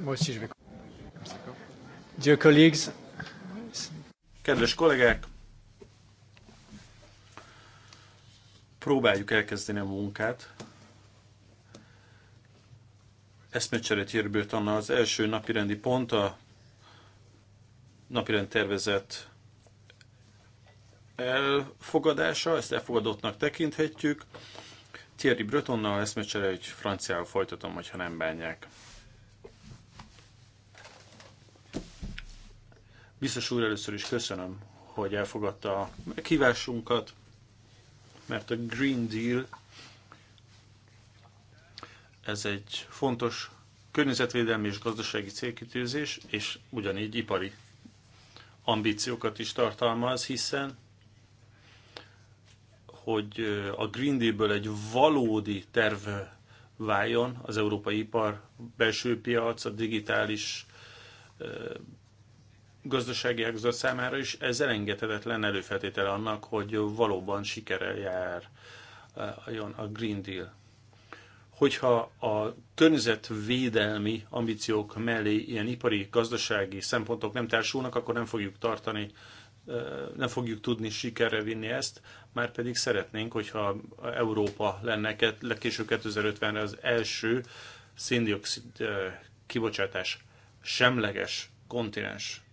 Moi aussi, je vais... Dear colleagues. Kedves kollégák, próbáljuk elkezdeni a munkát. Eszmecserét hírből tanna az első napirendi pont, a napirend tervezett elfogadása, ezt elfogadottnak tekinthetjük. Thierry Bretonnal eszmecsere, hogy franciául folytatom, hogyha nem bánják. Biztos úr, először is köszönöm, hogy elfogadta a meghívásunkat, mert a Green Deal ez egy fontos környezetvédelmi és gazdasági célkitűzés, és ugyanígy ipari ambíciókat is tartalmaz, hiszen hogy a Green Dealből egy valódi terv váljon az európai ipar belső piac, a digitális gazdasági ágazat számára is ez elengedhetetlen előfeltétele annak, hogy valóban sikere jár eh, a Green Deal. Hogyha a környezetvédelmi ambíciók mellé ilyen ipari, gazdasági szempontok nem társulnak, akkor nem fogjuk tartani, eh, nem fogjuk tudni sikerre vinni ezt, már pedig szeretnénk, hogyha Európa lenne legkésőbb 2050-re az első széndiokszid eh, kibocsátás semleges kontinens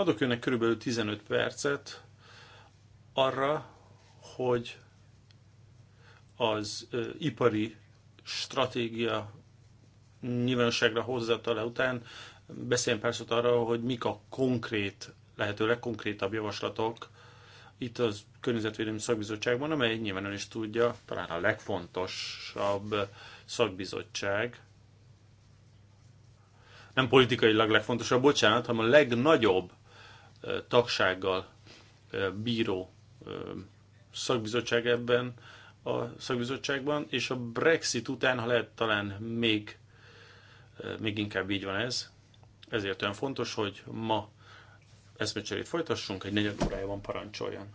Adok önnek körülbelül 15 percet arra, hogy az ipari stratégia nyilvánosságra hozzátala után beszéljen persze arra, hogy mik a konkrét, lehető legkonkrétabb javaslatok itt az Környezetvédelmi Szakbizottságban, amely nyilván ön is tudja, talán a legfontosabb szakbizottság, nem politikailag legfontosabb, bocsánat, hanem a legnagyobb tagsággal bíró szakbizottság ebben a szakbizottságban, és a Brexit után, ha lehet, talán még, még inkább így van ez. Ezért olyan fontos, hogy ma eszmecserét folytassunk, egy negyed órája van parancsoljon.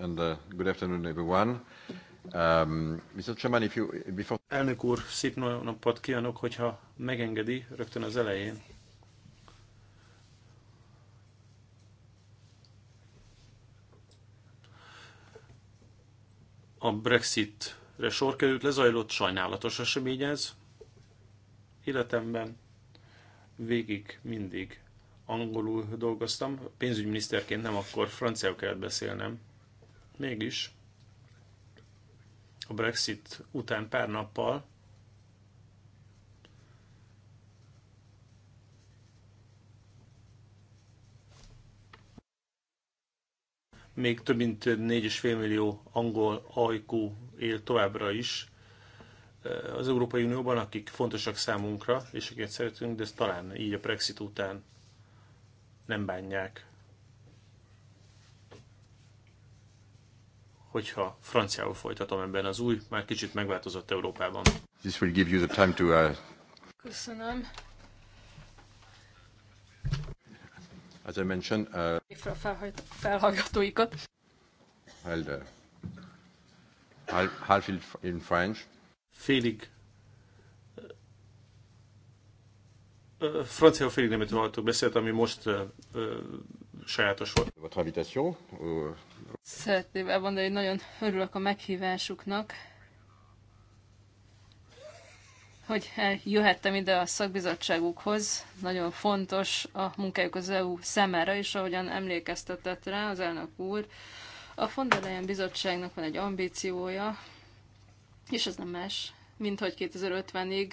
And uh, good afternoon everyone. Um, Mr. Chairman, if you, before... Elnök úr, szép napot kívánok, hogyha megengedi rögtön az elején. a Brexitre sor került, lezajlott sajnálatos esemény ez. Életemben végig mindig angolul dolgoztam, pénzügyminiszterként nem akkor franciául kellett beszélnem. Mégis a Brexit után pár nappal még több mint 4,5 millió angol ajkú él továbbra is eh, az Európai Unióban, akik fontosak számunkra, és akiket szeretünk, de ezt talán így a Brexit után nem bánják. Hogyha franciául folytatom ebben az új, már kicsit megváltozott Európában. This will give you the time to, uh... Köszönöm. as I mentioned... Uh, felhallgatóikat. uh, half, in French. Félig francia félig tudom, hogy beszélt, ami most ö, sajátos volt. Votre invitation? Euh, Szeretném elmondani, hogy nagyon örülök a meghívásuknak hogy jöhettem ide a szakbizottságukhoz. Nagyon fontos a munkájuk az EU szemére, és ahogyan emlékeztetett rá az elnök úr, a von bizottságnak van egy ambíciója, és ez nem más, mint hogy 2050-ig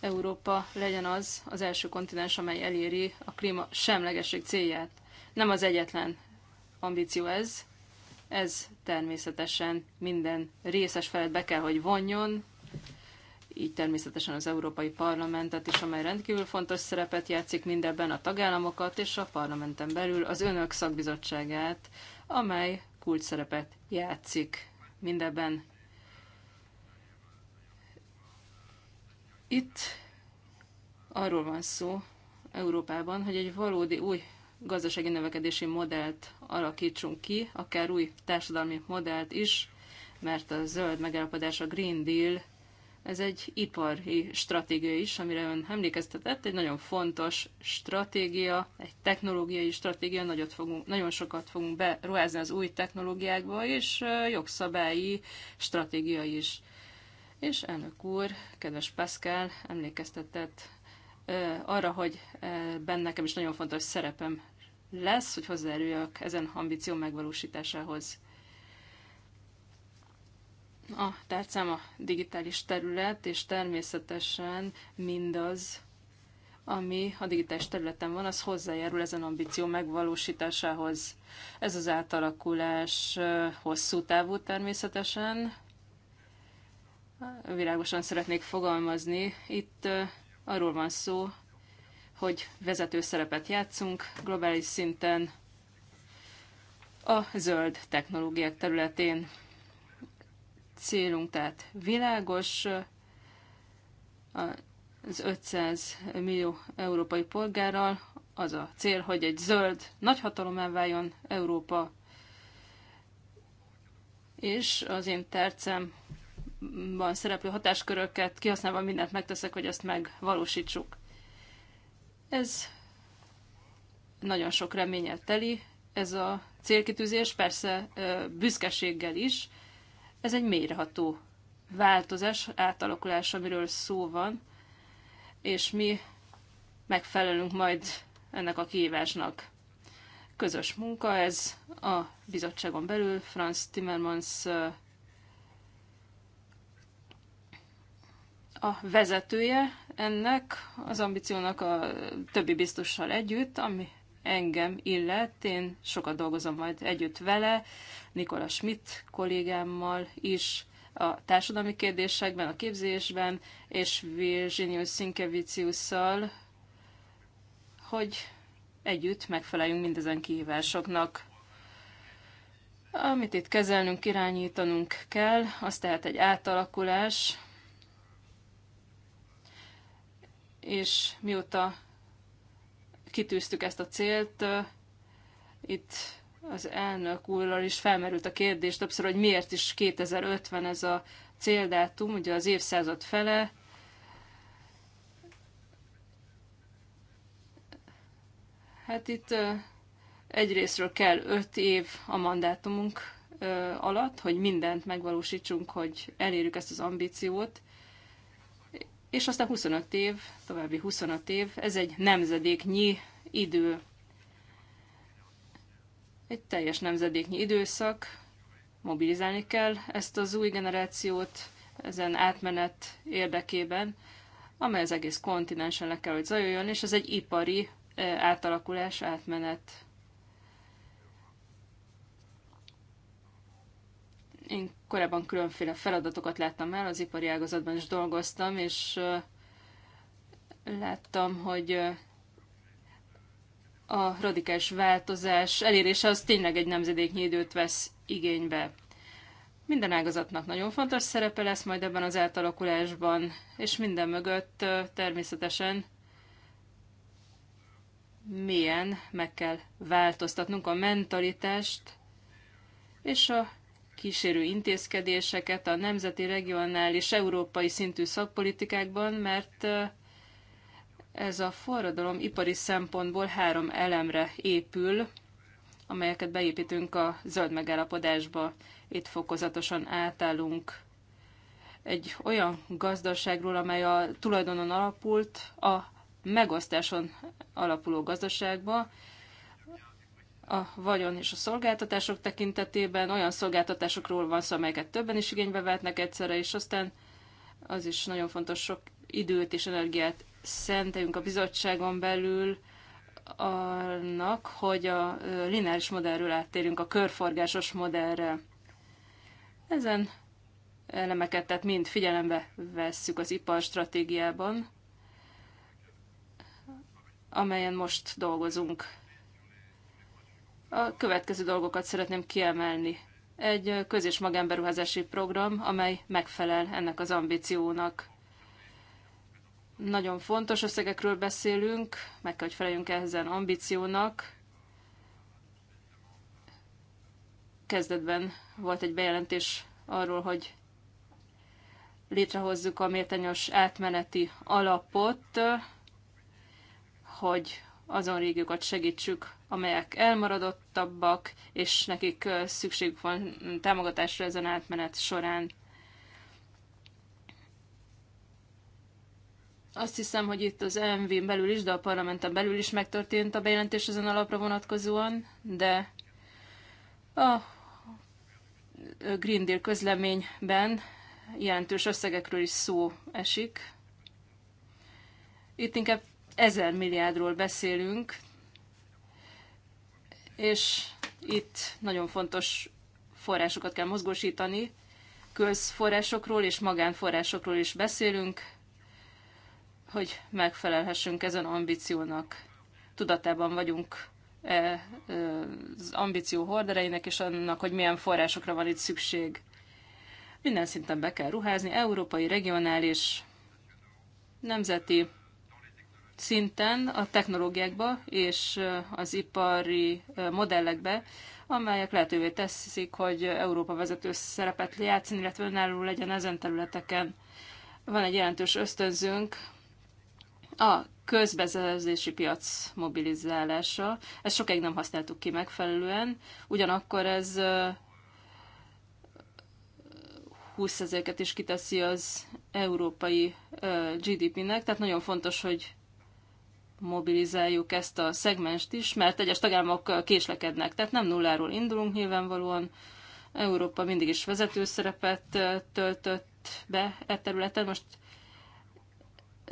Európa legyen az az első kontinens, amely eléri a klíma semlegesség célját. Nem az egyetlen ambíció ez, ez természetesen minden részes felet be kell, hogy vonjon, így természetesen az Európai Parlamentet is, amely rendkívül fontos szerepet játszik mindebben a tagállamokat és a parlamenten belül az önök szakbizottságát, amely kult szerepet játszik mindebben. Itt arról van szó Európában, hogy egy valódi új gazdasági növekedési modellt alakítsunk ki, akár új társadalmi modellt is, mert a zöld megállapodás, a Green Deal ez egy ipari stratégia is, amire ön emlékeztetett, egy nagyon fontos stratégia, egy technológiai stratégia, nagyot fogunk, nagyon sokat fogunk beruházni az új technológiákba, és jogszabályi stratégia is. És elnök úr, kedves Pascal, emlékeztetett arra, hogy benne nekem is nagyon fontos szerepem lesz, hogy hozzájárüljek ezen ambíció megvalósításához. A tárcám a digitális terület, és természetesen mindaz, ami a digitális területen van, az hozzájárul ezen ambíció megvalósításához. Ez az átalakulás hosszú távú természetesen. Világosan szeretnék fogalmazni. Itt arról van szó, hogy vezető szerepet játszunk globális szinten a zöld technológiák területén célunk, tehát világos az 500 millió európai polgárral, az a cél, hogy egy zöld nagyhatalomá váljon Európa. És az én tercemban szereplő hatásköröket kihasználva mindent megteszek, hogy ezt megvalósítsuk. Ez nagyon sok reményel teli, ez a célkitűzés, persze büszkeséggel is, ez egy mélyreható változás, átalakulás, amiről szó van, és mi megfelelünk majd ennek a kihívásnak. Közös munka ez a bizottságon belül, Franz Timmermans a vezetője ennek az ambíciónak a többi biztossal együtt, ami engem illet, én sokat dolgozom majd együtt vele, Nikola Schmidt kollégámmal is a társadalmi kérdésekben, a képzésben, és Virginius sinkevicius hogy együtt megfeleljünk mindezen kihívásoknak. Amit itt kezelnünk, irányítanunk kell, az tehát egy átalakulás, és mióta kitűztük ezt a célt, itt az elnök úrral is felmerült a kérdés többször, hogy miért is 2050 ez a céldátum, ugye az évszázad fele. Hát itt egyrésztről kell öt év a mandátumunk alatt, hogy mindent megvalósítsunk, hogy elérjük ezt az ambíciót, és aztán 25 év, további 25 év, ez egy nemzedéknyi idő egy teljes nemzedéknyi időszak, mobilizálni kell ezt az új generációt ezen átmenet érdekében, amely az egész kontinensen le kell, hogy zajoljon, és ez egy ipari eh, átalakulás, átmenet. Én korábban különféle feladatokat láttam el, az ipari ágazatban is dolgoztam, és eh, láttam, hogy eh, a radikális változás elérése az tényleg egy nemzedéknyi időt vesz igénybe. Minden ágazatnak nagyon fontos szerepe lesz majd ebben az átalakulásban, és minden mögött természetesen milyen meg kell változtatnunk a mentalitást és a kísérő intézkedéseket a nemzeti, regionális, európai szintű szakpolitikákban, mert ez a forradalom ipari szempontból három elemre épül, amelyeket beépítünk a zöld megállapodásba. Itt fokozatosan átállunk egy olyan gazdaságról, amely a tulajdonon alapult, a megosztáson alapuló gazdaságba, a vagyon és a szolgáltatások tekintetében olyan szolgáltatásokról van szó, amelyeket többen is igénybe vetnek egyszerre, és aztán az is nagyon fontos sok időt és energiát szenteljünk a bizottságon belül annak, hogy a lineáris modellről áttérünk a körforgásos modellre. Ezen elemeket, tehát mind figyelembe vesszük az iparstratégiában, amelyen most dolgozunk. A következő dolgokat szeretném kiemelni. Egy közös magánberuházási program, amely megfelel ennek az ambíciónak. Nagyon fontos összegekről beszélünk, meg kell, hogy feleljünk ezen ambíciónak. Kezdetben volt egy bejelentés arról, hogy létrehozzuk a méltányos átmeneti alapot, hogy azon régiókat segítsük, amelyek elmaradottabbak, és nekik szükségük van támogatásra ezen átmenet során. Azt hiszem, hogy itt az MV-n belül is, de a parlamenten belül is megtörtént a bejelentés ezen alapra vonatkozóan, de a Green Deal közleményben jelentős összegekről is szó esik. Itt inkább ezer milliárdról beszélünk, és itt nagyon fontos forrásokat kell mozgósítani, közforrásokról és magánforrásokról is beszélünk, hogy megfelelhessünk ezen ambíciónak. Tudatában vagyunk e, e, az ambíció hordereinek, és annak, hogy milyen forrásokra van itt szükség. Minden szinten be kell ruházni, európai, regionális, nemzeti szinten a technológiákba és e, az ipari e, modellekbe, amelyek lehetővé teszik, hogy Európa vezető szerepet játszani, illetve önálló legyen ezen területeken. Van egy jelentős ösztönzünk a közbeszerzési piac mobilizálása. Ezt sokáig nem használtuk ki megfelelően, ugyanakkor ez 20%-et is kiteszi az európai GDP-nek, tehát nagyon fontos, hogy mobilizáljuk ezt a szegmest is, mert egyes tagállamok késlekednek, tehát nem nulláról indulunk nyilvánvalóan. Európa mindig is vezető szerepet töltött be e területen, most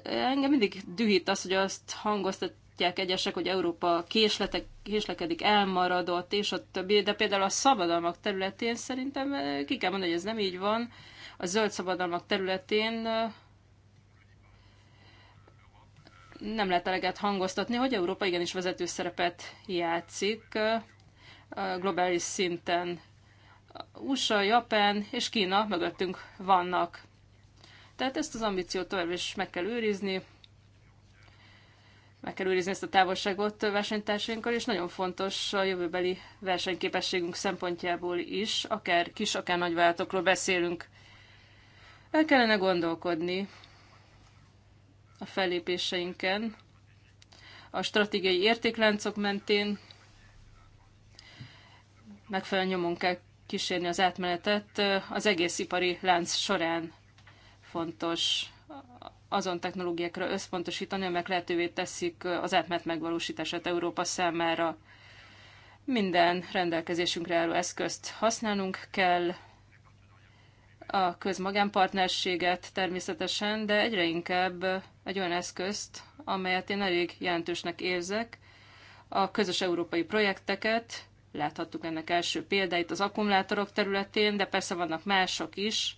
engem mindig dühít az, hogy azt hangoztatják egyesek, hogy Európa késletek, késlekedik, elmaradott, és a többi, de például a szabadalmak területén szerintem eh, ki kell mondani, hogy ez nem így van. A zöld szabadalmak területén eh, nem lehet eleget hangoztatni, hogy Európa igenis vezető szerepet játszik eh, globális szinten. USA, Japán és Kína mögöttünk vannak. Tehát ezt az ambíciót tovább is meg kell őrizni, meg kell őrizni ezt a távolságot versenytársainkkal, és nagyon fontos a jövőbeli versenyképességünk szempontjából is, akár kis, akár nagy váltokról beszélünk. El kellene gondolkodni a fellépéseinken, a stratégiai értékláncok mentén megfelelően nyomon kell kísérni az átmenetet az egész ipari lánc során fontos azon technológiákra összpontosítani, amelyek lehetővé teszik az átmet megvalósítását Európa számára. Minden rendelkezésünkre álló eszközt használnunk kell, a közmagánpartnerséget természetesen, de egyre inkább egy olyan eszközt, amelyet én elég jelentősnek érzek, a közös európai projekteket, láthattuk ennek első példáit az akkumulátorok területén, de persze vannak mások is,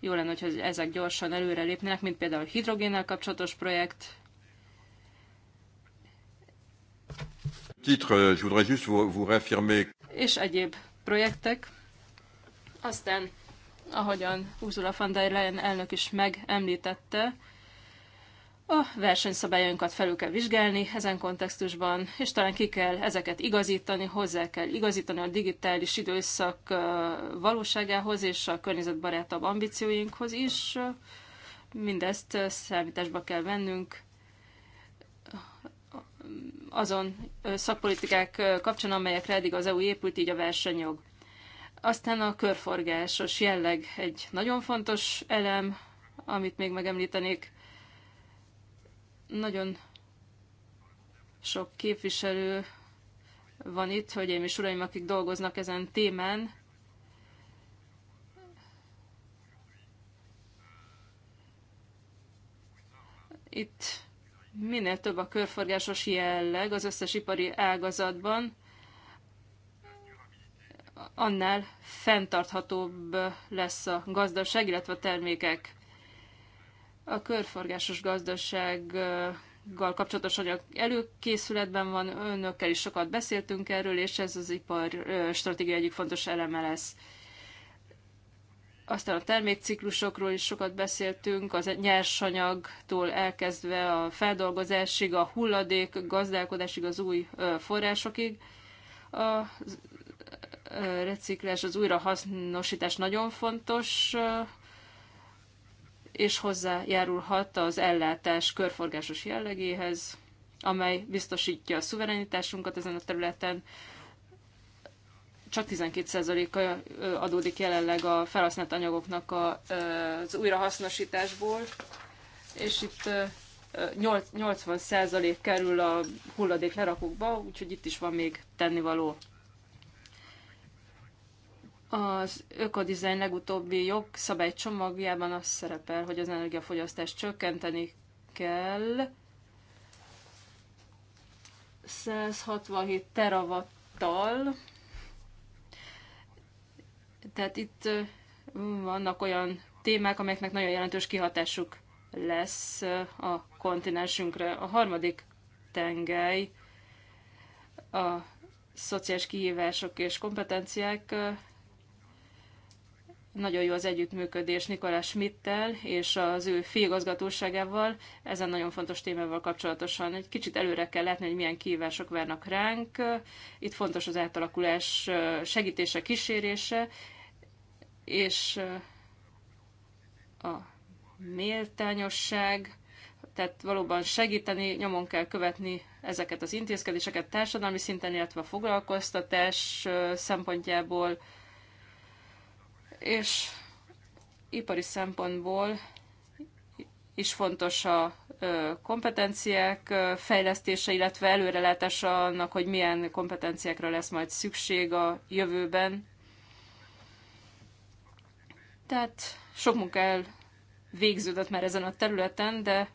jó lenne, hogy ezek gyorsan előre lépnének, mint például a hidrogénnel kapcsolatos projekt. Titre, je voudrais juste vous, vous réaffirmer. És egyéb projektek. Aztán, ahogyan Ursula von der Leyen elnök is megemlítette, a versenyszabályainkat felül kell vizsgálni ezen kontextusban, és talán ki kell ezeket igazítani, hozzá kell igazítani a digitális időszak valóságához és a környezetbarátabb ambícióinkhoz is. Mindezt számításba kell vennünk azon szakpolitikák kapcsán, amelyekre eddig az EU épült, így a versenyjog. Aztán a körforgásos jelleg egy nagyon fontos elem, amit még megemlítenék nagyon sok képviselő van itt, hölgyeim és uraim, akik dolgoznak ezen témán. Itt minél több a körforgásos jelleg az összes ipari ágazatban, annál fenntarthatóbb lesz a gazdaság, illetve a termékek. A körforgásos gazdasággal kapcsolatos anyag előkészületben van, önökkel is sokat beszéltünk erről, és ez az ipar stratégia egyik fontos eleme lesz. Aztán a termékciklusokról is sokat beszéltünk, az nyersanyagtól elkezdve a feldolgozásig, a hulladék gazdálkodásig, az új forrásokig. A reciklás, az újrahasznosítás nagyon fontos és hozzájárulhat az ellátás körforgásos jellegéhez, amely biztosítja a szuverenitásunkat ezen a területen. Csak 12%-a adódik jelenleg a felhasznált anyagoknak az újrahasznosításból, és itt 80% kerül a hulladék lerakókba, úgyhogy itt is van még tennivaló. Az ökodizájn legutóbbi jogszabály csomagjában az szerepel, hogy az energiafogyasztást csökkenteni kell. 167 teravattal. Tehát itt vannak olyan témák, amelyeknek nagyon jelentős kihatásuk lesz a kontinensünkre. A harmadik tengely a szociális kihívások és kompetenciák nagyon jó az együttműködés Nikolás Schmidt-tel és az ő félgazgatóságával ezen nagyon fontos témával kapcsolatosan. Egy kicsit előre kell látni, hogy milyen kihívások várnak ránk. Itt fontos az átalakulás segítése, kísérése, és a méltányosság, tehát valóban segíteni, nyomon kell követni ezeket az intézkedéseket társadalmi szinten, illetve a foglalkoztatás szempontjából, és ipari szempontból is fontos a kompetenciák fejlesztése, illetve előrelátása annak, hogy milyen kompetenciákra lesz majd szükség a jövőben. Tehát sok munka el végződött már ezen a területen, de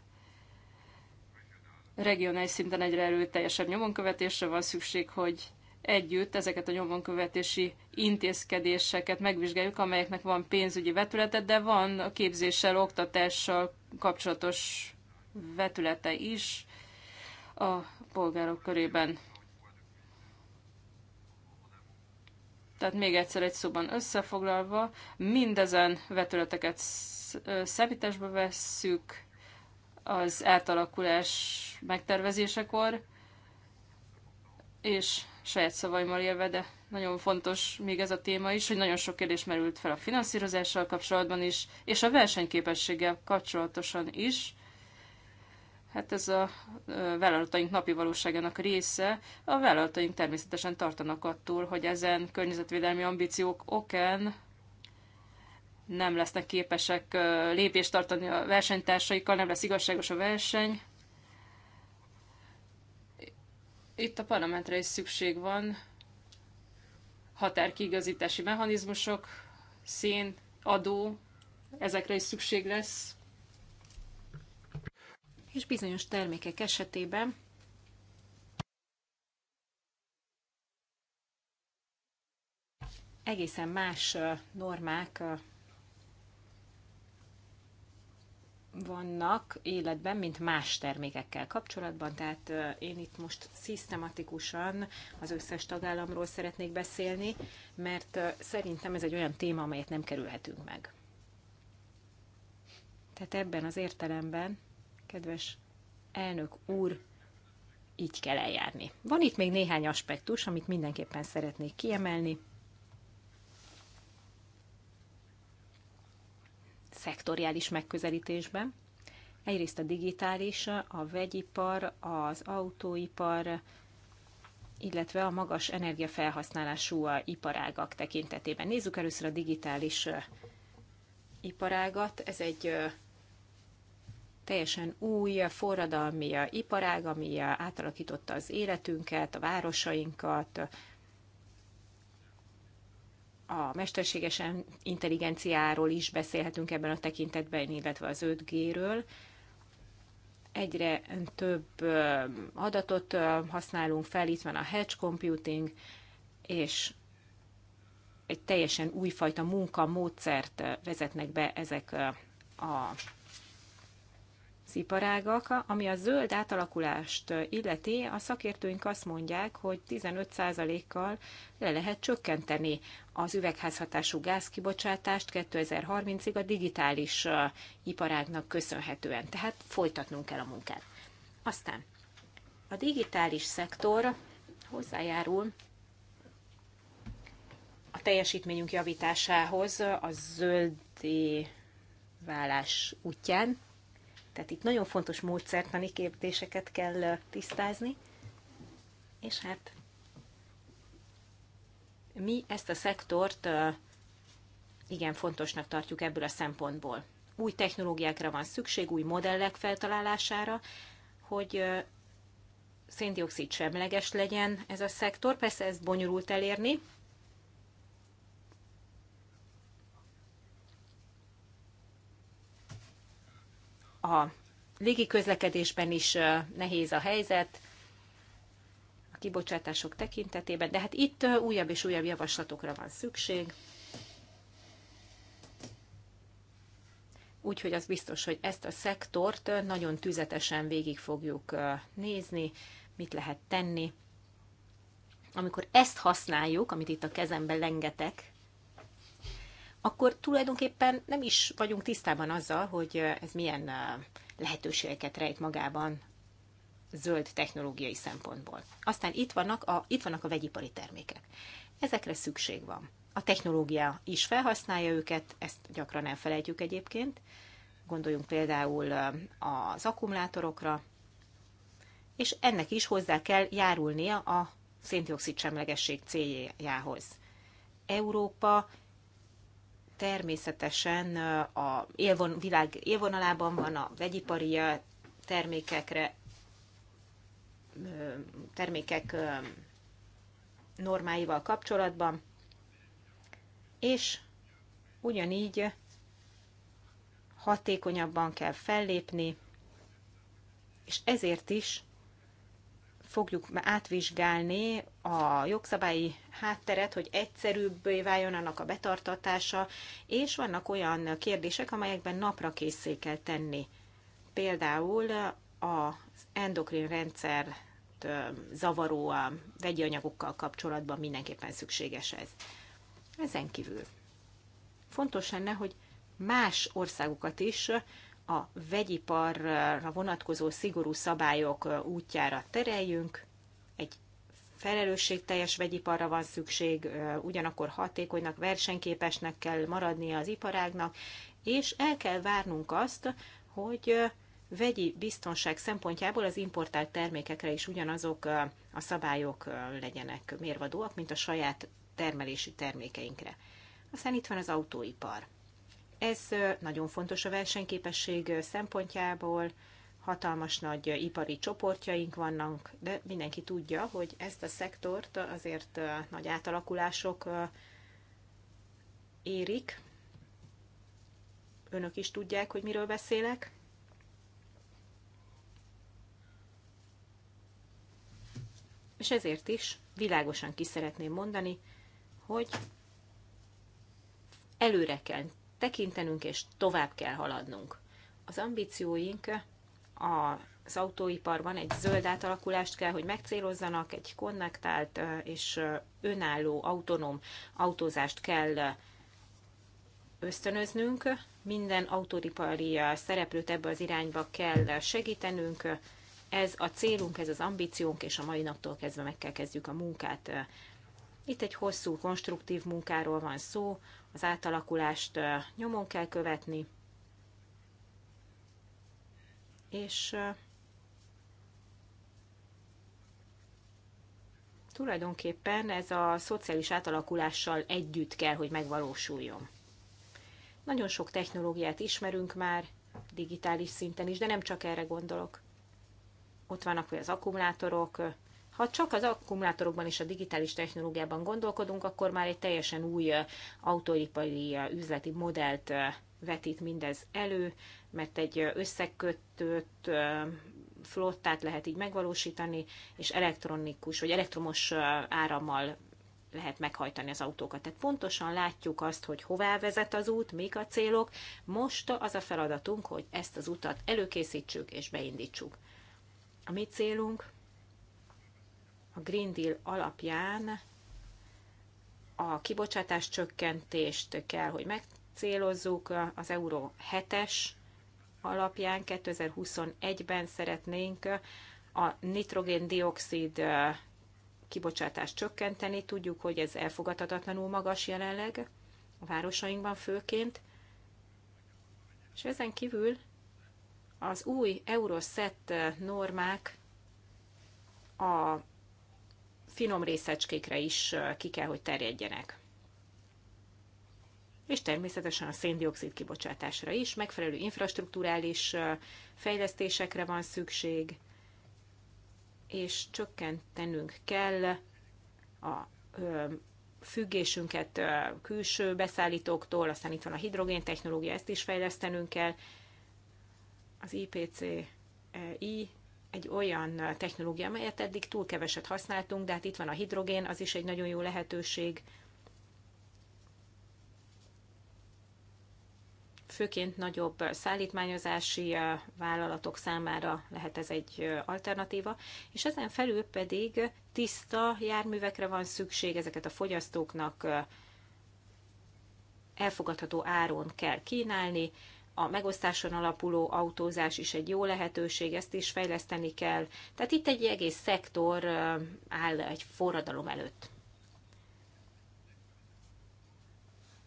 regionális szinten egyre erőteljesebb nyomonkövetésre van szükség, hogy együtt ezeket a nyomonkövetési intézkedéseket megvizsgáljuk, amelyeknek van pénzügyi vetülete, de van a képzéssel, oktatással kapcsolatos vetülete is a polgárok körében. Tehát még egyszer egy szóban összefoglalva, mindezen vetületeket szemítésbe vesszük az átalakulás megtervezésekor, és saját szavaimmal élve, de nagyon fontos még ez a téma is, hogy nagyon sok kérdés merült fel a finanszírozással kapcsolatban is, és a versenyképességgel kapcsolatosan is. Hát ez a vállalataink napi valóságának része. A vállalataink természetesen tartanak attól, hogy ezen környezetvédelmi ambíciók okán nem lesznek képesek lépést tartani a versenytársaikkal, nem lesz igazságos a verseny, itt a parlamentre is szükség van határkigazítási mechanizmusok, szén, adó, ezekre is szükség lesz. És bizonyos termékek esetében egészen más normák vannak életben, mint más termékekkel kapcsolatban, tehát én itt most szisztematikusan az összes tagállamról szeretnék beszélni, mert szerintem ez egy olyan téma, amelyet nem kerülhetünk meg. Tehát ebben az értelemben, kedves elnök úr, így kell eljárni. Van itt még néhány aspektus, amit mindenképpen szeretnék kiemelni. szektoriális megközelítésben. Egyrészt a digitális, a vegyipar, az autóipar, illetve a magas energiafelhasználású iparágak tekintetében. Nézzük először a digitális iparágat. Ez egy teljesen új, forradalmi iparág, ami átalakította az életünket, a városainkat, a mesterséges intelligenciáról is beszélhetünk ebben a tekintetben, illetve az 5G-ről. Egyre több adatot használunk fel, itt van a hedge computing, és egy teljesen újfajta munkamódszert vezetnek be ezek a iparágak. Ami a zöld átalakulást illeti, a szakértőink azt mondják, hogy 15%-kal le lehet csökkenteni az üvegházhatású gázkibocsátást 2030-ig a digitális iparágnak köszönhetően. Tehát folytatnunk kell a munkát. Aztán a digitális szektor hozzájárul a teljesítményünk javításához a zöldi válás útján, tehát itt nagyon fontos módszertani képtéseket kell tisztázni, és hát mi ezt a szektort igen fontosnak tartjuk ebből a szempontból. Új technológiákra van szükség, új modellek feltalálására, hogy széndiokszid semleges legyen ez a szektor. Persze ezt bonyolult elérni, a légi közlekedésben is nehéz a helyzet, a kibocsátások tekintetében, de hát itt újabb és újabb javaslatokra van szükség. Úgyhogy az biztos, hogy ezt a szektort nagyon tüzetesen végig fogjuk nézni, mit lehet tenni. Amikor ezt használjuk, amit itt a kezemben lengetek, akkor tulajdonképpen nem is vagyunk tisztában azzal, hogy ez milyen lehetőségeket rejt magában zöld technológiai szempontból. Aztán itt vannak a, itt vannak a vegyipari termékek. Ezekre szükség van. A technológia is felhasználja őket, ezt gyakran elfelejtjük egyébként. Gondoljunk például az akkumulátorokra, és ennek is hozzá kell járulnia a széndiokszid semlegesség céljához. Európa természetesen a élvon, világ élvonalában van a vegyipari termékekre, termékek normáival kapcsolatban, és ugyanígy hatékonyabban kell fellépni, és ezért is fogjuk átvizsgálni a jogszabályi hátteret, hogy egyszerűbbé váljon annak a betartatása, és vannak olyan kérdések, amelyekben napra készé kell tenni. Például az endokrin rendszer zavaró a vegyi anyagokkal kapcsolatban mindenképpen szükséges ez. Ezen kívül fontos lenne, hogy más országokat is a vegyiparra vonatkozó szigorú szabályok útjára tereljünk, felelősségteljes vegyiparra van szükség, ugyanakkor hatékonynak, versenyképesnek kell maradnia az iparágnak, és el kell várnunk azt, hogy vegyi biztonság szempontjából az importált termékekre is ugyanazok a szabályok legyenek mérvadóak, mint a saját termelési termékeinkre. Aztán itt van az autóipar. Ez nagyon fontos a versenyképesség szempontjából, hatalmas nagy ipari csoportjaink vannak, de mindenki tudja, hogy ezt a szektort azért nagy átalakulások érik. Önök is tudják, hogy miről beszélek. És ezért is világosan ki szeretném mondani, hogy előre kell tekintenünk, és tovább kell haladnunk. Az ambícióink az autóiparban egy zöld átalakulást kell, hogy megcélozzanak, egy konnektált és önálló, autonóm autózást kell ösztönöznünk, minden autóipari szereplőt ebbe az irányba kell segítenünk, ez a célunk, ez az ambíciónk, és a mai naptól kezdve meg kell kezdjük a munkát. Itt egy hosszú, konstruktív munkáról van szó, az átalakulást nyomon kell követni, és tulajdonképpen ez a szociális átalakulással együtt kell, hogy megvalósuljon. Nagyon sok technológiát ismerünk már, digitális szinten is, de nem csak erre gondolok. Ott vannak az akkumulátorok, ha csak az akkumulátorokban és a digitális technológiában gondolkodunk, akkor már egy teljesen új autóipari üzleti modellt vetít mindez elő, mert egy összekötött flottát lehet így megvalósítani, és elektronikus vagy elektromos árammal lehet meghajtani az autókat. Tehát pontosan látjuk azt, hogy hová vezet az út, mik a célok. Most az a feladatunk, hogy ezt az utat előkészítsük és beindítsuk. A mi célunk a Green Deal alapján a kibocsátás csökkentést kell, hogy megcélozzuk. Az Euró 7-es alapján 2021-ben szeretnénk a nitrogén-dioxid kibocsátást csökkenteni. Tudjuk, hogy ez elfogadhatatlanul magas jelenleg a városainkban főként. És ezen kívül az új Euroszett normák a finom részecskékre is ki kell, hogy terjedjenek. És természetesen a széndiokszid kibocsátásra is, megfelelő infrastruktúrális fejlesztésekre van szükség, és csökkentenünk kell a függésünket külső beszállítóktól, aztán itt van a hidrogén technológia, ezt is fejlesztenünk kell. Az IPCI egy olyan technológia, amelyet eddig túl keveset használtunk, de hát itt van a hidrogén, az is egy nagyon jó lehetőség. Főként nagyobb szállítmányozási vállalatok számára lehet ez egy alternatíva, és ezen felül pedig tiszta járművekre van szükség, ezeket a fogyasztóknak elfogadható áron kell kínálni, a megosztáson alapuló autózás is egy jó lehetőség, ezt is fejleszteni kell. Tehát itt egy egész szektor áll egy forradalom előtt.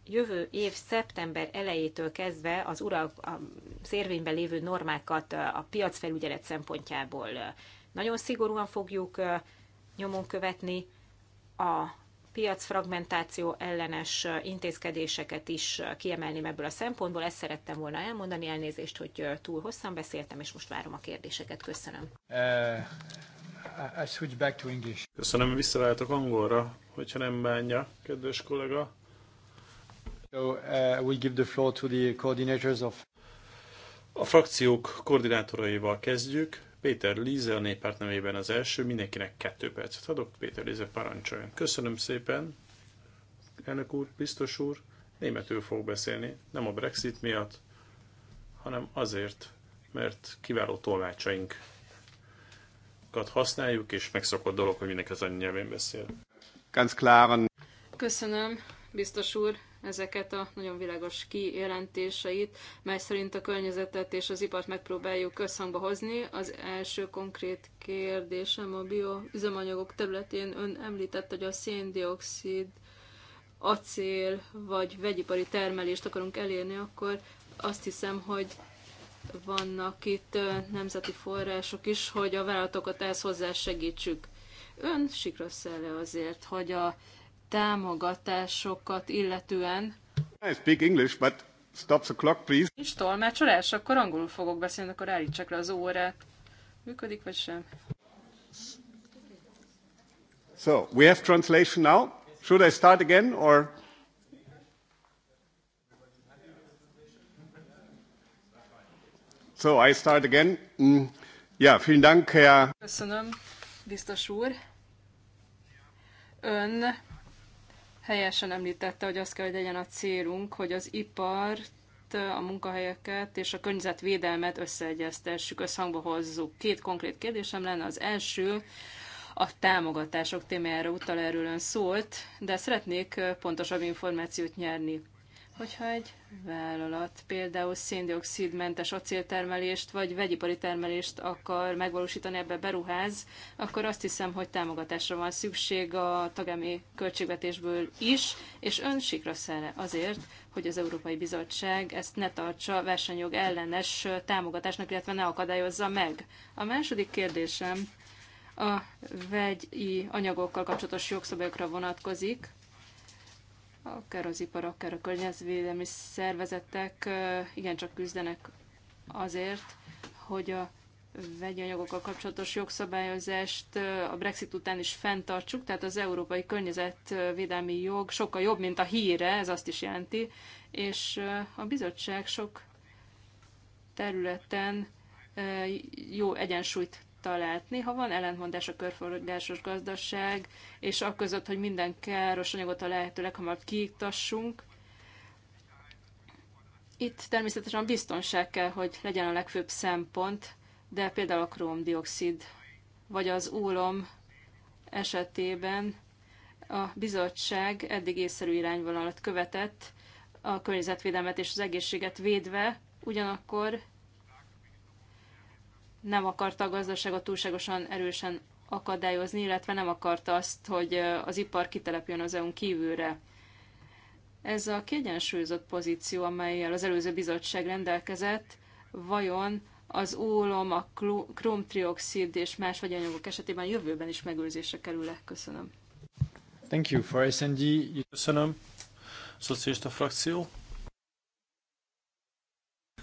Jövő év szeptember elejétől kezdve az urak a szérvényben lévő normákat a piacfelügyelet szempontjából nagyon szigorúan fogjuk nyomon követni. A piacfragmentáció ellenes intézkedéseket is kiemelném ebből a szempontból. Ezt szerettem volna elmondani, elnézést, hogy túl hosszan beszéltem, és most várom a kérdéseket. Köszönöm. Uh, I back to English. Köszönöm, visszaváltok angolra, hogyha nem bánja, kedves kollega. So, uh, we give the floor to the coordinators of... A frakciók koordinátoraival kezdjük. Péter Líze a néppárt nevében az első, mindenkinek kettő percet adok. Péter Líze parancsoljon. Köszönöm szépen, elnök úr, biztos úr. Németül fog beszélni, nem a Brexit miatt, hanem azért, mert kiváló tolmácsainkat használjuk, és megszokott dolog, hogy mindenki az annyi nyelvén beszél. Ganz klaren. Köszönöm, biztos úr ezeket a nagyon világos kijelentéseit, mely szerint a környezetet és az ipart megpróbáljuk összhangba hozni. Az első konkrét kérdésem a bioüzemanyagok területén ön említett, hogy a széndiokszid, acél vagy vegyipari termelést akarunk elérni, akkor azt hiszem, hogy vannak itt nemzeti források is, hogy a vállalatokat ehhez hozzá segítsük. Ön sikra azért, hogy a támogatásokat illetően. I speak English, but stop the clock, please. Nincs tolmácsolás, akkor angolul fogok beszélni, akkor állítsak le az órát. Működik vagy sem? So, we have translation now. Should I start again or? So, I start again. Mm. Ja, vielen Dank, Herr. Köszönöm, biztos úr. Ön helyesen említette, hogy az kell, hogy legyen a célunk, hogy az ipart, a munkahelyeket és a környezetvédelmet összeegyeztessük, összhangba hozzuk. Két konkrét kérdésem lenne. Az első, a támogatások témájára utal erről ön szólt, de szeretnék pontosabb információt nyerni hogyha egy vállalat például széndiokszidmentes acéltermelést vagy vegyipari termelést akar megvalósítani, ebbe beruház, akkor azt hiszem, hogy támogatásra van szükség a tagámi költségvetésből is, és ön sikra szere azért, hogy az Európai Bizottság ezt ne tartsa versenyjog ellenes támogatásnak, illetve ne akadályozza meg. A második kérdésem a vegyi anyagokkal kapcsolatos jogszabályokra vonatkozik akár az ipar, akár a környezetvédelmi szervezetek igencsak küzdenek azért, hogy a vegyi anyagokkal kapcsolatos jogszabályozást a Brexit után is fenntartsuk, tehát az európai környezetvédelmi jog sokkal jobb, mint a híre, ez azt is jelenti, és a bizottság sok területen jó egyensúlyt talált. Néha van ellentmondás a körforgásos gazdaság, és a között, hogy minden káros anyagot a lehető leghamarabb kiiktassunk. Itt természetesen biztonság kell, hogy legyen a legfőbb szempont, de például a krómdioxid vagy az ólom esetében a bizottság eddig észszerű irányvonalat követett, a környezetvédelmet és az egészséget védve, ugyanakkor nem akarta a gazdaságot túlságosan erősen akadályozni, illetve nem akarta azt, hogy az ipar kitelepjön az EU-n kívülre. Ez a kiegyensúlyozott pozíció, amelyel az előző bizottság rendelkezett, vajon az ólom, a kromtrioxid és más vagyanyagok esetében jövőben is megőrzésre kerül-e? Köszönöm. Thank you for SND. Köszönöm. Szocialista frakció.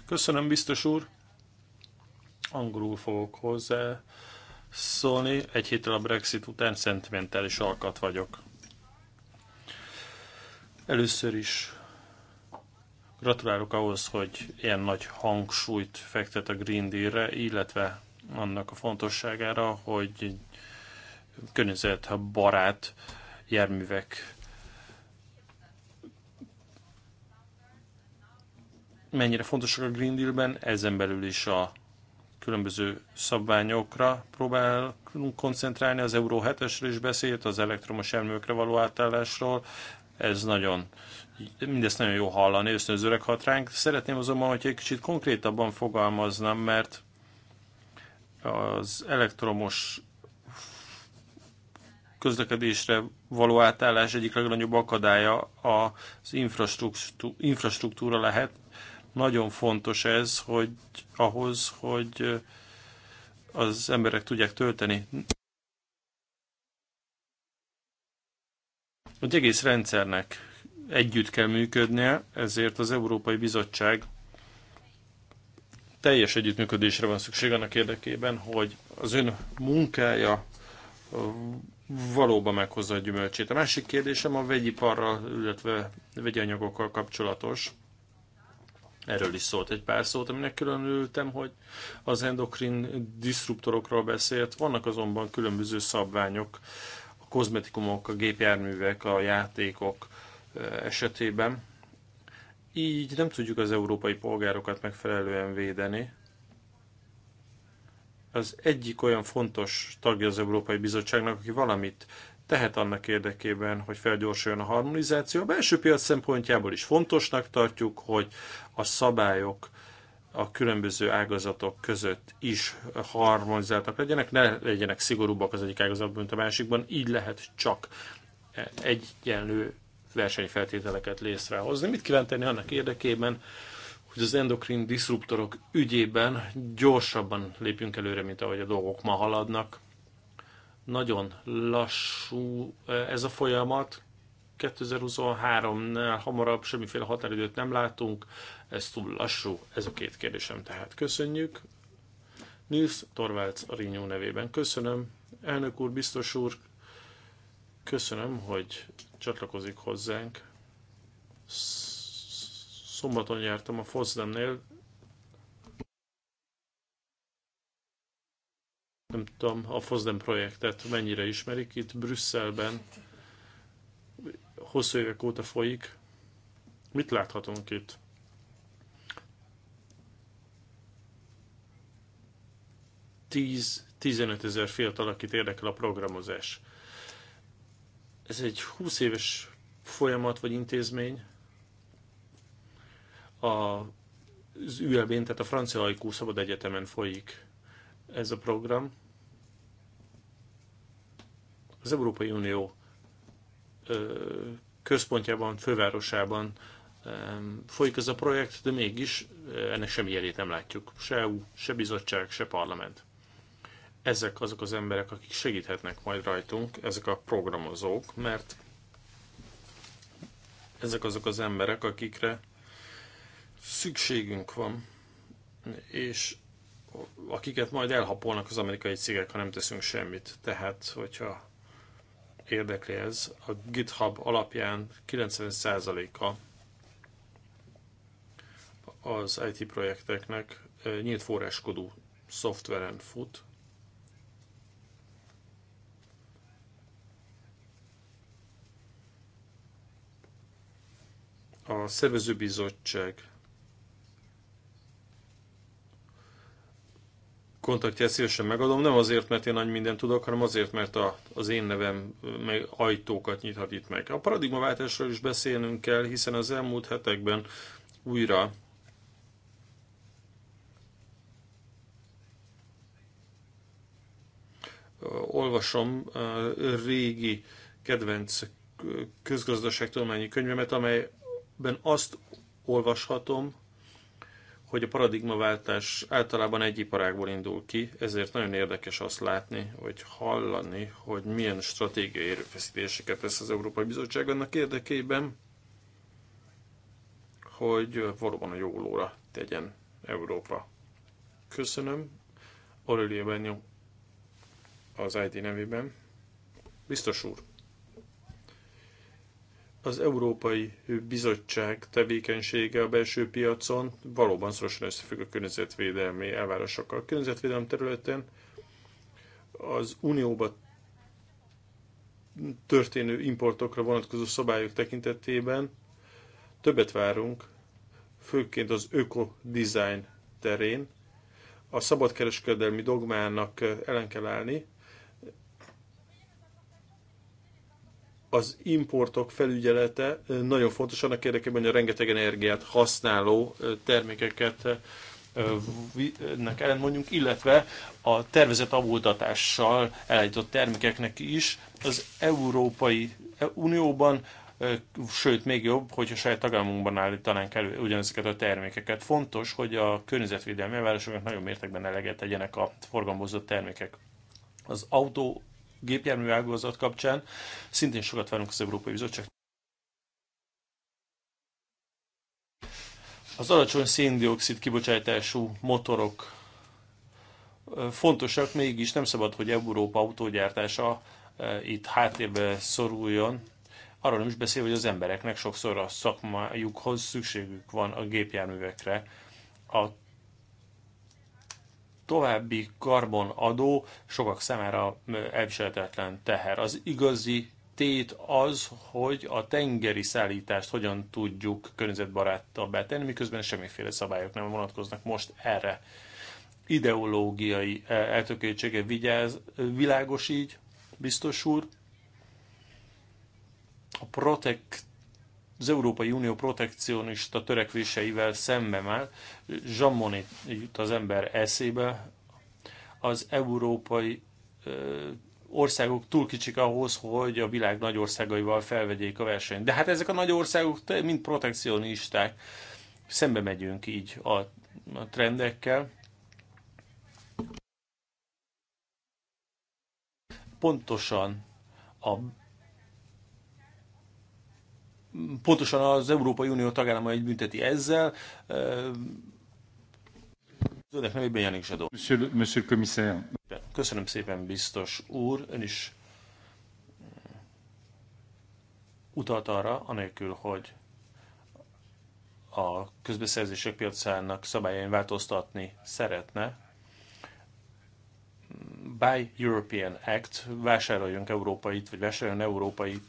Köszönöm, biztos úr angolul fogok hozzá szólni. Egy héttel a Brexit után szentimentális alkat vagyok. Először is gratulálok ahhoz, hogy ilyen nagy hangsúlyt fektet a Green Deal-re, illetve annak a fontosságára, hogy ha barát járművek mennyire fontosak a Green Deal-ben, ezen belül is a különböző szabványokra próbálunk koncentrálni, az Euró 7-esről is beszélt, az elektromos járművekre való átállásról, ez nagyon, mindezt nagyon jó hallani, ösztönzőleg hat ránk. Szeretném azonban, hogyha egy kicsit konkrétabban fogalmaznám, mert az elektromos közlekedésre való átállás egyik legnagyobb akadálya az infrastruktúra lehet, nagyon fontos ez, hogy ahhoz, hogy az emberek tudják tölteni. Az egész rendszernek együtt kell működnie, ezért az Európai Bizottság teljes együttműködésre van szükség annak érdekében, hogy az ön munkája valóban meghozza a gyümölcsét. A másik kérdésem a vegyiparral, illetve vegyanyagokkal kapcsolatos. Erről is szólt egy pár szót, aminek különültem, hogy az endokrin diszruptorokról beszélt. Vannak azonban különböző szabványok, a kozmetikumok, a gépjárművek, a játékok esetében. Így nem tudjuk az európai polgárokat megfelelően védeni. Az egyik olyan fontos tagja az Európai Bizottságnak, aki valamit tehet annak érdekében, hogy felgyorsuljon a harmonizáció. A belső piac szempontjából is fontosnak tartjuk, hogy a szabályok a különböző ágazatok között is harmonizáltak legyenek, ne legyenek szigorúbbak az egyik ágazatban, mint a másikban, így lehet csak egyenlő versenyfeltételeket létrehozni. Mit kíván tenni annak érdekében, hogy az endokrin diszruptorok ügyében gyorsabban lépjünk előre, mint ahogy a dolgok ma haladnak. Nagyon lassú eh, ez a folyamat, 2023-nál hamarabb semmiféle határidőt nem látunk, ez túl lassú, ez a két kérdésem tehát. Köszönjük. Nils Torvalds a Rinyó nevében. Köszönöm. Elnök úr, biztos úr, köszönöm, hogy csatlakozik hozzánk. Szombaton jártam a Fozdemnél. Nem tudom, a Fozdem projektet mennyire ismerik itt Brüsszelben hosszú évek óta folyik. Mit láthatunk itt? Tíz, 15 ezer fiatal, akit érdekel a programozás. Ez egy 20 éves folyamat vagy intézmény. A, az ülb tehát a Francia Laikú Szabad Egyetemen folyik ez a program. Az Európai Unió központjában, fővárosában folyik ez a projekt, de mégis eh, ennek semmi jelét nem látjuk. Se EU, se bizottság, se parlament. Ezek azok az emberek, akik segíthetnek majd rajtunk, ezek a programozók, mert ezek azok az emberek, akikre szükségünk van, és akiket majd elhapolnak az amerikai cégek, ha nem teszünk semmit. Tehát, hogyha érdekli ez. A GitHub alapján 90%-a az IT projekteknek nyílt forráskodú szoftveren fut. A szervezőbizottság kontaktját szívesen megadom, nem azért, mert én annyi mindent tudok, hanem azért, mert a, az én nevem meg ajtókat nyithat itt meg. A paradigmaváltásról is beszélnünk kell, hiszen az elmúlt hetekben újra olvasom régi kedvenc közgazdaságtudományi könyvemet, amelyben azt olvashatom, hogy a paradigmaváltás általában egy iparágból indul ki, ezért nagyon érdekes azt látni, vagy hallani, hogy milyen stratégiai erőfeszítéseket tesz az Európai Bizottság annak érdekében, hogy valóban a jólóra tegyen Európa. Köszönöm. Aurelia Benyó az ID nevében. Biztos úr az Európai Bizottság tevékenysége a belső piacon valóban szorosan összefügg a környezetvédelmi elvárásokkal. A környezetvédelem területen az Unióba történő importokra vonatkozó szabályok tekintetében többet várunk, főként az öko-design terén. A szabadkereskedelmi dogmának ellen kell állni, az importok felügyelete nagyon fontos annak érdekében, hogy a rengeteg energiát használó termékeket ellen mondjunk, illetve a tervezett avultatással elállított termékeknek is az Európai Unióban, sőt még jobb, hogy a saját tagállamunkban állítanánk elő ugyanezeket a termékeket. Fontos, hogy a környezetvédelmi városoknak nagyobb mértékben eleget tegyenek a forgalmazott termékek. Az autó gépjármű ágazat kapcsán. Szintén sokat várunk az Európai Bizottság. Az alacsony széndiokszid kibocsátású motorok fontosak, mégis nem szabad, hogy Európa autógyártása itt háttérbe szoruljon. Arról nem is beszél, hogy az embereknek sokszor a szakmájukhoz szükségük van a gépjárművekre. A további karbonadó sokak számára elviselhetetlen teher. Az igazi tét az, hogy a tengeri szállítást hogyan tudjuk környezetbaráttal betenni, miközben semmiféle szabályok nem vonatkoznak most erre. Ideológiai eltökéltsége vigyáz, világos így, biztos úr. A protect az Európai Unió protekcionista törekvéseivel szemben már Jean Monnet jut az ember eszébe, az európai országok túl kicsik ahhoz, hogy a világ nagy országaival felvegyék a versenyt. De hát ezek a nagy országok mind protekcionisták. Szembe megyünk így a, a trendekkel. Pontosan a pontosan az Európai Unió tagállamait bünteti ezzel. Zöldek nevében Janik Zsadó. Monsieur, monsieur commissaire. Köszönöm szépen, biztos úr. Ön is utalt arra, anélkül, hogy a közbeszerzések piacának szabályain változtatni szeretne. Buy European Act, vásároljunk európait, vagy vásároljon európai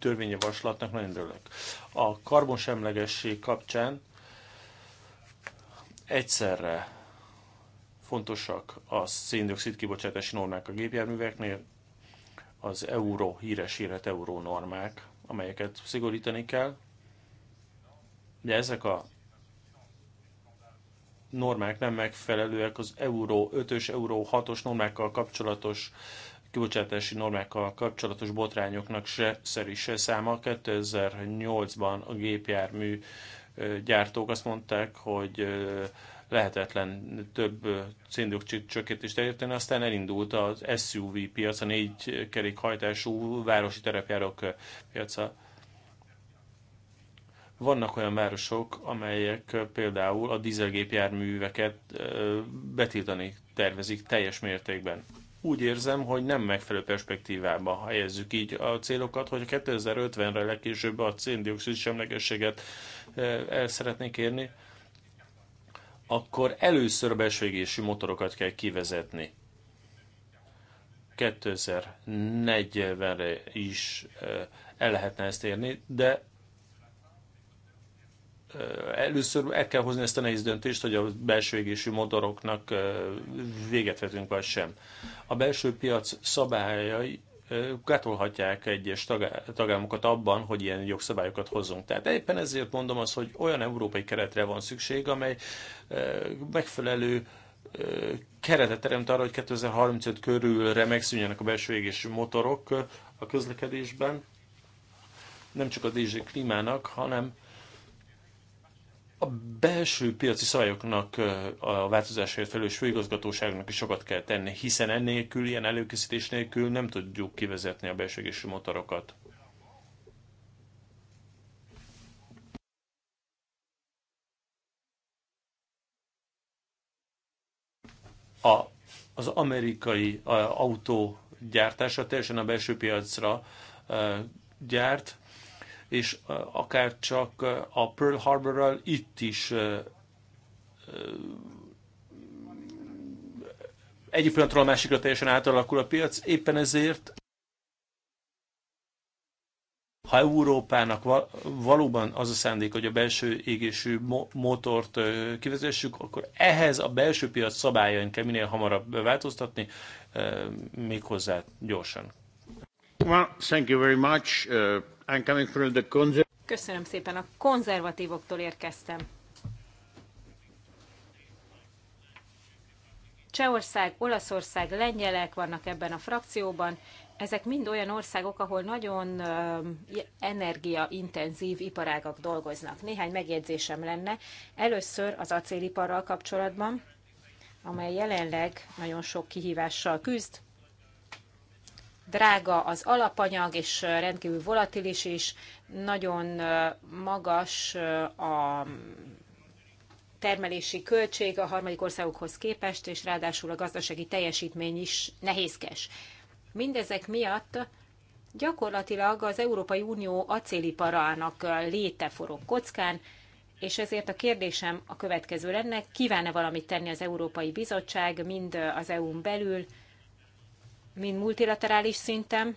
törvényjavaslatnak nagyon örülök. A karbonsemlegesség kapcsán egyszerre fontosak a széndiokszid kibocsátási normák a gépjárműveknél, az euró, híres élet euró normák, amelyeket szigorítani kell. De ezek a normák nem megfelelőek az euró 5-ös, euró 6-os normákkal kapcsolatos uh, kibocsátási normákkal kapcsolatos botrányoknak se szeri se száma. 2008-ban a gépjármű gyártók azt mondták, hogy lehetetlen több széndiokszid csökkentést elérteni, aztán elindult az SUV piac, a négy kerékhajtású városi terepjárok piaca. Vannak olyan városok, amelyek például a dízelgépjárműveket betiltani tervezik teljes mértékben úgy érzem, hogy nem megfelelő perspektívába helyezzük így a célokat, hogy 2050-re legkésőbb a széndiokszid semlegességet eh, el szeretnék érni, akkor először besvégésű motorokat kell kivezetni. 2040-re is eh, el lehetne ezt érni, de először el kell hozni ezt a nehéz döntést, hogy a belső égésű motoroknak véget vetünk vagy sem. A belső piac szabályai gátolhatják egyes tagállamokat abban, hogy ilyen jogszabályokat hozzunk. Tehát éppen ezért mondom azt, hogy olyan európai keretre van szükség, amely megfelelő keretet teremt arra, hogy 2035 körülre megszűnjenek a belső égésű motorok a közlekedésben, nem csak a DJ klímának, hanem a belső piaci szabályoknak, a változásért felelős főigazgatóságnak is sokat kell tenni, hiszen ennélkül, ilyen előkészítés nélkül nem tudjuk kivezetni a belső égésű motorokat. A, az amerikai autógyártása teljesen a belső piacra gyárt, és akár csak a Pearl Harborral itt is egyik pillanatról a másikra teljesen átalakul a piac, éppen ezért ha Európának valóban az a szándék, hogy a belső égésű motort kivezessük, akkor ehhez a belső piac szabályain kell minél hamarabb változtatni, méghozzá gyorsan. Uh, Köszönöm szépen, a konzervatívoktól érkeztem. Csehország, Olaszország, lengyelek vannak ebben a frakcióban. Ezek mind olyan országok, ahol nagyon energiaintenzív iparágak dolgoznak. Néhány megjegyzésem lenne. Először az acéliparral kapcsolatban, amely jelenleg nagyon sok kihívással küzd drága az alapanyag, és rendkívül volatilis is, nagyon magas a termelési költség a harmadik országokhoz képest, és ráadásul a gazdasági teljesítmény is nehézkes. Mindezek miatt gyakorlatilag az Európai Unió acéliparának léte forog kockán, és ezért a kérdésem a következő lenne, kívánne valamit tenni az Európai Bizottság, mind az EU-n belül, mind multilaterális szinten.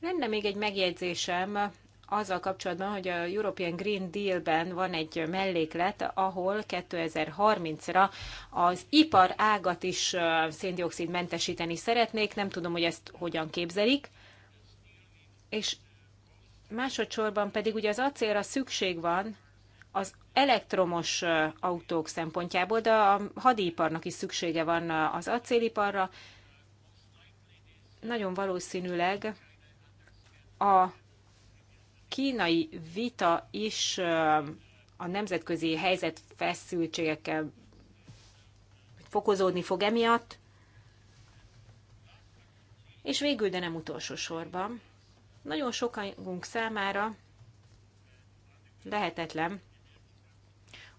Lenne még egy megjegyzésem azzal kapcsolatban, hogy a European Green Deal-ben van egy melléklet, ahol 2030-ra az ipar ágat is széndiokszid mentesíteni szeretnék, nem tudom, hogy ezt hogyan képzelik. És másodszorban pedig ugye az acélra szükség van az elektromos autók szempontjából, de a hadiparnak is szüksége van az acéliparra. Nagyon valószínűleg a kínai vita is a nemzetközi helyzet feszültségekkel fokozódni fog emiatt. És végül, de nem utolsó sorban, nagyon sokunk számára lehetetlen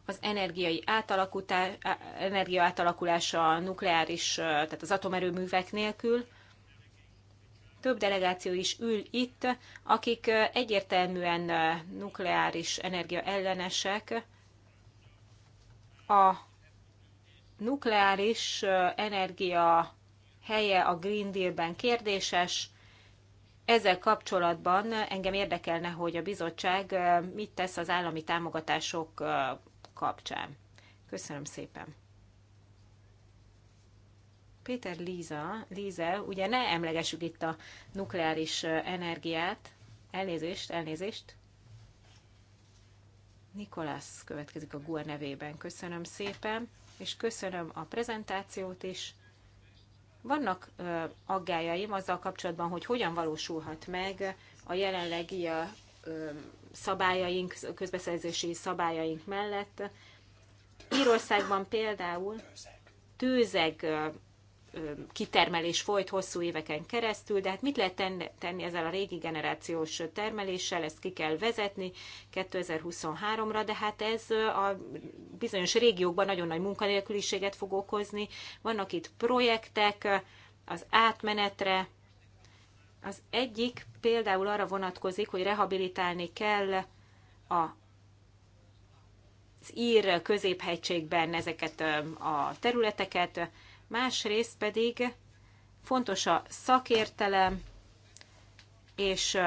az energiai átalakulás, energia átalakulása a nukleáris, tehát az atomerőművek nélkül. Több delegáció is ül itt, akik egyértelműen nukleáris energia ellenesek. A nukleáris energia helye a Green Deal-ben kérdéses. Ezzel kapcsolatban engem érdekelne, hogy a bizottság mit tesz az állami támogatások kapcsán. Köszönöm szépen! Péter Líza, Líze, ugye ne emlegessük itt a nukleáris energiát. Elnézést, elnézést. Nikolász következik a GUA e nevében. Köszönöm szépen, és köszönöm a prezentációt is. Vannak aggájaim azzal kapcsolatban, hogy hogyan valósulhat meg a jelenlegi szabályaink, közbeszerzési szabályaink mellett. Írországban például tőzeg kitermelés folyt hosszú éveken keresztül, de hát mit lehet tenni ezzel a régi generációs termeléssel, ezt ki kell vezetni 2023-ra, de hát ez a bizonyos régiókban nagyon nagy munkanélküliséget fog okozni. Vannak itt projektek az átmenetre, az egyik például arra vonatkozik, hogy rehabilitálni kell a az ír középhegységben ezeket a területeket, másrészt pedig fontos a szakértelem és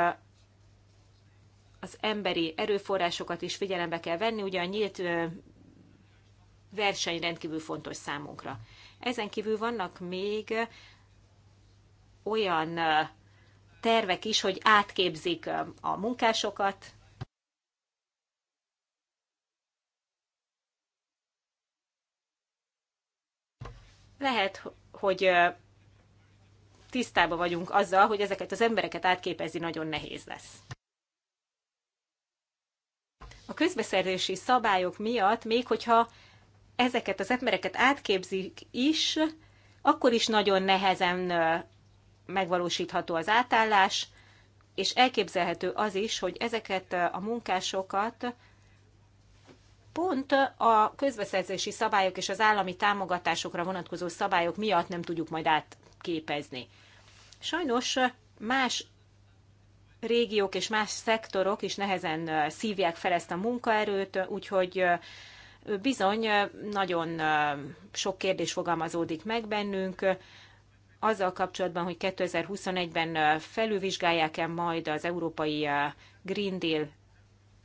az emberi erőforrásokat is figyelembe kell venni, ugye a nyílt verseny rendkívül fontos számunkra. Ezen kívül vannak még olyan tervek is, hogy átképzik a munkásokat, lehet, hogy tisztában vagyunk azzal, hogy ezeket az embereket átképezni nagyon nehéz lesz. A közbeszerzési szabályok miatt, még hogyha ezeket az embereket átképzik is, akkor is nagyon nehezen megvalósítható az átállás, és elképzelhető az is, hogy ezeket eh, a munkásokat pont a közbeszerzési szabályok és az állami támogatásokra vonatkozó szabályok miatt nem tudjuk majd átképezni. Sajnos eh, más régiók és más szektorok is nehezen eh, szívják fel ezt a munkaerőt, úgyhogy bizony nagyon sok kérdés fogalmazódik meg bennünk, azzal kapcsolatban, hogy 2021-ben felülvizsgálják-e majd az európai Green Deal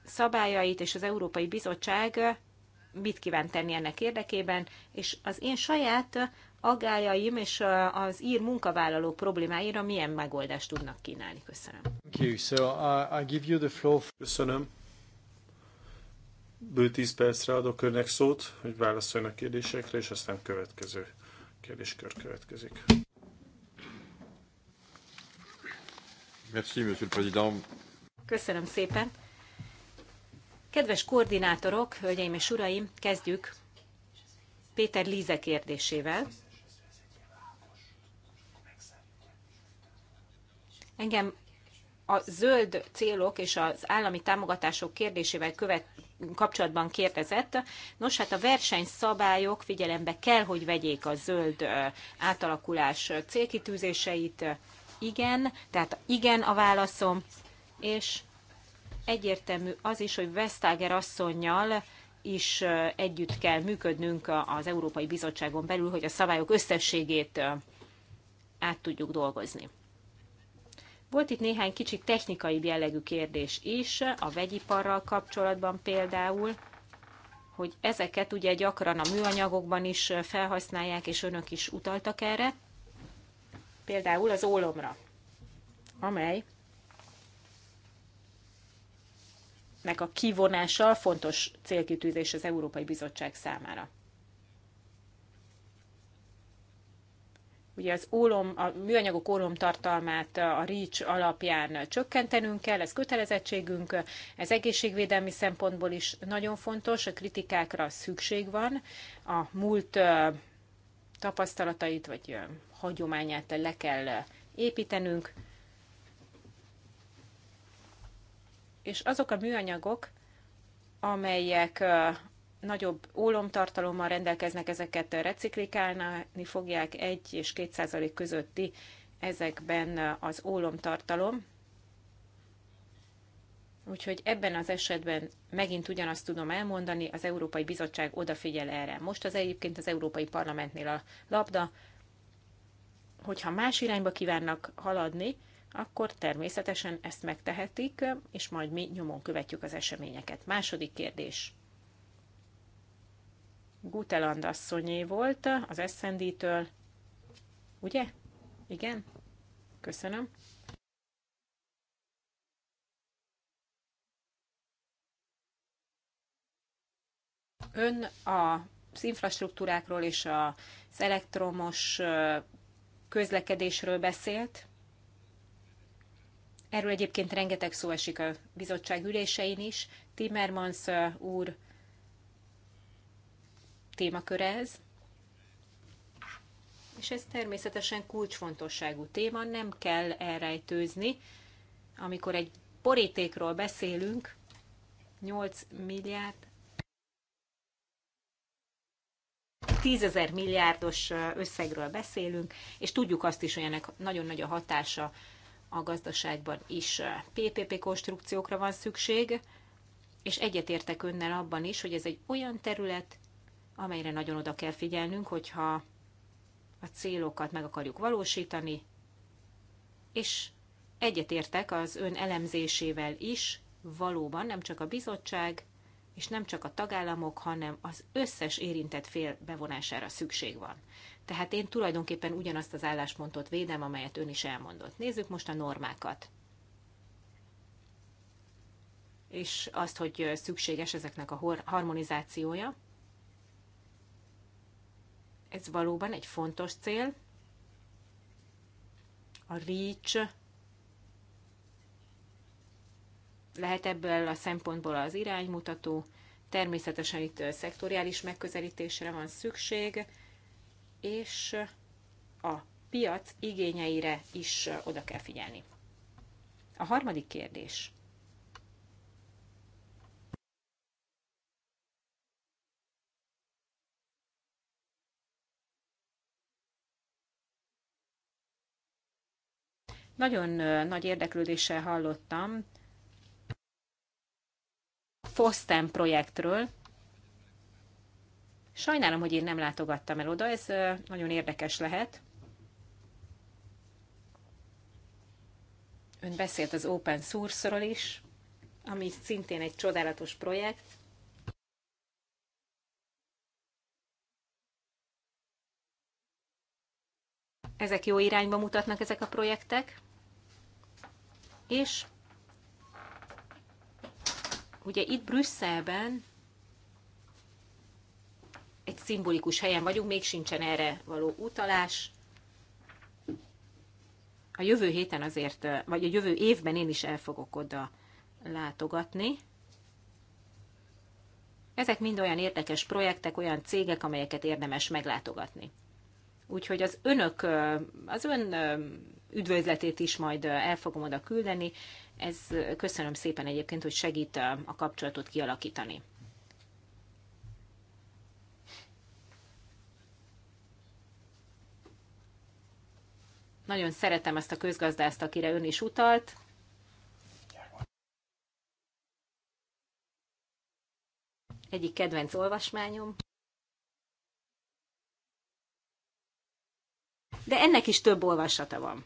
szabályait, és az Európai Bizottság mit kíván tenni ennek érdekében, és az én saját aggájaim és az ír munkavállalók problémáira milyen megoldást tudnak kínálni. Köszönöm. Thank you. So, uh, I give you the floor. Köszönöm. Bő tíz percre adok önnek szót, hogy válaszoljon a kérdésekre, és aztán következő kérdéskör következik. Merci, Monsieur le Président. Köszönöm szépen. Kedves koordinátorok, hölgyeim és uraim, kezdjük Péter Líze kérdésével. Engem a zöld célok és az állami támogatások kérdésével követ, kapcsolatban kérdezett. Nos, hát a versenyszabályok figyelembe kell, hogy vegyék a zöld átalakulás célkitűzéseit, igen, tehát igen a válaszom, és egyértelmű az is, hogy Vestager asszonynal is együtt kell működnünk az Európai Bizottságon belül, hogy a szabályok összességét át tudjuk dolgozni. Volt itt néhány kicsit technikai jellegű kérdés is, a vegyiparral kapcsolatban például, hogy ezeket ugye gyakran a műanyagokban is felhasználják, és önök is utaltak erre például az ólomra, amely meg a kivonása fontos célkitűzés az Európai Bizottság számára. Ugye az ólom, a műanyagok ólom tartalmát a REACH alapján csökkentenünk kell, ez kötelezettségünk, ez egészségvédelmi szempontból is nagyon fontos, a kritikákra szükség van. A múlt tapasztalatait vagy hagyományát le kell építenünk, és azok a műanyagok, amelyek nagyobb ólomtartalommal rendelkeznek, ezeket reciklikálni fogják 1 és 2 százalék közötti ezekben az ólomtartalom. Úgyhogy ebben az esetben megint ugyanazt tudom elmondani, az Európai Bizottság odafigyel erre. Most az egyébként az Európai Parlamentnél a labda, hogyha más irányba kívánnak haladni, akkor természetesen ezt megtehetik, és majd mi nyomon követjük az eseményeket. Második kérdés. Guteland asszonyé volt az Eszendítől, ugye? Igen? Köszönöm. Ön a az infrastruktúrákról és az elektromos közlekedésről beszélt. Erről egyébként rengeteg szó esik a bizottság ülésein is. Timmermans úr témakör ez. És ez természetesen kulcsfontosságú téma, nem kell elrejtőzni. Amikor egy borítékról beszélünk, 8 milliárd tízezer milliárdos összegről beszélünk, és tudjuk azt is, hogy ennek nagyon nagy a hatása a gazdaságban is. PPP konstrukciókra van szükség, és egyetértek önnel abban is, hogy ez egy olyan terület, amelyre nagyon oda kell figyelnünk, hogyha a célokat meg akarjuk valósítani, és egyetértek az ön elemzésével is, valóban nem csak a bizottság, és nem csak a tagállamok, hanem az összes érintett fél bevonására szükség van. Tehát én tulajdonképpen ugyanazt az álláspontot védem, amelyet ön is elmondott. Nézzük most a normákat. És azt, hogy szükséges ezeknek a harmonizációja. Ez valóban egy fontos cél. A REACH lehet ebből a szempontból az iránymutató. Természetesen itt szektoriális megközelítésre van szükség, és a piac igényeire is oda kell figyelni. A harmadik kérdés. Nagyon nagy érdeklődéssel hallottam FOSZTEM projektről. Sajnálom, hogy én nem látogattam el oda, ez nagyon érdekes lehet. Ön beszélt az open source-ról is, ami szintén egy csodálatos projekt. Ezek jó irányba mutatnak ezek a projektek, és Ugye itt Brüsszelben egy szimbolikus helyen vagyunk, még sincsen erre való utalás. A jövő héten azért, vagy a jövő évben én is el fogok oda látogatni. Ezek mind olyan érdekes projektek, olyan cégek, amelyeket érdemes meglátogatni. Úgyhogy az önök, az ön üdvözletét is majd el fogom oda küldeni, ez köszönöm szépen egyébként, hogy segít um, a kapcsolatot kialakítani. Nagyon szeretem ezt a közgazdást, akire ön is utalt. Egyik kedvenc olvasmányom. De ennek is több olvasata van.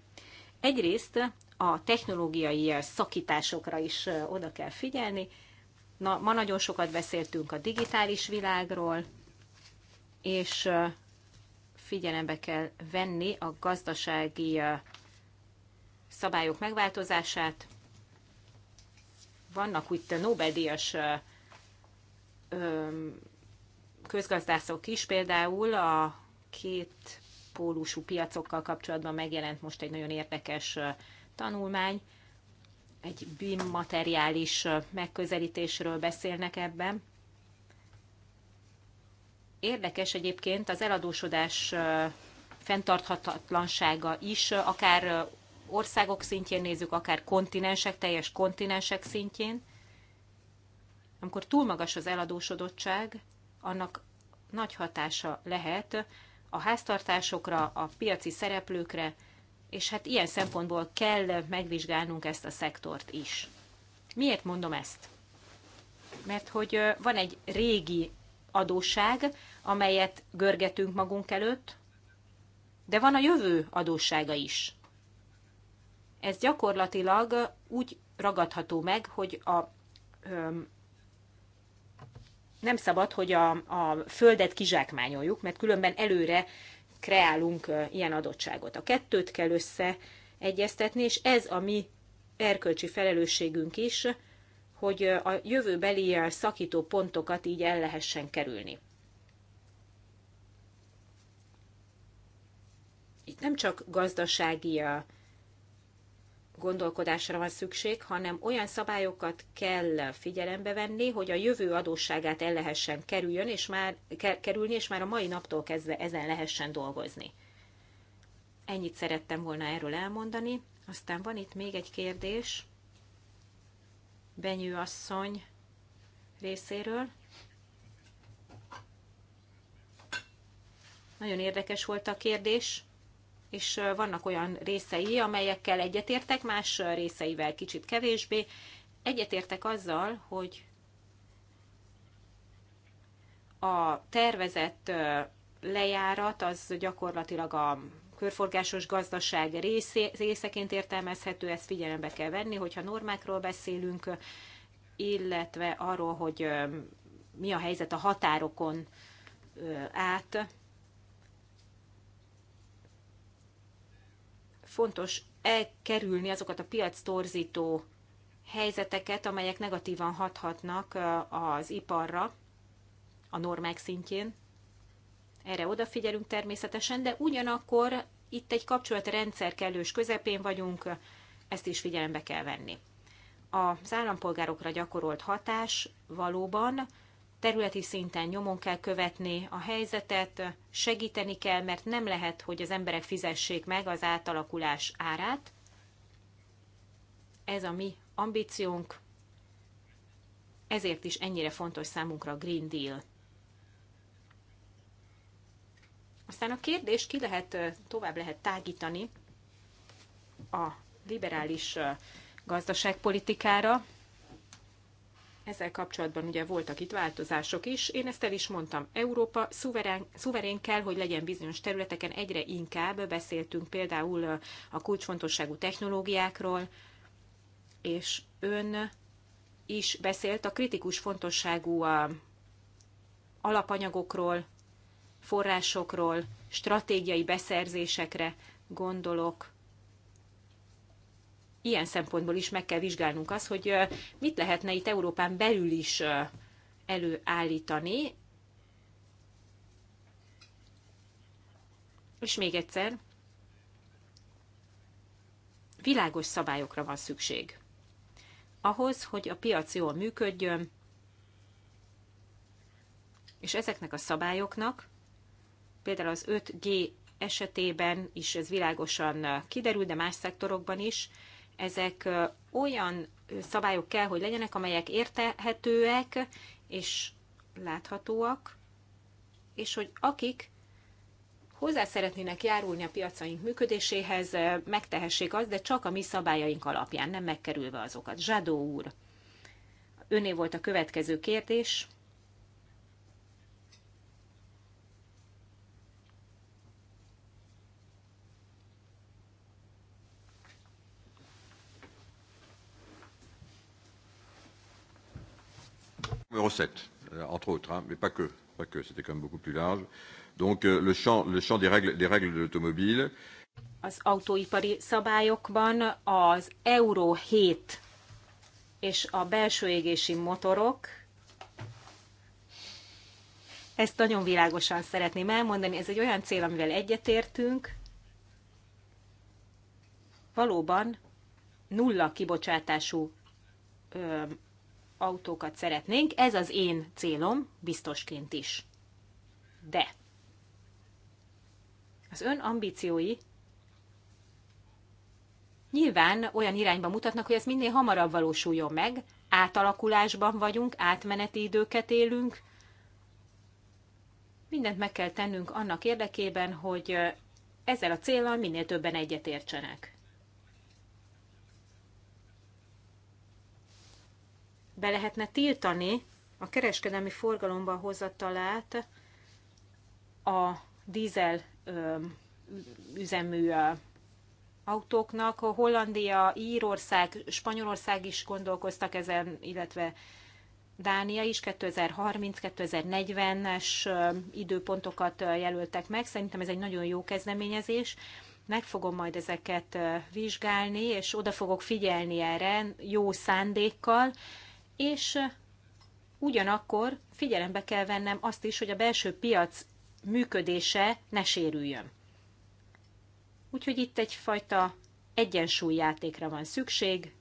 Egyrészt a technológiai szakításokra is oda kell figyelni. Na, ma nagyon sokat beszéltünk a digitális világról, és figyelembe kell venni a gazdasági szabályok megváltozását. Vannak itt Nobel-díjas közgazdászok is, például a két pólusú piacokkal kapcsolatban megjelent most egy nagyon érdekes tanulmány. Egy materiális megközelítésről beszélnek ebben. Érdekes egyébként az eladósodás fenntarthatatlansága is, akár országok szintjén nézzük, akár kontinensek, teljes kontinensek szintjén. Amikor túl magas az eladósodottság, annak nagy hatása lehet a háztartásokra, a piaci szereplőkre, és hát ilyen szempontból kell megvizsgálnunk ezt a szektort is. Miért mondom ezt? Mert hogy van egy régi adósság, amelyet görgetünk magunk előtt, de van a jövő adóssága is. Ez gyakorlatilag úgy ragadható meg, hogy a nem szabad, hogy a, a földet kizsákmányoljuk, mert különben előre kreálunk ilyen adottságot. A kettőt kell összeegyeztetni, és ez a mi erkölcsi felelősségünk is, hogy a jövőbeli szakító pontokat így el lehessen kerülni. Itt nem csak gazdasági gondolkodásra van szükség, hanem olyan szabályokat kell figyelembe venni, hogy a jövő adósságát el lehessen kerüljön, és már, kerülni, és már a mai naptól kezdve ezen lehessen dolgozni. Ennyit szerettem volna erről elmondani. Aztán van itt még egy kérdés Benyő asszony részéről. Nagyon érdekes volt a kérdés és vannak olyan részei, amelyekkel egyetértek, más részeivel kicsit kevésbé. Egyetértek azzal, hogy a tervezett lejárat az gyakorlatilag a körforgásos gazdaság része részeként értelmezhető, ezt figyelembe kell venni, hogyha normákról beszélünk, illetve arról, hogy mi a helyzet a határokon át, fontos elkerülni azokat a piac torzító helyzeteket, amelyek negatívan hathatnak az iparra a normák szintjén. Erre odafigyelünk természetesen, de ugyanakkor itt egy kapcsolatrendszer kellős közepén vagyunk, ezt is figyelembe kell venni. Az állampolgárokra gyakorolt hatás valóban területi szinten nyomon kell követni a helyzetet, segíteni kell, mert nem lehet, hogy az emberek fizessék meg az átalakulás árát. Ez a mi ambíciónk, ezért is ennyire fontos számunkra a Green Deal. Aztán a kérdés ki lehet, tovább lehet tágítani a liberális gazdaságpolitikára, ezzel kapcsolatban ugye voltak itt változások is. Én ezt el is mondtam, Európa szuverén, szuverén kell, hogy legyen bizonyos területeken egyre inkább. Beszéltünk például a kulcsfontosságú technológiákról, és ön is beszélt a kritikus fontosságú alapanyagokról, forrásokról, stratégiai beszerzésekre gondolok, ilyen szempontból is meg kell vizsgálnunk azt, hogy mit lehetne itt Európán belül is előállítani. És még egyszer, világos szabályokra van szükség. Ahhoz, hogy a piac jól működjön, és ezeknek a szabályoknak, például az 5G esetében is ez világosan kiderül, de más szektorokban is, ezek olyan szabályok kell, hogy legyenek, amelyek értehetőek és láthatóak, és hogy akik hozzá szeretnének járulni a piacaink működéséhez, megtehessék azt, de csak a mi szabályaink alapján, nem megkerülve azokat. Zsadó úr, öné volt a következő kérdés. Numéro 7, euh, entre autres, hein, mais pas que, pas que, c'était quand même beaucoup plus large. Donc euh, le champ, le champ des règles, des règles de l'automobile. Az autóipari szabályokban az Euro 7 és a belső égési motorok ezt nagyon világosan szeretném elmondani. Ez egy olyan cél, amivel egyetértünk. Valóban nulla kibocsátású autókat szeretnénk. Ez az én célom, biztosként is. De az ön ambíciói nyilván olyan irányba mutatnak, hogy ez minél hamarabb valósuljon meg, átalakulásban vagyunk, átmeneti időket élünk, mindent meg kell tennünk annak érdekében, hogy ezzel a célral minél többen egyetértsenek. be lehetne tiltani a kereskedelmi forgalomba hozatalát a dízel üzemű autóknak. a Hollandia, Írország, Spanyolország is gondolkoztak ezen, illetve Dánia is 2030-2040-es időpontokat jelöltek meg. Szerintem ez egy nagyon jó kezdeményezés. Meg fogom majd ezeket vizsgálni, és oda fogok figyelni erre jó szándékkal, és eh, ugyanakkor figyelembe kell vennem azt is, hogy a belső piac működése ne sérüljön. Úgyhogy itt egyfajta egyensúlyjátékra van szükség,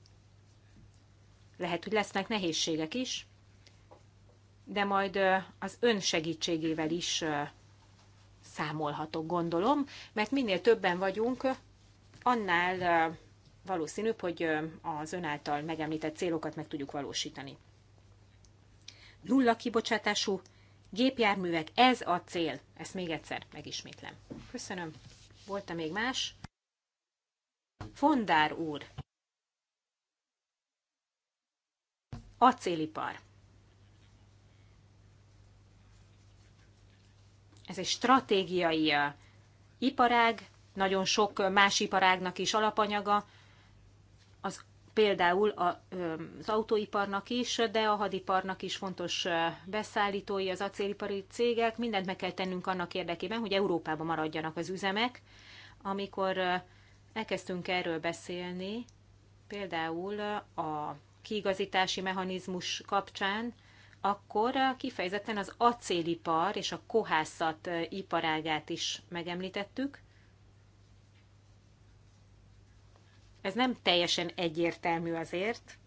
lehet, hogy lesznek nehézségek is, de majd eh, az ön segítségével is eh, számolhatok, gondolom, mert minél többen vagyunk, annál valószínűbb, hogy az ön által megemlített célokat meg tudjuk valósítani. Nulla kibocsátású gépjárművek, ez a cél. Ezt még egyszer megismétlem. Köszönöm. Volt-e még más? Fondár úr. Acélipar. Ez egy stratégiai iparág, nagyon sok más iparágnak is alapanyaga, például az autóiparnak is, de a hadiparnak is fontos beszállítói, az acélipari cégek, mindent meg kell tennünk annak érdekében, hogy Európában maradjanak az üzemek. Amikor elkezdtünk erről beszélni, például a kiigazítási mechanizmus kapcsán, akkor kifejezetten az acélipar és a kohászat iparágát is megemlítettük, Ez nem teljesen egyértelmű azért,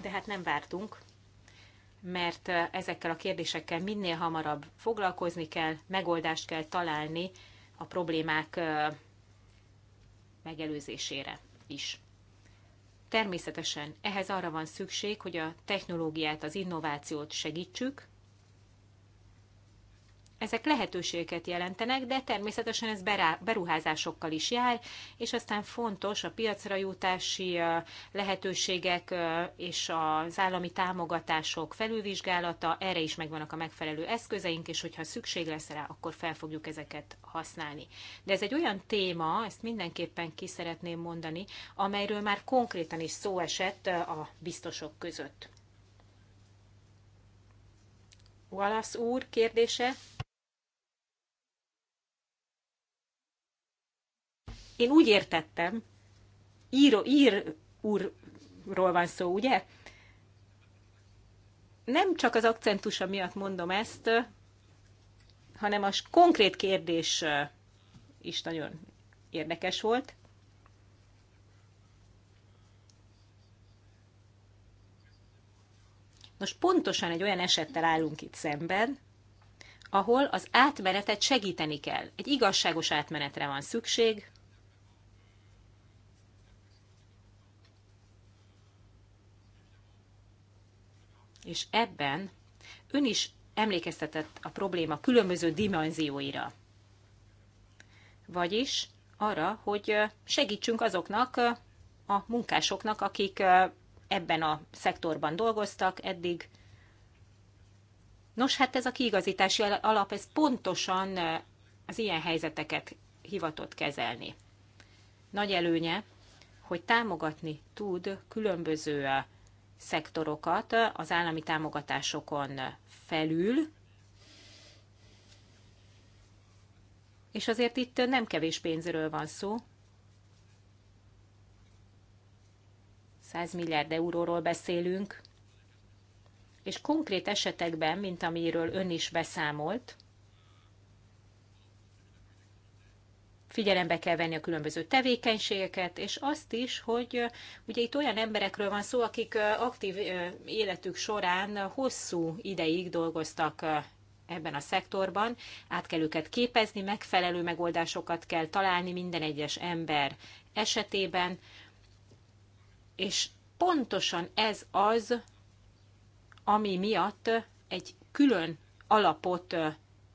de hát nem vártunk, mert ezekkel a kérdésekkel minél hamarabb foglalkozni kell, megoldást kell találni a problémák megelőzésére is. Természetesen ehhez arra van szükség, hogy a technológiát, az innovációt segítsük, ezek lehetőségeket jelentenek, de természetesen ez beruházásokkal is jár, és aztán fontos a piacra jutási lehetőségek és az állami támogatások felülvizsgálata, erre is megvannak a megfelelő eszközeink, és hogyha szükség lesz rá, akkor fel fogjuk ezeket használni. De ez egy olyan téma, ezt mindenképpen ki szeretném mondani, amelyről már konkrétan is szó esett a biztosok között. Wallace úr kérdése Én úgy értettem, ír, ír úrról van szó, ugye? Nem csak az akcentusa miatt mondom ezt, hanem a konkrét kérdés is nagyon érdekes volt. Nos, pontosan egy olyan esettel állunk itt szemben, ahol az átmenetet segíteni kell. Egy igazságos átmenetre van szükség, És ebben ön is emlékeztetett a probléma különböző dimenzióira. Vagyis arra, hogy segítsünk azoknak a munkásoknak, akik ebben a szektorban dolgoztak eddig. Nos, hát ez a kiigazítási alap, ez pontosan az ilyen helyzeteket hivatott kezelni. Nagy előnye, hogy támogatni tud különböző szektorokat az állami támogatásokon felül, és azért itt nem kevés pénzről van szó. 100 milliárd euróról beszélünk, és konkrét esetekben, mint amiről ön is beszámolt, figyelembe kell venni a különböző tevékenységeket, és azt is, hogy ugye itt olyan emberekről van szó, akik aktív életük során hosszú ideig dolgoztak ebben a szektorban, át kell őket képezni, megfelelő megoldásokat kell találni minden egyes ember esetében, és pontosan ez az, ami miatt egy külön alapot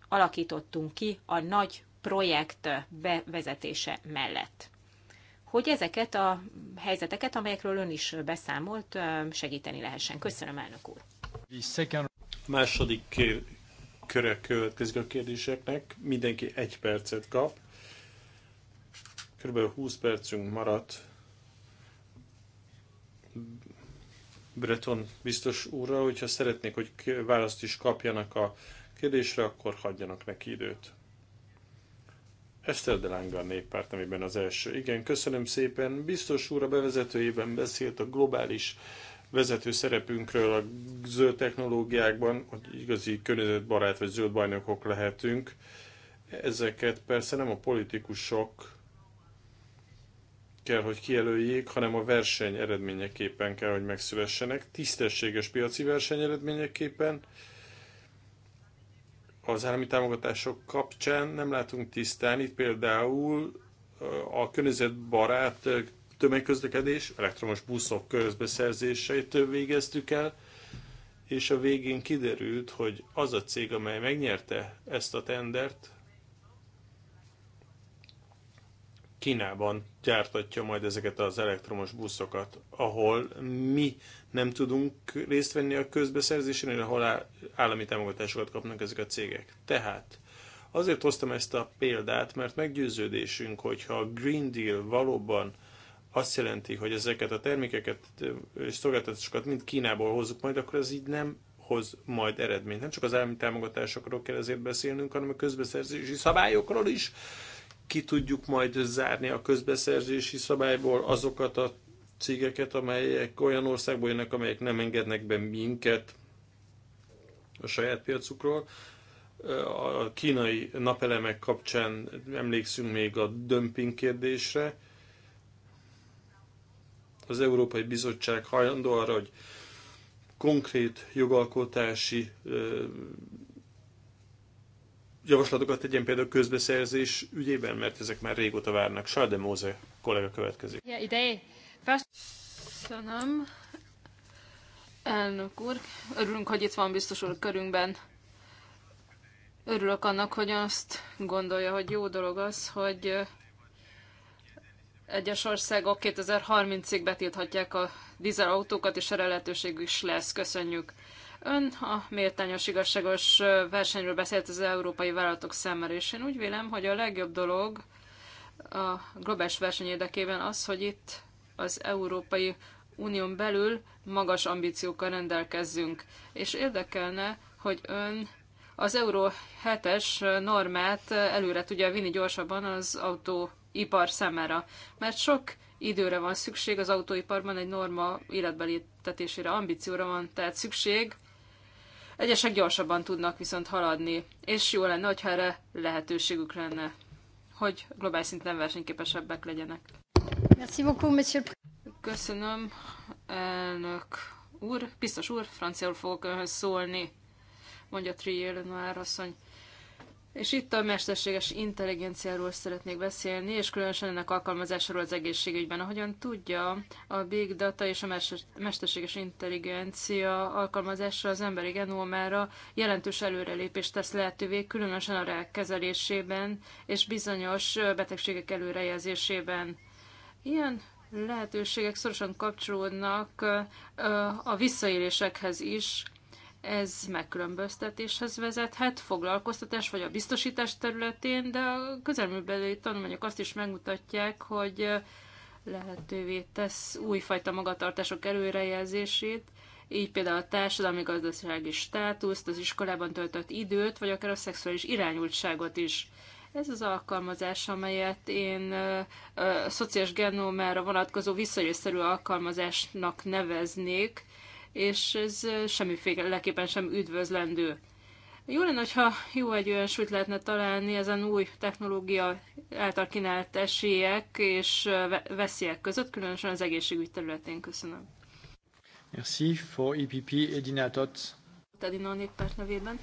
alakítottunk ki a nagy projekt bevezetése mellett. Hogy ezeket a helyzeteket, amelyekről ön is beszámolt, segíteni lehessen. Köszönöm, elnök úr. Második köre következik a kérdéseknek. Mindenki egy percet kap. Körülbelül 20 percünk maradt Breton biztos úrra, hogyha szeretnék, hogy választ is kapjanak a kérdésre, akkor hagyjanak neki időt. Eszter Lange, a néppárt, amiben az első. Igen, köszönöm szépen. Biztos úr a bevezetőjében beszélt a globális vezető szerepünkről a zöld technológiákban, hogy igazi környezetbarát vagy zöld bajnokok lehetünk. Ezeket persze nem a politikusok kell, hogy kijelöljék, hanem a verseny eredményeképpen kell, hogy megszülessenek, tisztességes piaci verseny eredményeképpen, az állami támogatások kapcsán nem látunk tisztán. Itt például a környezetbarát tömegközlekedés, elektromos buszok közbeszerzéseit végeztük el, és a végén kiderült, hogy az a cég, amely megnyerte ezt a tendert, Kínában gyártatja majd ezeket az elektromos buszokat, ahol mi nem tudunk részt venni a közbeszerzésen, ahol állami támogatásokat kapnak ezek a cégek. Tehát azért hoztam ezt a példát, mert meggyőződésünk, hogyha a Green Deal valóban azt jelenti, hogy ezeket a termékeket és szolgáltatásokat mind Kínából hozzuk majd, akkor ez így nem hoz majd eredményt. Nem csak az állami támogatásokról kell ezért beszélnünk, hanem a közbeszerzési szabályokról is, ki tudjuk majd zárni a közbeszerzési szabályból azokat a cégeket, amelyek olyan országból jönnek, amelyek nem engednek be minket a saját piacukról. A kínai napelemek kapcsán emlékszünk még a dömping kérdésre. Az Európai Bizottság hajlandó arra, hogy konkrét jogalkotási javaslatokat tegyen például közbeszerzés ügyében, mert ezek már régóta várnak. Sajde Móze kollega következik. Ja, ide. Köszönöm. Elnök úr, örülünk, hogy itt van biztos úr körünkben. Örülök annak, hogy azt gondolja, hogy jó dolog az, hogy egyes országok 2030-ig betilthatják a dízelautókat, és erre lehetőség is lesz. Köszönjük. Ön a méltányos, igazságos versenyről beszélt az európai vállalatok számára, és én úgy vélem, hogy a legjobb dolog a globális verseny érdekében az, hogy itt az Európai Unión belül magas ambíciókkal rendelkezzünk. És érdekelne, hogy ön az Euró 7-es normát előre tudja vinni gyorsabban az autóipar számára, mert sok időre van szükség az autóiparban, egy norma életbelítetésére, ambícióra van tehát szükség, Egyesek gyorsabban tudnak viszont haladni, és jó lenne, hogyha erre lehetőségük lenne, hogy globális szinten versenyképesebbek legyenek. Merci beaucoup, monsieur. Köszönöm, elnök úr, biztos úr, franciául fogok önhöz szólni, mondja Trier Noir asszony. És itt a mesterséges intelligenciáról szeretnék beszélni, és különösen ennek alkalmazásáról az egészségügyben. Ahogyan tudja, a big data és a mesterséges intelligencia alkalmazása az emberi genómára jelentős előrelépést tesz lehetővé, különösen a rák kezelésében és bizonyos betegségek előrejelzésében. Ilyen lehetőségek szorosan kapcsolódnak a visszaélésekhez is, ez megkülönböztetéshez vezethet, foglalkoztatás vagy a biztosítás területén, de a közelműbeli tanulmányok azt is megmutatják, hogy lehetővé tesz újfajta magatartások előrejelzését, így például a társadalmi gazdasági státuszt, az iskolában töltött időt, vagy akár a szexuális irányultságot is. Ez az alkalmazás, amelyet én a szociális genómára vonatkozó visszajösszerű alkalmazásnak neveznék, és ez semmiféleképpen sem üdvözlendő. Jó lenne, hogyha jó egy olyan súlyt lehetne találni ezen új technológia által kínált esélyek és eh, veszélyek között, különösen az egészségügy területén. Köszönöm. Merci for EPP Edina Tot. Edina néppárt nevében.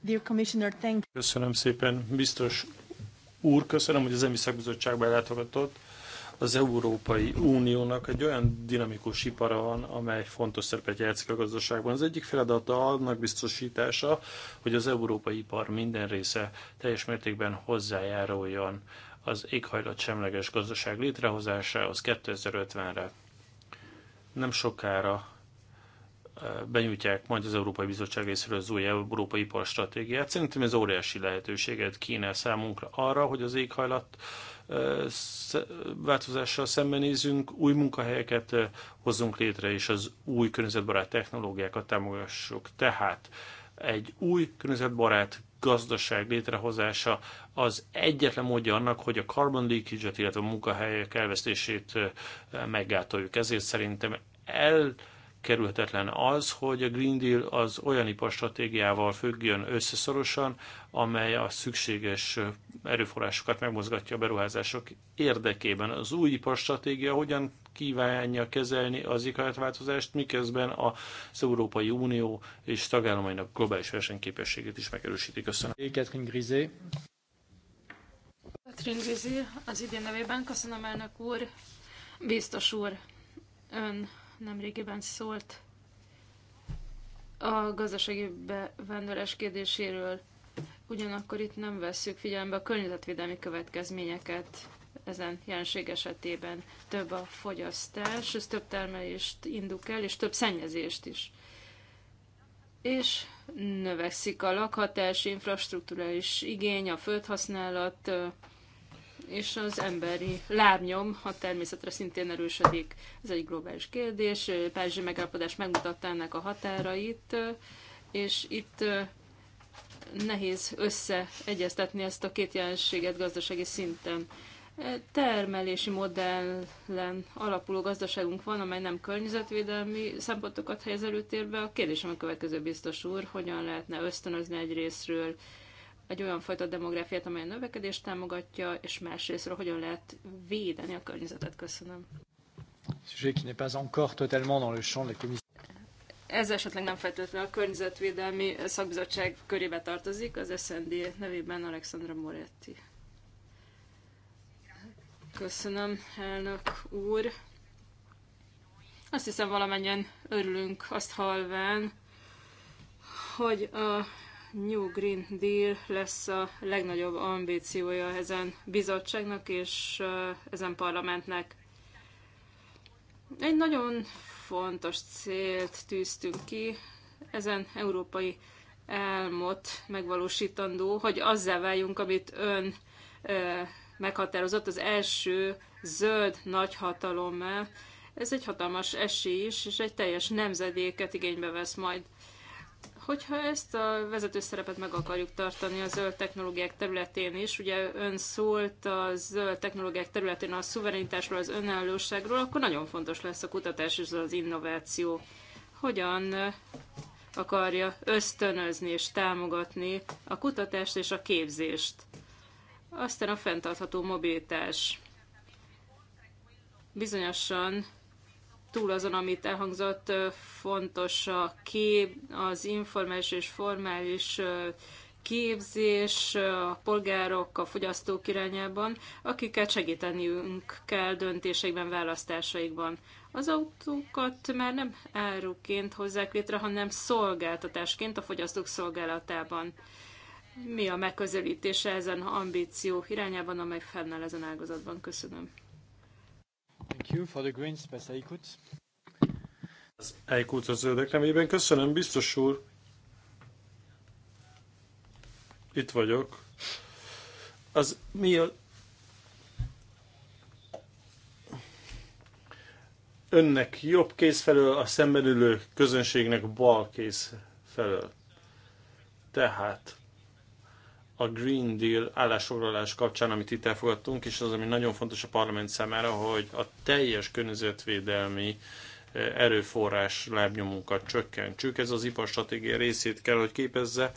Dear Commissioner, thank Köszönöm szépen, biztos úr, köszönöm, hogy az EMI szakbizottságba ellátogatott az Európai Uniónak egy olyan dinamikus ipara van, amely fontos szerepet játszik a gazdaságban. Az egyik feladata annak biztosítása, hogy az európai ipar minden része teljes mértékben hozzájáruljon az éghajlat semleges gazdaság létrehozásához 2050-re. Nem sokára eh, benyújtják majd az Európai Bizottság részéről az új Európai Ipar Stratégiát. Szerintem ez óriási lehetőséget kínál számunkra arra, hogy az éghajlat változással szembenézünk, új munkahelyeket hozzunk létre, és az új környezetbarát technológiákat támogassuk. Tehát egy új környezetbarát gazdaság létrehozása az egyetlen módja annak, hogy a carbon leakage-et, illetve a munkahelyek elvesztését meggátoljuk. Ezért szerintem el kerülhetetlen az, hogy a Green Deal az olyan iparstratégiával függjön összeszorosan, amely a szükséges erőforrásokat megmozgatja a beruházások érdekében. Az új iparstratégia hogyan kívánja kezelni az éghajlatváltozást, miközben az Európai Unió és tagállamainak globális versenyképességét is megerősíti. Köszönöm. Catherine Grisé. Catherine Grisé, az idén nevében köszönöm elnök úr, biztos úr, ön nemrégiben szólt a gazdasági bevándorlás kérdéséről. Ugyanakkor itt nem vesszük figyelembe a környezetvédelmi következményeket ezen jelenség esetében. Több a fogyasztás, ez több termelést induk el, és több szennyezést is. És növekszik a lakhatás, infrastruktúrális igény, a földhasználat, és az emberi lábnyom a természetre szintén erősödik. Ez egy globális kérdés. Párizsi megállapodás megmutatta ennek a határait, és itt nehéz összeegyeztetni ezt a két jelenséget gazdasági szinten. E, termelési modellen alapuló gazdaságunk van, amely nem környezetvédelmi szempontokat helyez előtérbe. A kérdésem a következő biztos úr, hogyan lehetne ösztönözni egy részről egy olyan fajta demográfiát, amely a növekedést támogatja, és másrésztről hogyan lehet védeni a környezetet. Köszönöm. Ez esetleg nem feltétlenül a környezetvédelmi szakbizottság körébe tartozik, az SND nevében Alexandra Moretti. Köszönöm, elnök úr. Azt hiszem valamennyien örülünk azt halván, hogy a New Green Deal lesz a legnagyobb ambíciója ezen bizottságnak és ezen parlamentnek. Egy nagyon fontos célt tűztünk ki, ezen európai elmot megvalósítandó, hogy azzá váljunk, amit ön meghatározott az első zöld nagyhatalommal. Ez egy hatalmas esély is, és egy teljes nemzedéket igénybe vesz majd. Hogyha ezt a vezető szerepet meg akarjuk tartani a zöld technológiák területén is, ugye ön szólt a zöld technológiák területén a szuverenitásról, az önállóságról, akkor nagyon fontos lesz a kutatás és az innováció. Hogyan akarja ösztönözni és támogatni a kutatást és a képzést? Aztán a fenntartható mobilitás. Bizonyosan túl azon, amit elhangzott, fontos a kép, az informális és formális képzés a polgárok, a fogyasztók irányában, akiket segíteniünk kell döntésekben, választásaikban. Az autókat már nem áruként hozzák létre, hanem szolgáltatásként a fogyasztók szolgálatában. Mi a megközelítése ezen ambíció irányában, amely fennáll ezen ágazatban? Köszönöm. Thank you for the Greens, persze Eikut. Az Eikut az zöldek nemében. Köszönöm, biztos úr. Itt vagyok. Az mi a... Önnek jobb kéz felől, a szemben ülő közönségnek bal kéz felől. Tehát a Green Deal állásfoglalás kapcsán, amit itt elfogadtunk, és az, ami nagyon fontos a parlament számára, hogy a teljes környezetvédelmi eh, erőforrás lábnyomunkat csökkentsük. Ez az iparstratégia részét kell, hogy képezze,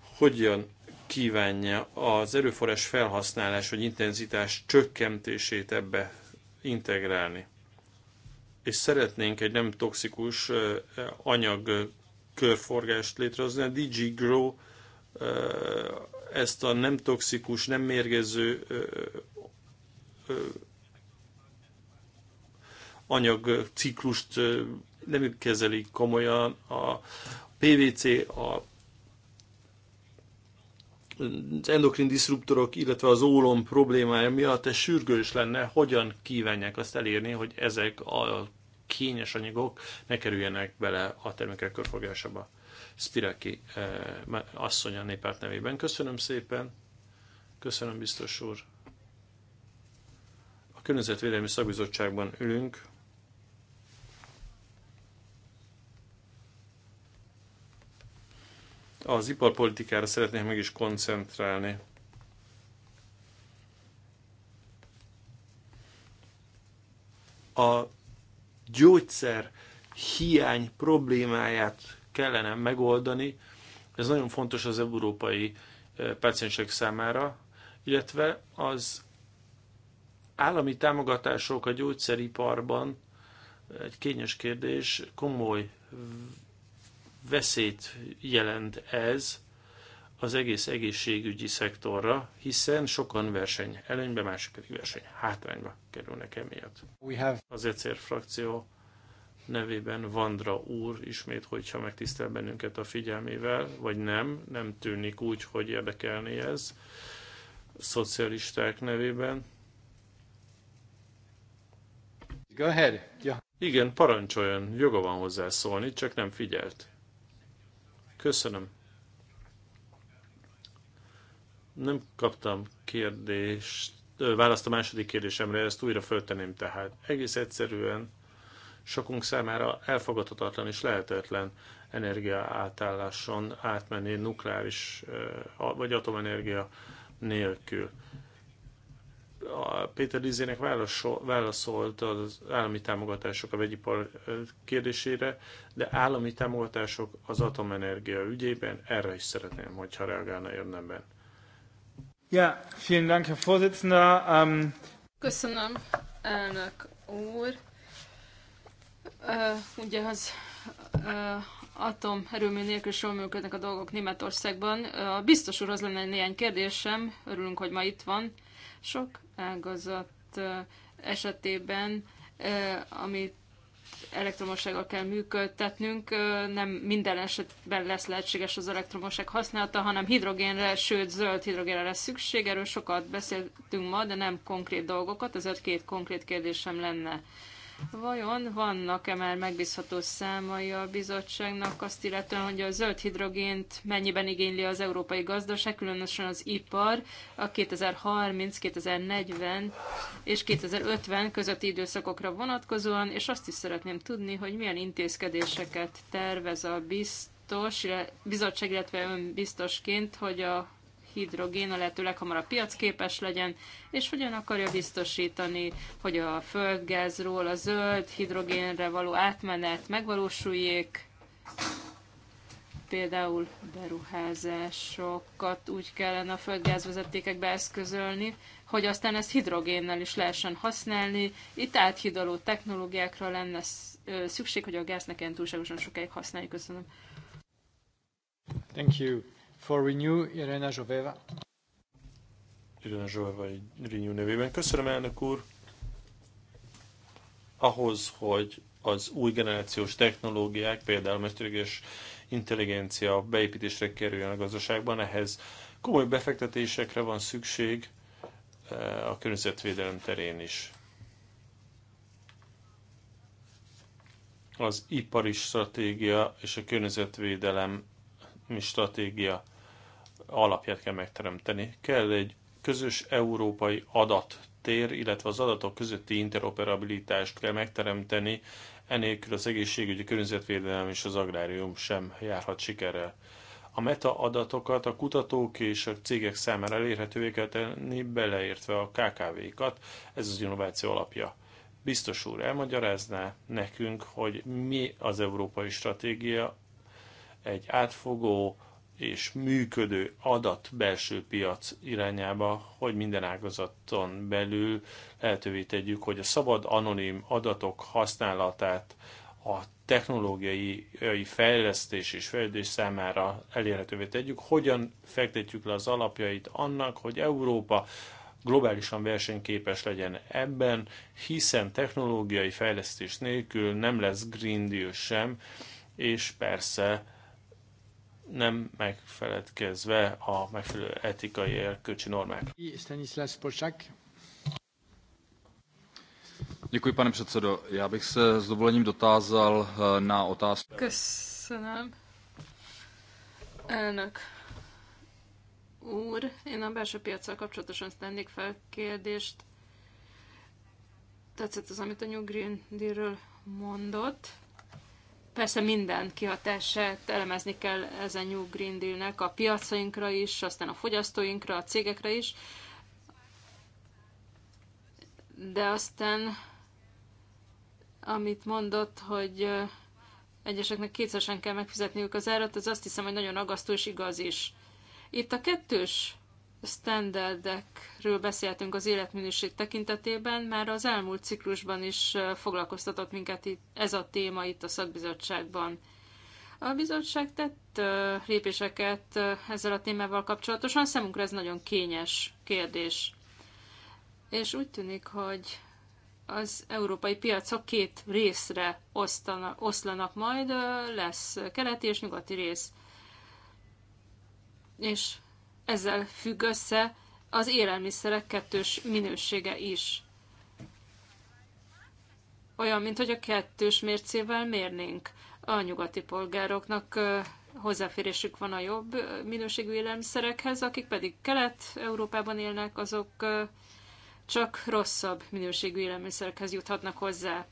hogyan kívánja az erőforrás felhasználás vagy intenzitás csökkentését ebbe integrálni. És szeretnénk egy nem toxikus eh, anyag körforgást létrehozni. A DG Grow eh, ezt a nem toxikus, nem mérgező anyagciklust nem kezelik komolyan. A PVC, a, az endokrin diszruptorok, illetve az ólom problémája miatt ez sürgős lenne, hogyan kívánják azt elérni, hogy ezek a kényes anyagok ne kerüljenek bele a termékek körforgásába. Spiraki eh, asszony a néppárt nevében. Köszönöm szépen, köszönöm biztos úr. A Környezetvédelmi Szakbizottságban ülünk, az iparpolitikára szeretnék meg is koncentrálni. A gyógyszer hiány problémáját kellene megoldani. Ez nagyon fontos az európai eh, páciensek számára, illetve az állami támogatások a gyógyszeriparban eh, egy kényes kérdés, komoly veszélyt jelent ez az egész egészségügyi szektorra, hiszen sokan verseny előnybe, mások pedig verseny hátrányba kerülnek emiatt. Az ECR frakció nevében Vandra úr ismét, hogyha megtisztel bennünket a figyelmével, vagy nem, nem tűnik úgy, hogy érdekelni ez szocialisták nevében. Go ahead. Yeah. Igen, parancsoljon, joga van hozzá szólni, csak nem figyelt. Köszönöm. Nem kaptam kérdést, választ a második kérdésemre, ezt újra föltenném tehát. Egész egyszerűen sokunk számára elfogadhatatlan és lehetetlen energia átálláson átmenni nukleáris vagy atomenergia nélkül. A Péter Lizének válaszolt az állami támogatások a vegyipar kérdésére, de állami támogatások az atomenergia ügyében, erre is szeretném, hogyha reagálna érdemben. Ja, vielen Dank, Herr Vorsitzender. Um... Köszönöm, elnök úr ugye az erőmű nélkül sem működnek a dolgok Németországban. A biztos úr, az lenne néhány kérdésem, örülünk, hogy ma itt van. Sok ágazat esetében, amit elektromossággal kell működtetnünk, nem minden esetben lesz lehetséges az elektromosság használata, hanem hidrogénre, sőt zöld hidrogénre lesz szükség. Erről sokat beszéltünk ma, de nem konkrét dolgokat, ezért két konkrét kérdésem lenne. Vajon vannak-e már megbízható számai a bizottságnak azt illetően, hogy a zöld hidrogént mennyiben igényli az európai gazdaság, különösen az ipar a 2030, 2040 és 2050 közötti időszakokra vonatkozóan, és azt is szeretném tudni, hogy milyen intézkedéseket tervez a biztos, bizottság, illetve biztosként, hogy a hidrogén a lehető leghamarabb piacképes legyen, és hogyan akarja biztosítani, hogy a földgázról a zöld hidrogénre való átmenet megvalósuljék, például beruházásokat úgy kellene a földgázvezetékekbe eszközölni, hogy aztán ezt hidrogénnel is lehessen használni. Itt áthidaló technológiákra lenne szükség, hogy a gáz ne túlságosan sokáig használjuk. Köszönöm. Thank you. For Renew, Irena Zsoveva. Irena Zsoveva Renew nevében. Köszönöm, elnök úr! Ahhoz, hogy az új generációs technológiák, például mesterséges intelligencia beépítésre kerüljön a gazdaságban, ehhez komoly befektetésekre van szükség eh, a környezetvédelem terén is. Az ipari stratégia és a környezetvédelem stratégia alapját kell megteremteni. Kell egy közös európai adattér, illetve az adatok közötti interoperabilitást kell megteremteni, enélkül az egészségügyi környezetvédelem és az agrárium sem járhat sikerrel. A metaadatokat a kutatók és a cégek számára elérhetővé kell tenni, beleértve a KKV-kat, ez az innováció alapja. Biztos úr, elmagyarázná nekünk, hogy mi az európai stratégia egy átfogó, és működő adat belső piac irányába, hogy minden ágazaton belül lehetővé tegyük, hogy a szabad anonim adatok használatát a technológiai eh, fejlesztés és fejlődés számára elérhetővé tegyük, hogyan fektetjük le az alapjait annak, hogy Európa globálisan versenyképes legyen ebben, hiszen technológiai fejlesztés nélkül nem lesz Green Deal sem, és persze nem megfeledkezve a megfelelő etikai erkölcsi normák. Stanislas Polsak. Děkuji, pane předsedo. Já bych se s dovolením dotázal eh, na otázku. Köszönöm. Elnök úr, én a belső piacsal kapcsolatosan tennék fel kérdést. Tetszett az, amit a New Green Deal-ről mondott. Persze minden kihatását elemezni kell ezen New Green Deal-nek a piacainkra is, aztán a fogyasztóinkra, a cégekre is. De aztán, amit mondott, hogy egyeseknek kétszeresen kell megfizetniük az árat, az azt hiszem, hogy nagyon agasztó és igaz is. Itt a kettős standardekről beszéltünk az életminőség tekintetében, már az elmúlt ciklusban is foglalkoztatott minket itt, ez a téma itt a szakbizottságban. A bizottság tett lépéseket ezzel a témával kapcsolatosan, számunkra ez nagyon kényes kérdés. És úgy tűnik, hogy az európai piacok két részre osztana, oszlanak majd, lesz keleti és nyugati rész. És ezzel függ össze az élelmiszerek kettős minősége is. Olyan, mint hogy a kettős mércével mérnénk. A nyugati polgároknak hozzáférésük van a jobb minőségű élelmiszerekhez, akik pedig Kelet-Európában élnek, azok csak rosszabb minőségű élelmiszerekhez juthatnak hozzá.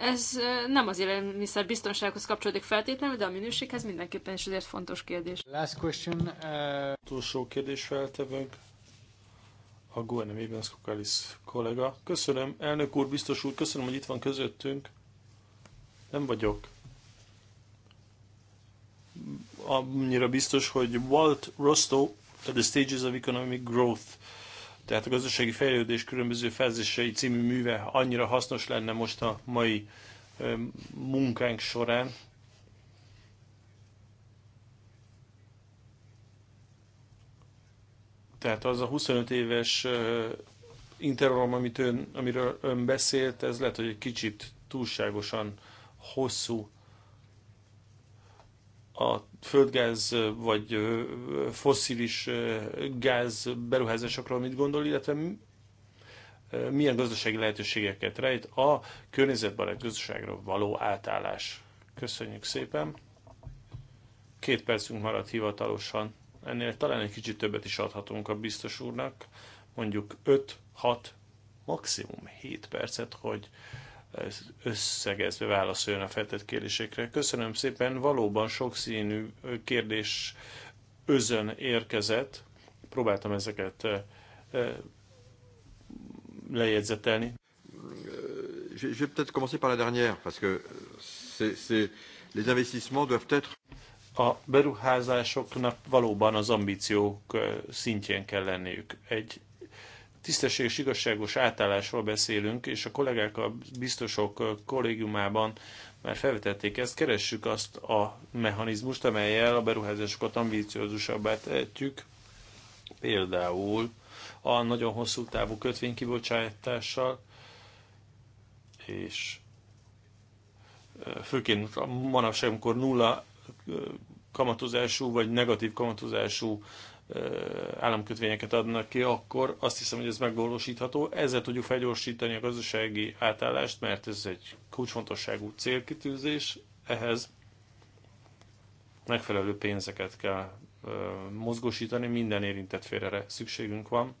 Ez nem az élelmiszer biztonsághoz kapcsolódik feltétlenül, de a minőséghez mindenképpen is azért fontos kérdés. Last question. Uh... Utolsó kérdés feltevünk. A Guernem Ébensz kollega. Köszönöm, elnök úr, biztos úr, köszönöm, hogy itt van közöttünk. Nem vagyok annyira biztos, hogy Walt Rostow, The Stages of Economic Growth tehát a gazdasági fejlődés különböző fázisai című műve annyira hasznos lenne most a mai munkánk során, tehát az a 25 éves intervallum, amit ön, amiről ön beszélt, ez lehet, hogy egy kicsit túlságosan hosszú a földgáz vagy fosszilis gáz beruházásokról mit gondol, illetve milyen gazdasági lehetőségeket rejt a környezetbarát gazdaságra való átállás. Köszönjük szépen! Két percünk maradt hivatalosan. Ennél talán egy kicsit többet is adhatunk a biztos úrnak, mondjuk 5-6, maximum 7 percet, hogy összegezve válaszoljon a feltett kérdésekre. Köszönöm szépen, valóban sokszínű kérdés özön érkezett. Próbáltam ezeket eh, eh, lejegyzetelni. Je vais peut-être commencer par la dernière, parce que c'est, les investissements doivent être... A beruházásoknak valóban az ambíciók eh, szintjén kell lenniük. Egy tisztességes, igazságos átállásról beszélünk, és a kollégák a biztosok kollégiumában már felvetették ezt, keressük azt a mechanizmust, amelyel a beruházásokat ambíciózusabbá tehetjük, például a nagyon hosszú távú kötvénykibocsátással, és főként manapság, amikor nulla kamatozású vagy negatív kamatozású államkötvényeket adnak ki, akkor azt hiszem, hogy ez megvalósítható. Ezzel tudjuk felgyorsítani a gazdasági átállást, mert ez egy kulcsfontosságú célkitűzés. Ehhez megfelelő pénzeket kell mozgósítani, minden érintett félre szükségünk van.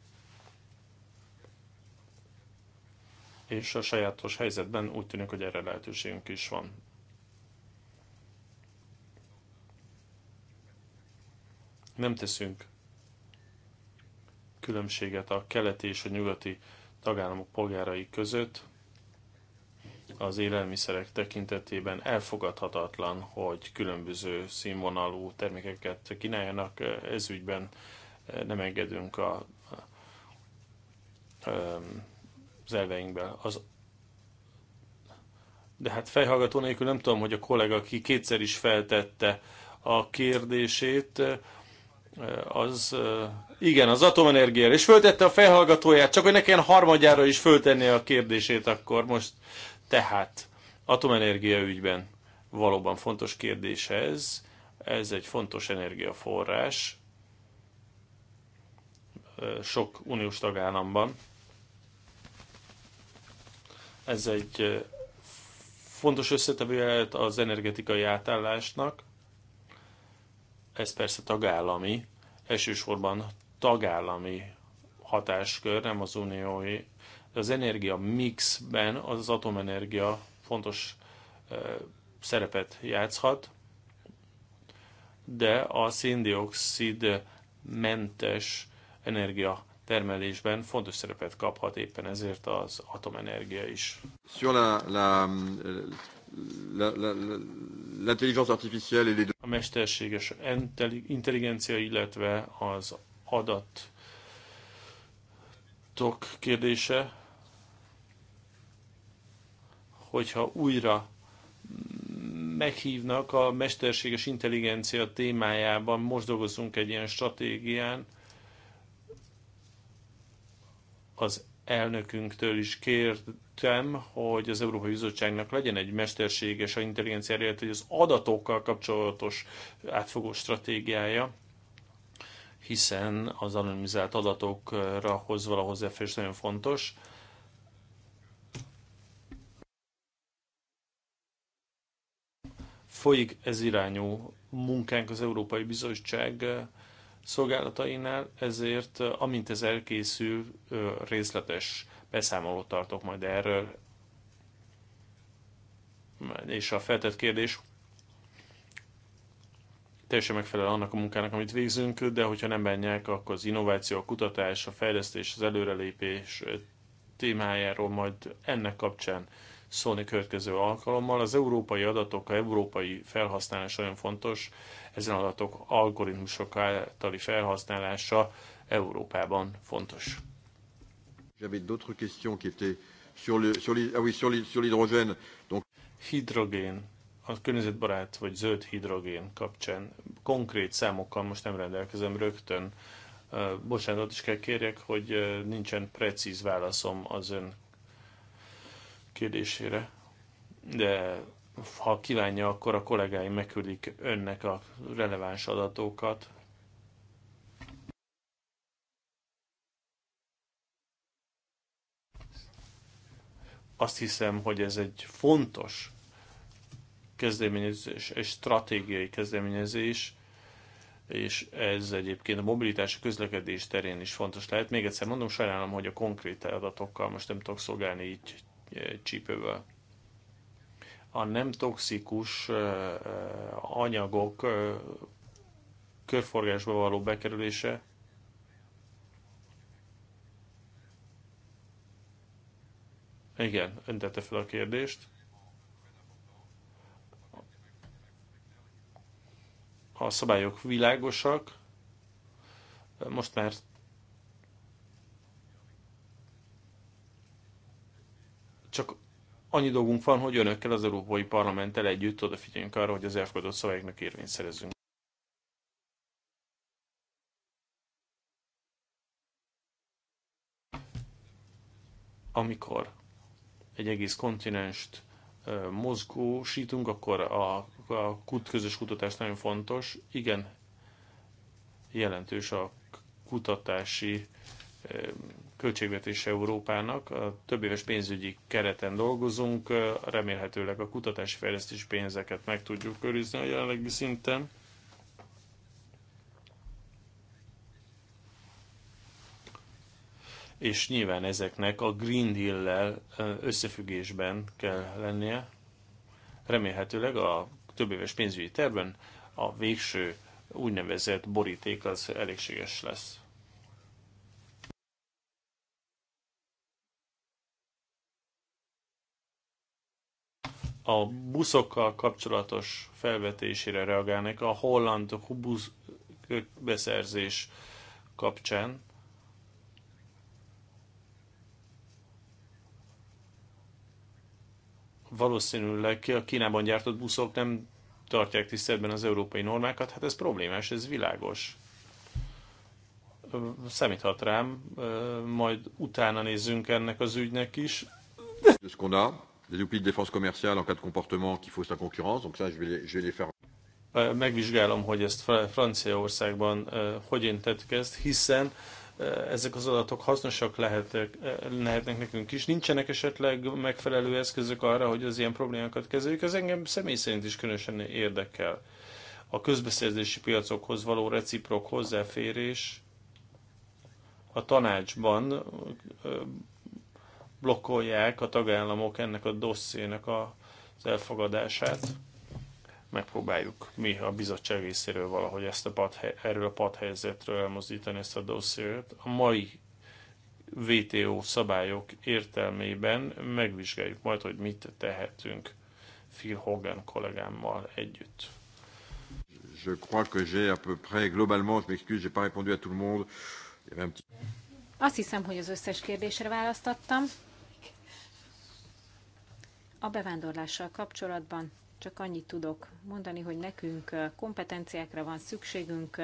És a sajátos helyzetben úgy tűnik, hogy erre lehetőségünk is van. nem teszünk különbséget a keleti és a nyugati tagállamok polgárai között. Az élelmiszerek tekintetében elfogadhatatlan, hogy különböző színvonalú termékeket kínáljanak. Ez ügyben eh, nem engedünk a, a, eh, az elveinkbe. Az, de hát fejhallgató nélkül nem tudom, hogy a kollega, aki kétszer is feltette a kérdését, eh, az igen, az atomenergiára. És föltette a felhallgatóját, csak hogy ne kelljen harmadjára is föltenni a kérdését akkor most. Tehát, atomenergia ügyben valóban fontos kérdés ez. Ez egy fontos energiaforrás sok uniós tagállamban. Ez egy fontos összetevője az energetikai átállásnak. Ez persze tagállami, elsősorban tagállami hatáskör, nem az uniói. Az energia mixben az atomenergia fontos szerepet játszhat, de a széndiokszid mentes energia termelésben fontos szerepet kaphat éppen ezért az atomenergia is. a mesterséges intelligencia, illetve az adatok kérdése, hogyha újra meghívnak a mesterséges intelligencia témájában, most dolgozunk egy ilyen stratégián, az elnökünktől is kértem, hogy az Európai Bizottságnak legyen egy mesterséges a intelligenciáért, hogy az adatokkal kapcsolatos átfogó stratégiája hiszen az anonimizált adatokra hoz való nagyon fontos. Folyik ez irányú munkánk az Európai Bizottság szolgálatainál, ezért amint ez elkészül, részletes beszámolót tartok majd erről. És a feltett kérdés teljesen megfelel annak a munkának, amit végzünk, de hogyha nem bennyek, akkor az innováció, a kutatás, a fejlesztés, az előrelépés témájáról majd ennek kapcsán szólni következő alkalommal. Az európai adatok, a európai felhasználás olyan fontos, ezen adatok algoritmusok általi felhasználása Európában fontos. J'avais d'autres questions qui étaient sur le sur les ah oui sur l'hydrogène. Donc hydrogène a környezetbarát vagy zöld hidrogén kapcsán konkrét számokkal most nem rendelkezem rögtön. Bocsánatot is kell kérjek, hogy nincsen precíz válaszom az ön kérdésére, de ha kívánja, akkor a kollégáim megküldik önnek a releváns adatokat. Azt hiszem, hogy ez egy fontos kezdeményezés, egy stratégiai kezdeményezés, és ez egyébként a mobilitás a közlekedés terén is fontos lehet. Még egyszer mondom, sajnálom, hogy a konkrét adatokkal most nem tudok szolgálni így e, csípővel. A nem toxikus e, e, anyagok körforgásba való bekerülése Igen, öntette fel a kérdést. a szabályok világosak, most már csak annyi dolgunk van, hogy önökkel az Európai Parlamenttel együtt odafigyeljünk arra, hogy az elfogadott szabályoknak érvényt szerezzünk. Amikor egy egész kontinenst mozgósítunk, akkor a, a kut, közös kutatás nagyon fontos. Igen, jelentős a kutatási költségvetés Európának. A több éves pénzügyi kereten dolgozunk, remélhetőleg a kutatási fejlesztés pénzeket meg tudjuk őrizni a jelenlegi szinten. és nyilván ezeknek a Green Deal-lel összefüggésben kell lennie. Remélhetőleg a több éves pénzügyi tervben a végső úgynevezett boríték az elégséges lesz. A buszokkal kapcsolatos felvetésére reagálnak a holland busz beszerzés kapcsán valószínűleg a Kínában gyártott buszok nem tartják tiszteletben az európai normákat, hát ez problémás, ez világos. Számíthat rám, majd utána nézzünk ennek az ügynek is. De ce qu'on les outils de défense commerciale en cas de comportement qui fausse la concurrence, donc ça je vais, je vais les faire megvizsgálom, hogy ezt Franciaországban hogyan tettek ezt, hiszen Eh, ezek az adatok hasznosak lehetek, eh, lehetnek nekünk is. Nincsenek esetleg megfelelő eszközök arra, hogy az ilyen problémákat kezeljük. Ez engem személy szerint is különösen érdekel. A közbeszerzési piacokhoz való reciprok hozzáférés a tanácsban eh, blokkolják a tagállamok ennek a dossziének az elfogadását megpróbáljuk mi a bizottság részéről valahogy ezt a padhely, erről a padhelyzetről elmozdítani ezt a dossziét. A mai VTO szabályok értelmében megvizsgáljuk majd, hogy mit tehetünk Phil Hogan kollégámmal együtt. Je crois que j'ai à peu près globalement, je m'excuse, j'ai pas répondu à tout le monde. Il y avait un petit... Azt hiszem, hogy az összes kérdésre választottam. A bevándorlással kapcsolatban csak annyit tudok mondani, hogy nekünk kompetenciákra van szükségünk,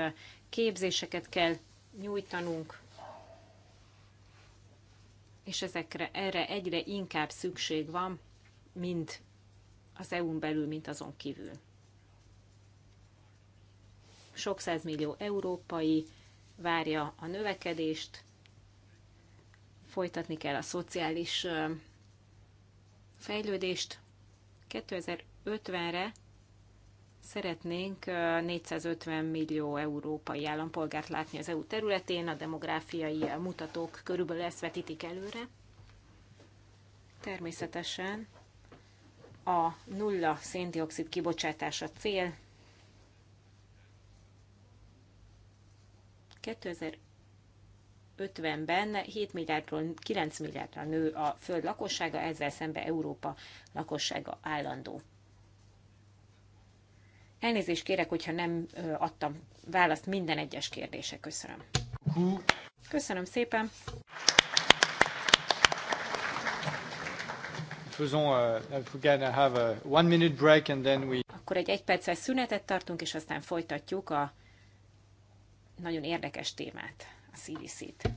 képzéseket kell nyújtanunk, és ezekre erre egyre inkább szükség van, mind az EU-n belül, mint azon kívül. Sok százmillió európai várja a növekedést, folytatni kell a szociális fejlődést. 2000 2050-re szeretnénk 450 millió európai állampolgárt látni az EU területén, a demográfiai mutatók körülbelül ezt vetítik előre. Természetesen a nulla széndiokszid kibocsátása cél 2050-ben 7 milliárdról 9 milliárdra nő a föld lakossága, ezzel szemben Európa lakossága állandó Elnézést kérek, hogyha nem adtam választ minden egyes kérdése. Köszönöm. Köszönöm szépen. Euh, Akkor egy egy perces szünetet tartunk, és aztán folytatjuk a nagyon érdekes témát, a cdc t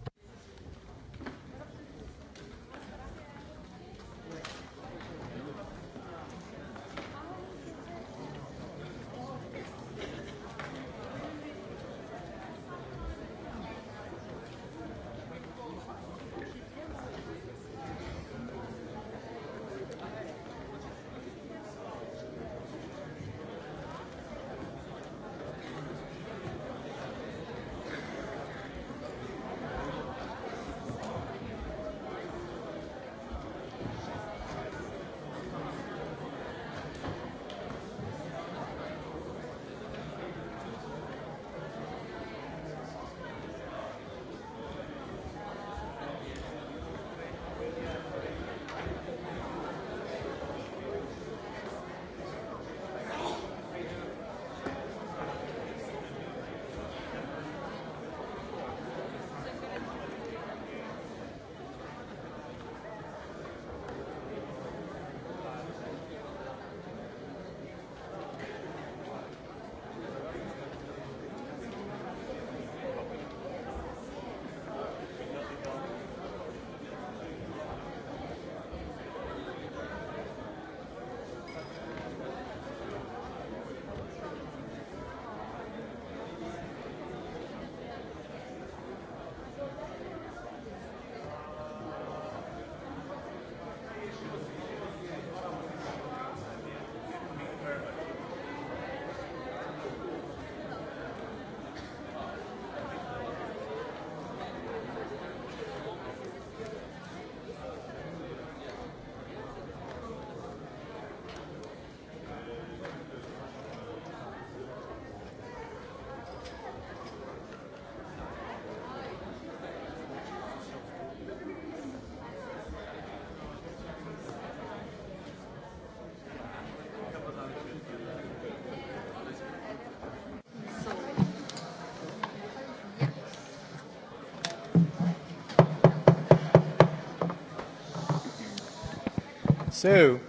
So,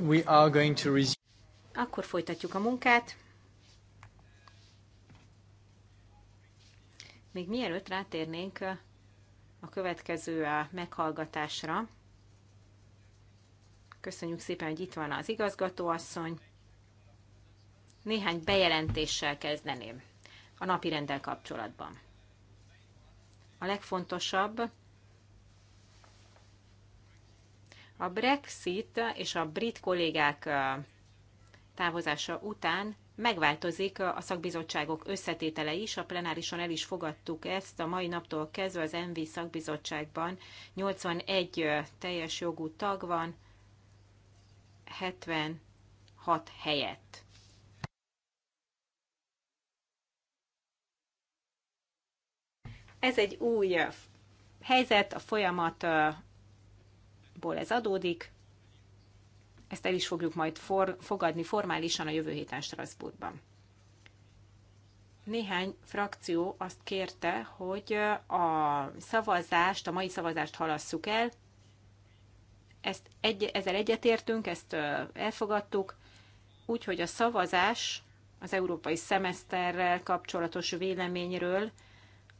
we are going to resume. Akkor folytatjuk a munkát. Még mielőtt rátérnénk a következő meghallgatásra, köszönjük szépen, hogy itt van az igazgatóasszony. Néhány bejelentéssel kezdeném a napi rendel kapcsolatban. A legfontosabb A Brexit és a brit kollégák távozása után megváltozik a szakbizottságok összetétele is. A plenárison el is fogadtuk ezt. A mai naptól kezdve az MV szakbizottságban 81 teljes jogú tag van, 76 helyett. Ez egy új helyzet, a folyamat ból ez adódik. Ezt el is fogjuk majd for, fogadni formálisan a jövő héten Strasbourgban. Néhány frakció azt kérte, hogy a szavazást, a mai szavazást halasszuk el. Ezt egy, ezzel egyetértünk, ezt elfogadtuk, úgyhogy a szavazás az európai szemeszterrel kapcsolatos véleményről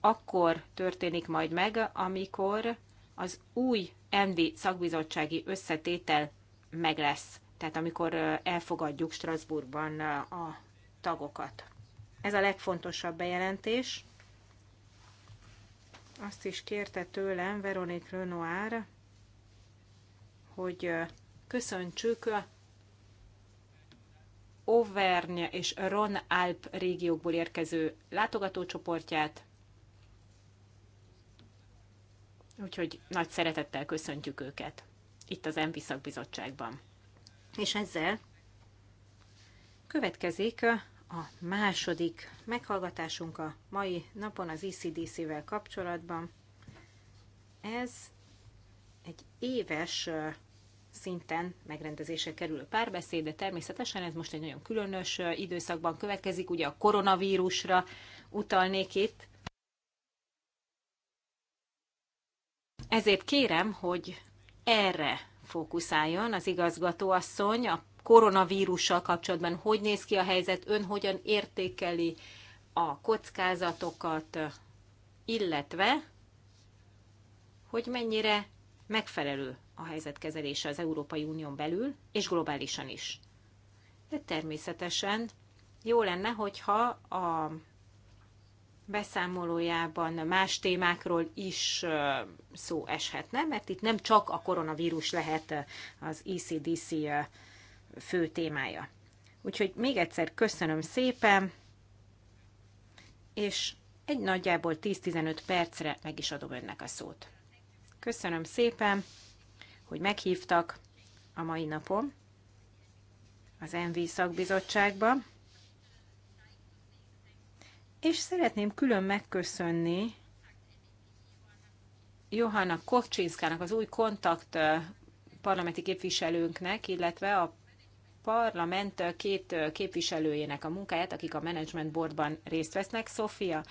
akkor történik majd meg, amikor az új envi szakbizottsági összetétel meg lesz, tehát amikor elfogadjuk Strasbourgban a tagokat. Ez a legfontosabb bejelentés. Azt is kérte tőlem Veronique Renoir, hogy köszöntsük Auvergne és Ron alp régiókból érkező látogatócsoportját, Úgyhogy nagy szeretettel köszöntjük őket itt az ENVI szakbizottságban. És ezzel következik a második meghallgatásunk a mai napon az ECDC-vel kapcsolatban. Ez egy éves szinten megrendezésre kerülő párbeszéd, de természetesen ez most egy nagyon különös időszakban következik, ugye a koronavírusra utalnék itt, Ezért kérem, hogy erre fókuszáljon az igazgatóasszony, a koronavírussal kapcsolatban hogy néz ki a helyzet, ön hogyan értékeli a kockázatokat, illetve hogy mennyire megfelelő a helyzetkezelése az Európai Unión belül, és globálisan is. De természetesen jó lenne, hogyha a beszámolójában más témákról is szó eshetne, mert itt nem csak a koronavírus lehet az ECDC fő témája. Úgyhogy még egyszer köszönöm szépen, és egy nagyjából 10-15 percre meg is adom önnek a szót. Köszönöm szépen, hogy meghívtak a mai napon az NV szakbizottságba. És szeretném külön megköszönni Johanna Kovcsinszkának, az új kontakt parlamenti képviselőnknek, illetve a parlament két képviselőjének a munkáját, akik a Management Boardban részt vesznek, Sofia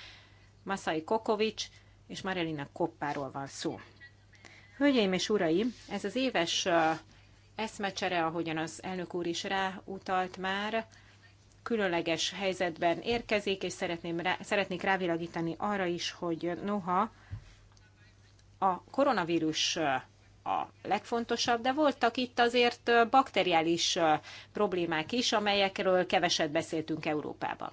Masai Kokovics és Marilina Koppáról van szó. Hölgyeim és uraim, ez az éves eszmecsere, ahogyan az elnök úr is ráutalt már, különleges helyzetben érkezik, és szeretném rá, szeretnék rávilágítani arra is, hogy noha a koronavírus a legfontosabb, de voltak itt azért bakteriális problémák is, amelyekről keveset beszéltünk Európában.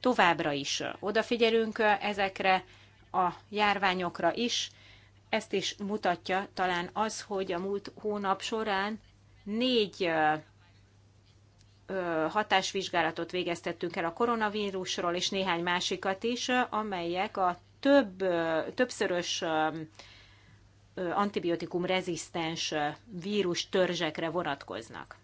Továbbra is odafigyelünk ezekre a járványokra is. Ezt is mutatja talán az, hogy a múlt hónap során négy hatásvizsgálatot végeztettünk el a koronavírusról, és néhány másikat is, amelyek a több, többszörös antibiotikum rezisztens vírus törzsekre vonatkoznak.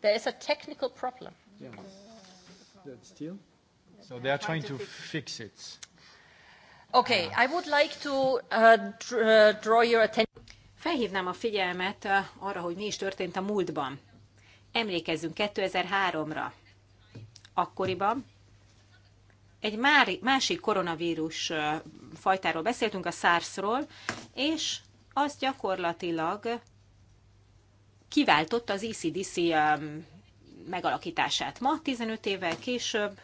There is a technical problem. Yeah. That's still. So they are trying to fix it. Okay, I would like to uh, uh draw your attention. Felhívnám a figyelmet uh, arra, hogy mi is történt a múltban. Emlékezzünk 2003-ra. Akkoriban egy másik koronavírus uh, fajtáról beszéltünk, a SARS-ról, és az gyakorlatilag kiváltotta az ECDC um, megalakítását. Ma, 15 évvel később,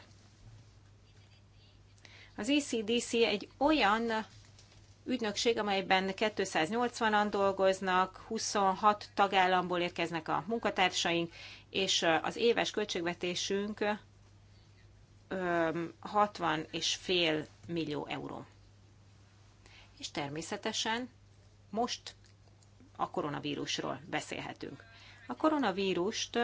az ECDC egy olyan ügynökség, amelyben 280-an dolgoznak, 26 tagállamból érkeznek a munkatársaink, és az éves költségvetésünk 60 és fél millió euró. És természetesen most a koronavírusról beszélhetünk. A koronavírust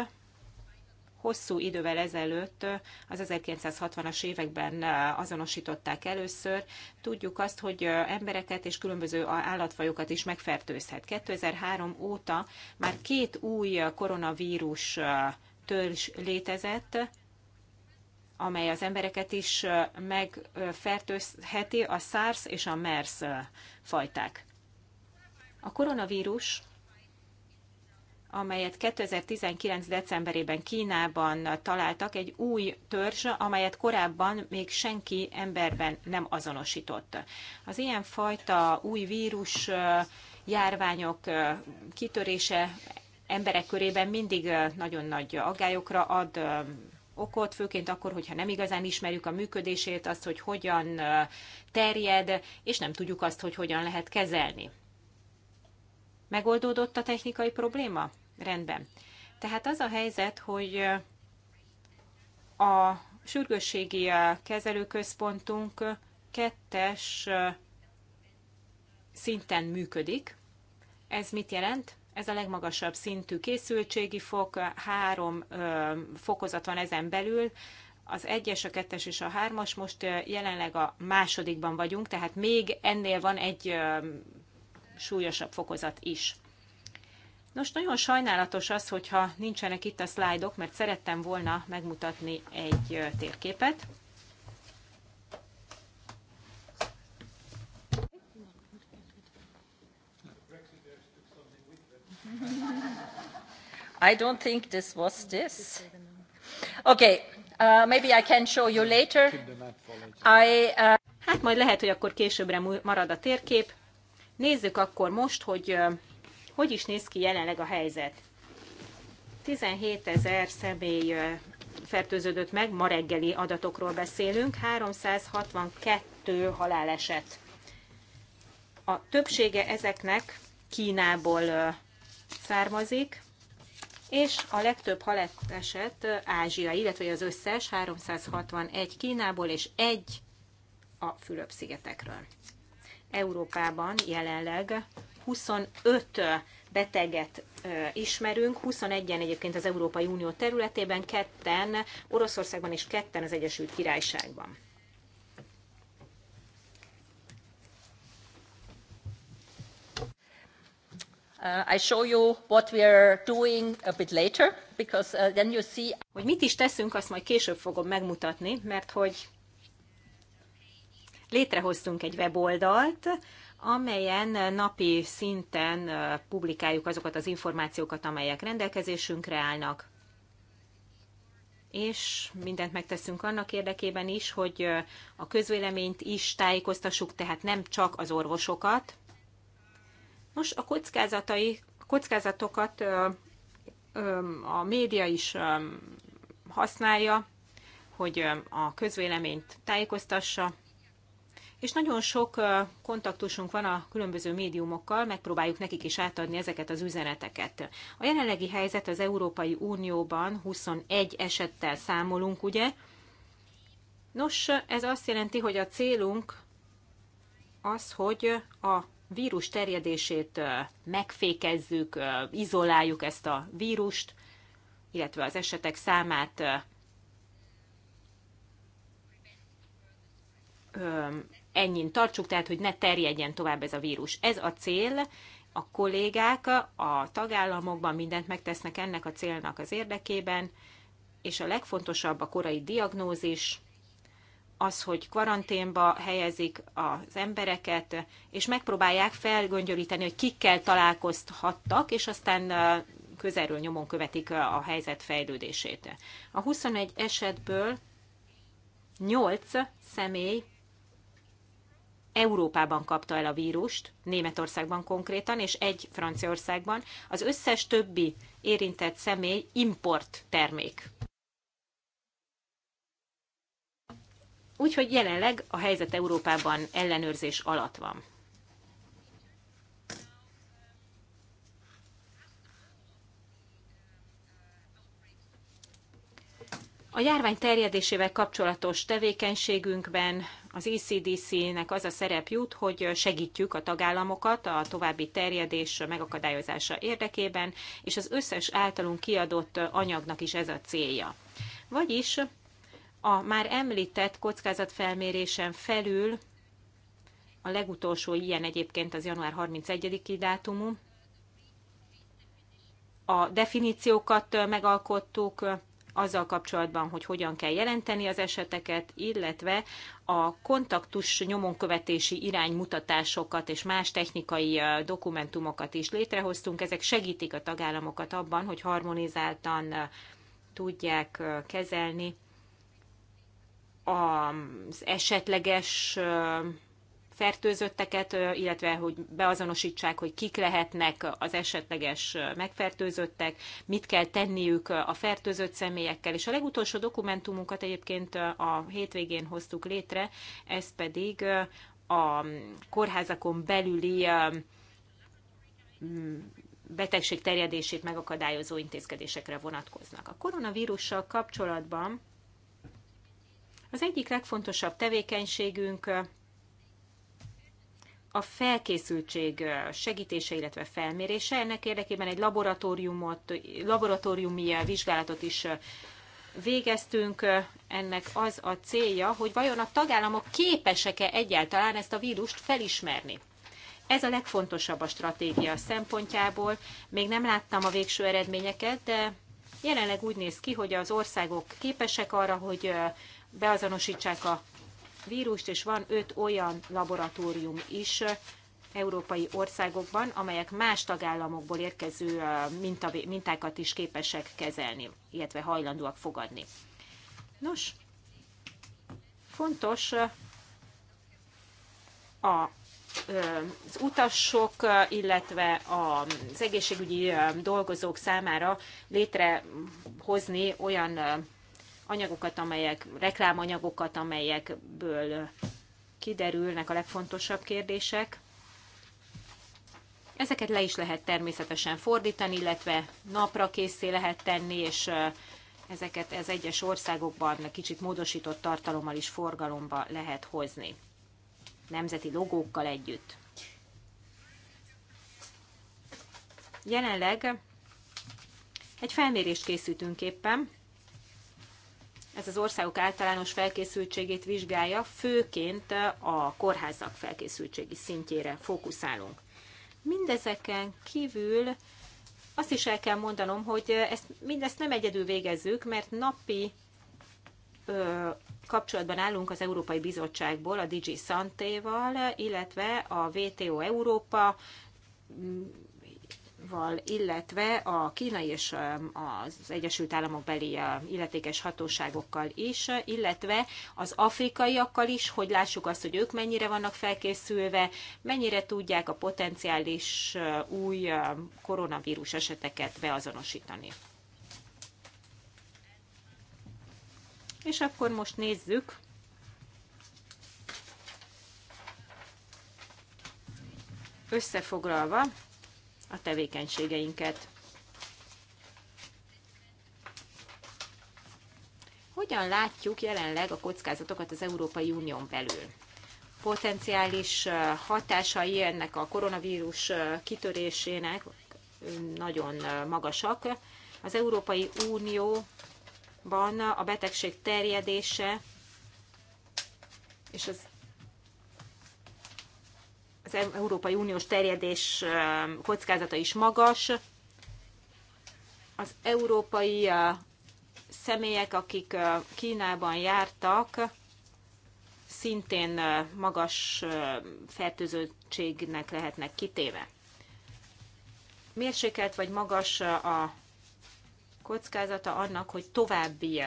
hosszú idővel ezelőtt, az 1960-as években azonosították először. Tudjuk azt, hogy embereket és különböző állatfajokat is megfertőzhet. 2003 óta már két új koronavírus törzs létezett, amely az embereket is megfertőzheti, a SARS és a MERS fajták. A koronavírus amelyet 2019. decemberében Kínában találtak, egy új törzs, amelyet korábban még senki emberben nem azonosított. Az ilyen fajta új vírus járványok kitörése emberek körében mindig nagyon nagy aggályokra ad okot, főként akkor, hogyha nem igazán ismerjük a működését, azt, hogy hogyan terjed, és nem tudjuk azt, hogy hogyan lehet kezelni. Megoldódott a technikai probléma? Rendben. Tehát az a helyzet, hogy a sürgősségi kezelőközpontunk kettes szinten működik. Ez mit jelent? Ez a legmagasabb szintű készültségi fok, három fokozat van ezen belül, az egyes, a kettes és a hármas, most jelenleg a másodikban vagyunk, tehát még ennél van egy súlyosabb fokozat is. Nos, nagyon sajnálatos az, hogyha nincsenek itt a szlájdok, mert szerettem volna megmutatni egy térképet. I don't think this was this. Okay, uh, maybe I can show you later. I, uh... Hát majd lehet, hogy akkor későbbre marad a térkép. Nézzük akkor most, hogy hogy is néz ki jelenleg a helyzet. 17 ezer személy fertőződött meg, ma reggeli adatokról beszélünk, 362 haláleset. A többsége ezeknek Kínából származik, és a legtöbb haláleset Ázsia, illetve az összes 361 Kínából és egy a Fülöp-szigetekről. Európában jelenleg 25 beteget ismerünk, 21-en egyébként az Európai Unió területében, ketten Oroszországban és ketten az Egyesült Királyságban. Uh, I show you what we are doing a bit later, because uh, then you see... Hogy mit is teszünk, azt majd később fogom megmutatni, mert hogy létrehoztunk egy weboldalt, amelyen napi szinten publikáljuk azokat az információkat, amelyek rendelkezésünkre állnak, és mindent megteszünk annak érdekében is, hogy a közvéleményt is tájékoztassuk, tehát nem csak az orvosokat. Nos, a kockázatai, kockázatokat a média is használja, hogy a közvéleményt tájékoztassa, és nagyon sok kontaktusunk van a különböző médiumokkal, megpróbáljuk nekik is átadni ezeket az üzeneteket. A jelenlegi helyzet az Európai Unióban 21 esettel számolunk, ugye? Nos, ez azt jelenti, hogy a célunk az, hogy a vírus terjedését megfékezzük, izoláljuk ezt a vírust, illetve az esetek számát ennyin tartsuk, tehát hogy ne terjedjen tovább ez a vírus. Ez a cél, a kollégák a tagállamokban mindent megtesznek ennek a célnak az érdekében, és a legfontosabb a korai diagnózis, az, hogy karanténba helyezik az embereket, és megpróbálják felgöngyölíteni, hogy kikkel találkozhattak, és aztán közelről nyomon követik a helyzet fejlődését. A 21 esetből 8 személy Európában kapta el a vírust, Németországban konkrétan, és egy Franciaországban. Az összes többi érintett személy import termék. Úgyhogy jelenleg a helyzet Európában ellenőrzés alatt van. A járvány terjedésével kapcsolatos tevékenységünkben az ECDC-nek az a szerep jut, hogy segítjük a tagállamokat a további terjedés megakadályozása érdekében, és az összes általunk kiadott anyagnak is ez a célja. Vagyis a már említett kockázatfelmérésen felül a legutolsó ilyen egyébként az január 31-i dátumú. A definíciókat megalkottuk, azzal kapcsolatban, hogy hogyan kell jelenteni az eseteket, illetve a kontaktus nyomonkövetési iránymutatásokat és más technikai dokumentumokat is létrehoztunk. Ezek segítik a tagállamokat abban, hogy harmonizáltan tudják kezelni az esetleges fertőzötteket, illetve hogy beazonosítsák, hogy kik lehetnek az esetleges megfertőzöttek, mit kell tenniük a fertőzött személyekkel. És a legutolsó dokumentumunkat egyébként a hétvégén hoztuk létre, ez pedig a kórházakon belüli betegség terjedését megakadályozó intézkedésekre vonatkoznak. A koronavírussal kapcsolatban az egyik legfontosabb tevékenységünk a felkészültség segítése, illetve felmérése. Ennek érdekében egy laboratóriumot, laboratóriumi vizsgálatot is végeztünk. Ennek az a célja, hogy vajon a tagállamok képesek-e egyáltalán ezt a vírust felismerni. Ez a legfontosabb a stratégia szempontjából. Még nem láttam a végső eredményeket, de jelenleg úgy néz ki, hogy az országok képesek arra, hogy beazonosítsák a vírust, és van öt olyan laboratórium is európai országokban, amelyek más tagállamokból érkező mintákat is képesek kezelni, illetve hajlandóak fogadni. Nos, fontos a az utasok, illetve az egészségügyi dolgozók számára létrehozni olyan anyagokat, amelyek, reklámanyagokat, amelyekből kiderülnek a legfontosabb kérdések. Ezeket le is lehet természetesen fordítani, illetve napra készé lehet tenni, és ezeket ez egyes országokban kicsit módosított tartalommal is forgalomba lehet hozni. Nemzeti logókkal együtt. Jelenleg egy felmérést készítünk éppen, ez az országok általános felkészültségét vizsgálja, főként a kórházak felkészültségi szintjére fókuszálunk. Mindezeken kívül azt is el kell mondanom, hogy ezt, mindezt nem egyedül végezzük, mert napi ö, kapcsolatban állunk az Európai Bizottságból, a DG Santéval, illetve a VTO Európa val, illetve a kínai és az Egyesült Államok beli illetékes hatóságokkal is, illetve az afrikaiakkal is, hogy lássuk azt, hogy ők mennyire vannak felkészülve, mennyire tudják a potenciális új koronavírus eseteket beazonosítani. És akkor most nézzük, összefoglalva, a tevékenységeinket. Hogyan látjuk jelenleg a kockázatokat az Európai Unión belül? Potenciális hatásai ennek a koronavírus kitörésének nagyon magasak. Az Európai Unióban a betegség terjedése és az az e- Európai Uniós terjedés kockázata is magas. Az európai személyek, akik Kínában jártak, szintén magas fertőzöttségnek lehetnek kitéve. Mérsékelt vagy magas a kockázata annak, hogy további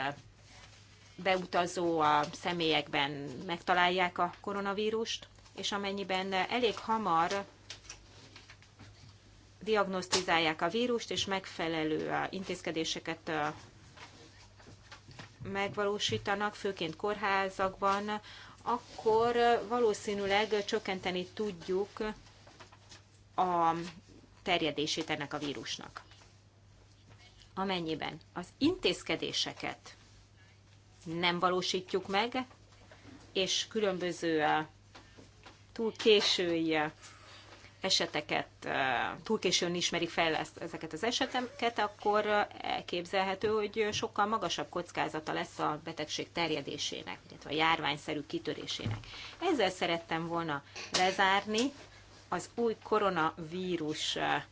beutazó a személyekben megtalálják a koronavírust és amennyiben elég hamar diagnosztizálják a vírust, és megfelelő intézkedéseket megvalósítanak, főként kórházakban, akkor valószínűleg csökkenteni tudjuk a terjedését ennek a vírusnak. Amennyiben az intézkedéseket nem valósítjuk meg, és különböző túl késői eh, eseteket, eh, túl későn ismeri fel ezeket az eseteket, akkor eh, elképzelhető, hogy sokkal magasabb kockázata lesz a betegség terjedésének, illetve a járványszerű kitörésének. Ezzel szerettem volna lezárni az új koronavírusról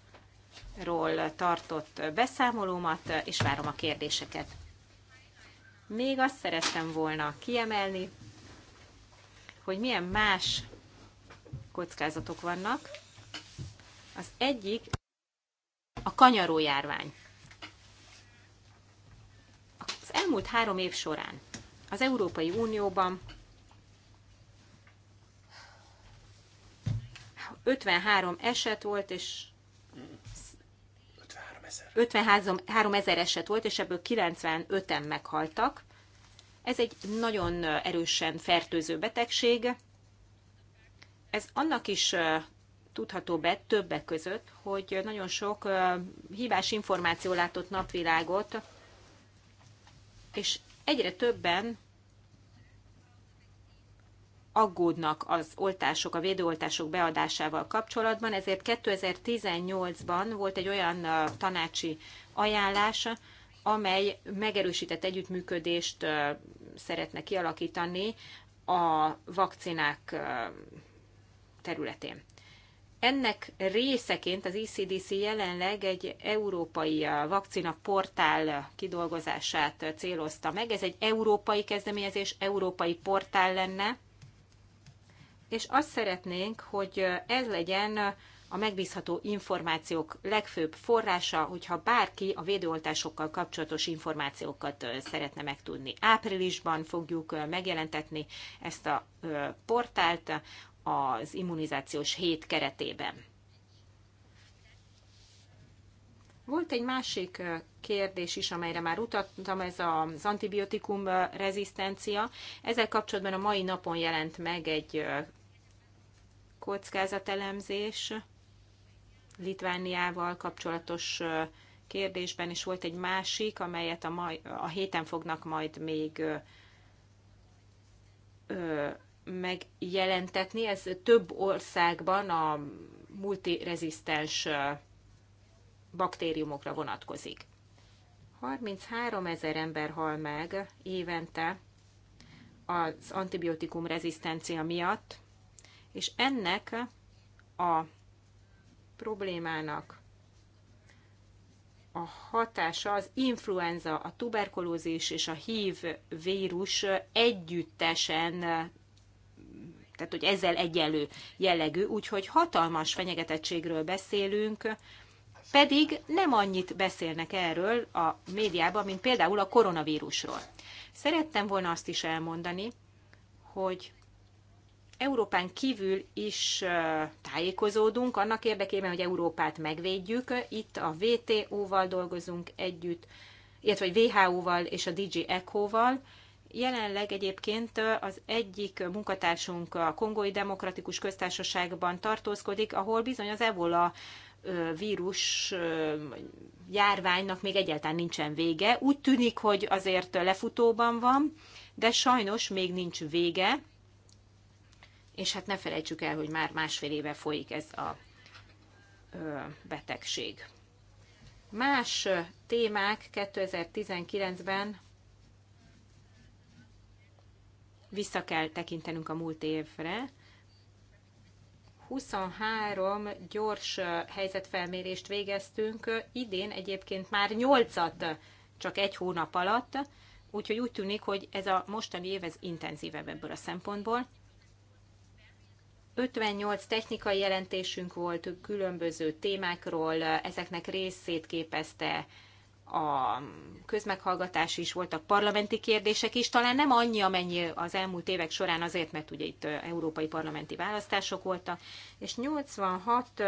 tartott beszámolómat, és várom a kérdéseket. Még azt szerettem volna kiemelni, hogy milyen más kockázatok vannak. Az egyik a kanyaró járvány. Az elmúlt három év során az Európai Unióban 53 eset volt, és 53 ezer eset volt, és ebből 95-en meghaltak. Ez egy nagyon erősen fertőző betegség, ez annak is tudható be többek között, hogy nagyon sok hibás információ látott napvilágot, és egyre többen aggódnak az oltások, a védőoltások beadásával kapcsolatban, ezért 2018-ban volt egy olyan tanácsi ajánlás, amely megerősített együttműködést szeretne kialakítani a vakcinák területén. Ennek részeként az ECDC jelenleg egy európai vakcina portál kidolgozását célozta meg. Ez egy európai kezdeményezés, európai portál lenne, és azt szeretnénk, hogy ez legyen a megbízható információk legfőbb forrása, hogyha bárki a védőoltásokkal kapcsolatos információkat szeretne megtudni. Áprilisban fogjuk megjelentetni ezt a portált, az immunizációs hét keretében. Volt egy másik kérdés is, amelyre már utaltam, ez az antibiotikum rezisztencia. Ezzel kapcsolatban a mai napon jelent meg egy kockázatelemzés Litvániával kapcsolatos kérdésben, és volt egy másik, amelyet a, mai, a héten fognak majd még megjelentetni. Ez több országban a multirezisztens baktériumokra vonatkozik. 33 ezer ember hal meg évente az antibiotikum rezisztencia miatt, és ennek a problémának a hatása az influenza, a tuberkulózis és a HIV vírus együttesen tehát hogy ezzel egyenlő jellegű, úgyhogy hatalmas fenyegetettségről beszélünk, pedig nem annyit beszélnek erről a médiában, mint például a koronavírusról. Szerettem volna azt is elmondani, hogy Európán kívül is tájékozódunk annak érdekében, hogy Európát megvédjük. Itt a WTO-val dolgozunk együtt, illetve WHO-val és a DG ECHO-val, Jelenleg egyébként az egyik munkatársunk a Kongói Demokratikus Köztársaságban tartózkodik, ahol bizony az ebola vírus járványnak még egyáltalán nincsen vége. Úgy tűnik, hogy azért lefutóban van, de sajnos még nincs vége, és hát ne felejtsük el, hogy már másfél éve folyik ez a betegség. Más témák 2019-ben vissza kell tekintenünk a múlt évre. 23 gyors helyzetfelmérést végeztünk, idén egyébként már 8-at csak egy hónap alatt, úgyhogy úgy tűnik, hogy ez a mostani év ez intenzívebb ebből a szempontból. 58 technikai jelentésünk volt különböző témákról, ezeknek részét képezte a közmeghallgatás is, voltak parlamenti kérdések is, talán nem annyi, amennyi az elmúlt évek során azért, mert ugye itt európai parlamenti választások voltak, és 86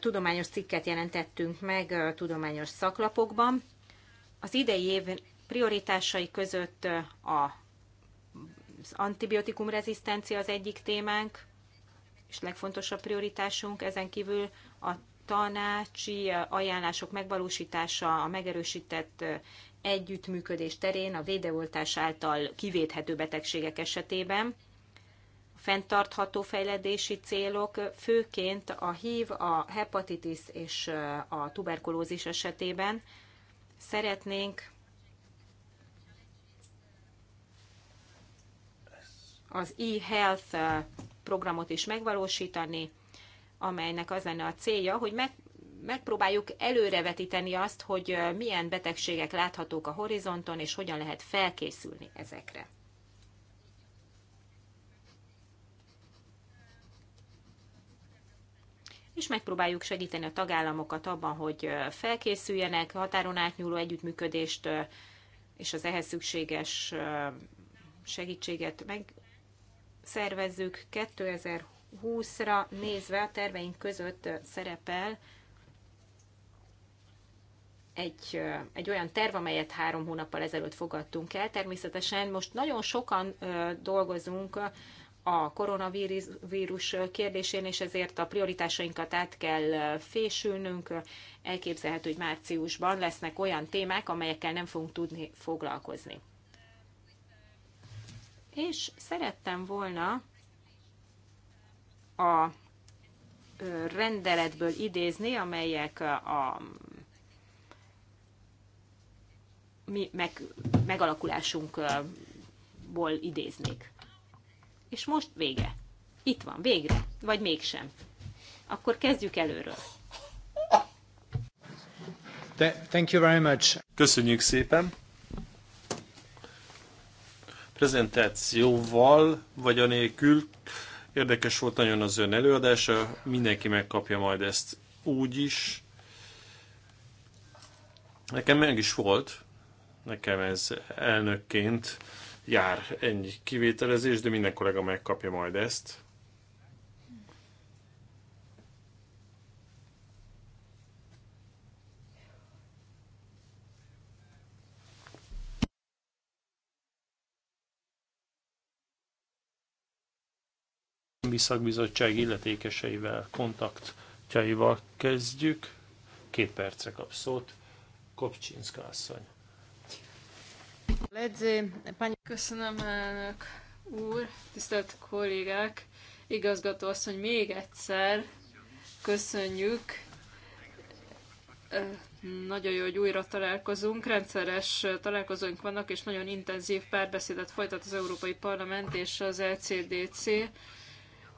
tudományos cikket jelentettünk meg tudományos szaklapokban. Az idei év prioritásai között a az antibiotikum rezisztencia az egyik témánk, és legfontosabb prioritásunk, ezen kívül a tanácsi eh, ajánlások megvalósítása a megerősített eh, együttműködés terén a védeoltás által kivéthető betegségek esetében, a fenntartható fejledési célok, főként a HIV, a hepatitis és eh, a tuberkulózis esetében szeretnénk az e-health programot is megvalósítani, amelynek az lenne a célja, hogy meg, megpróbáljuk előrevetíteni azt, hogy milyen betegségek láthatók a horizonton, és hogyan lehet felkészülni ezekre. és megpróbáljuk segíteni a tagállamokat abban, hogy felkészüljenek, határon átnyúló együttműködést és az ehhez szükséges segítséget megszervezzük. 2020-ra nézve a terveink között szerepel egy, egy olyan terv, amelyet három hónappal ezelőtt fogadtunk el. Természetesen most nagyon sokan dolgozunk a koronavírus kérdésén, és ezért a prioritásainkat át kell fésülnünk. Elképzelhető, hogy márciusban lesznek olyan témák, amelyekkel nem fogunk tudni foglalkozni. És szerettem volna a rendeletből idézni, amelyek a mi meg, megalakulásunkból idéznék. És most vége. Itt van, végre. Vagy mégsem. Akkor kezdjük előről. Thank you very much. Köszönjük szépen. Prezentációval, vagy anélkül Érdekes volt nagyon az ön előadása, mindenki megkapja majd ezt úgy is. Nekem meg is volt, nekem ez elnökként jár ennyi kivételezés, de minden kollega megkapja majd ezt. Viszakbizottság illetékeseivel, kontaktjaival kezdjük. Két percre kap szót. Kopcsinszka asszony. Köszönöm, elnök úr, tisztelt kollégák, igazgató asszony, még egyszer köszönjük. Nagyon jó, hogy újra találkozunk. Rendszeres találkozóink vannak, és nagyon intenzív párbeszédet folytat az Európai Parlament és az LCDC e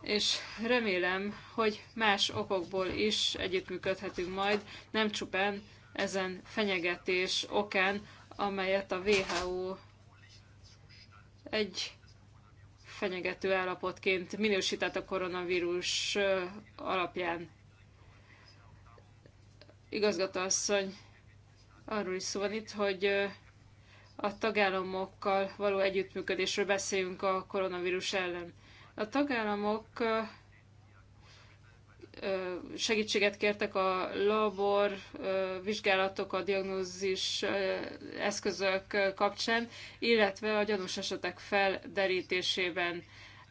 és remélem, hogy más okokból is együttműködhetünk majd, nem csupán ezen fenyegetés okán, amelyet a WHO egy fenyegető állapotként minősített a koronavírus alapján. Igazgatóasszony, arról is szó van itt, hogy a tagállamokkal való együttműködésről beszéljünk a koronavírus ellen a tagállamok segítséget kértek a labor vizsgálatok, a diagnózis eszközök kapcsán, illetve a gyanús esetek felderítésében.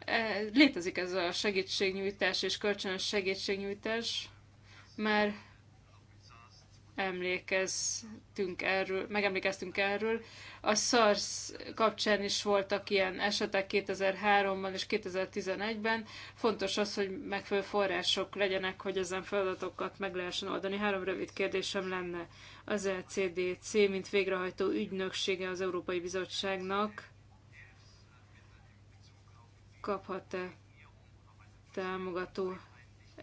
E, létezik ez a segítségnyújtás és kölcsönös segítségnyújtás, már emlékeztünk erről, megemlékeztünk erről. A SARS kapcsán is voltak ilyen esetek 2003-ban és 2011-ben. Fontos az, hogy megfelelő források legyenek, hogy ezen feladatokat meg lehessen oldani. Három rövid kérdésem lenne az LCDC, e mint végrehajtó ügynöksége az Európai Bizottságnak. Kaphat-e támogató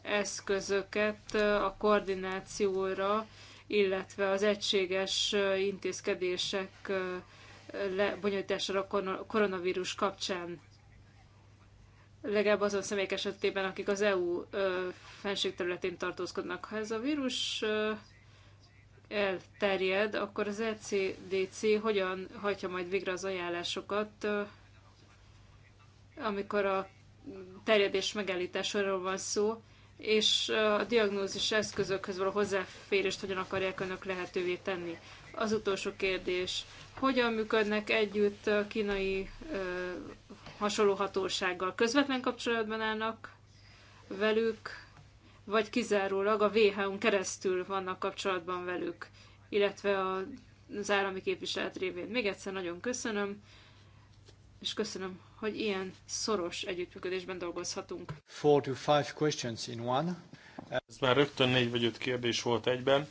eszközöket a koordinációra illetve az egységes intézkedések lebonyolítására a koronavírus kapcsán legalább azon személyek esetében, akik az EU fenség területén tartózkodnak. Ha ez a vírus elterjed, akkor az ECDC hogyan hagyja majd végre az ajánlásokat, amikor a terjedés megállításáról van szó, és a diagnózis eszközökhöz való hozzáférést hogyan akarják önök lehetővé tenni. Az utolsó kérdés, hogyan működnek együtt a kínai ö, hasonló hatósággal? Közvetlen kapcsolatban állnak velük, vagy kizárólag a WHO-n keresztül vannak kapcsolatban velük, illetve a, az állami képviselet révén. Még egyszer nagyon köszönöm, és köszönöm, hogy ilyen szoros együttműködésben dolgozhatunk. Four to five questions in one. Ez már rögtön négy vagy öt kérdés volt egyben.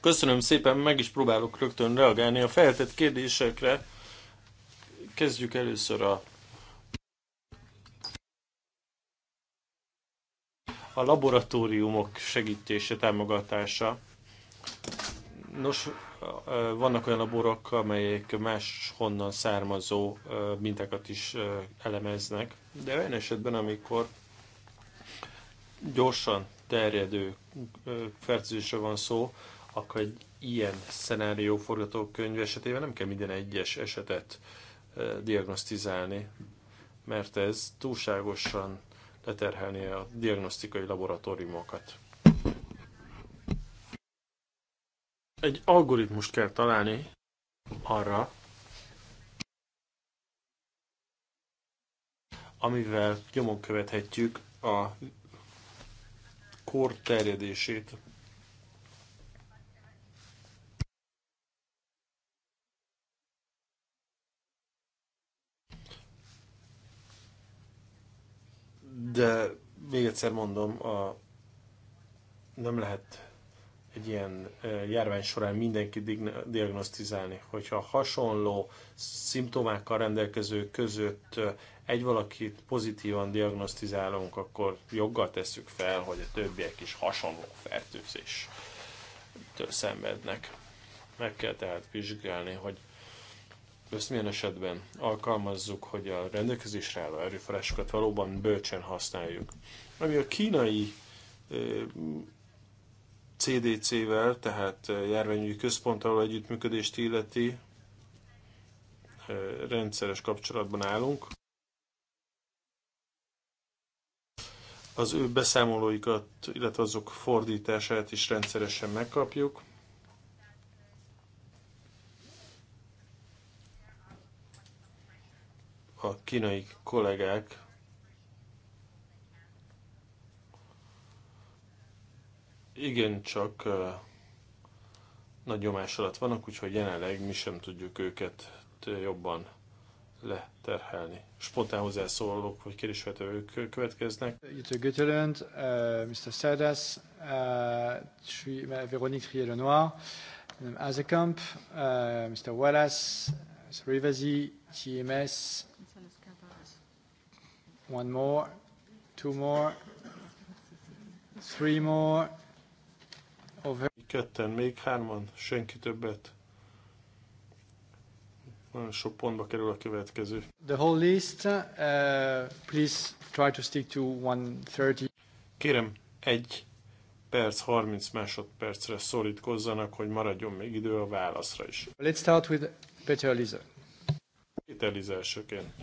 Köszönöm szépen, meg is próbálok rögtön reagálni a feltett kérdésekre. Kezdjük először a a laboratóriumok segítése, támogatása. Nos, vannak olyan laborok, amelyek máshonnan származó mintákat is elemeznek, de olyan esetben, amikor gyorsan terjedő fertőzésre van szó, akkor egy ilyen szenárió forgatókönyv esetében nem kell minden egyes esetet diagnosztizálni, mert ez túlságosan leterhelné a diagnosztikai laboratóriumokat. Egy algoritmust kell találni arra, amivel nyomon követhetjük a kor terjedését. De még egyszer mondom, a, nem lehet egy ilyen járvány során mindenki diagnosztizálni. Hogyha hasonló szimptomákkal rendelkező között egy valakit pozitívan diagnosztizálunk, akkor joggal tesszük fel, hogy a többiek is hasonló fertőzéstől szenvednek. Meg kell tehát vizsgálni, hogy ezt milyen esetben alkalmazzuk, hogy a rendelkezésre álló erőforrásokat valóban bölcsön használjuk. Ami a kínai CDC-vel, tehát járványügyi központtal együttműködést illeti, rendszeres kapcsolatban állunk. Az ő beszámolóikat, illetve azok fordítását is rendszeresen megkapjuk. A kínai kollégák Igen, csak nagy nyomás alatt vannak, úgyhogy jelenleg mi sem tudjuk őket jobban leterhelni. Spontán hozzászólók vagy kérdésvetők következnek. Jutő Götterlönd, uh, Mr. Szerdász, uh, Véronique Trier-Lenoir, Azekamp, uh, Mr. Wallace, Mr. Rivasi, TMS, one more, two more, three more, Ketten, még hárman, senki többet. Nagyon sok pontba kerül a következő. The whole list, uh, please try to stick to 130. Kérem, egy perc, 30 másodpercre szorítkozzanak, hogy maradjon még idő a válaszra is. Let's start with Peter Lisa. Peter Lisa elsőként.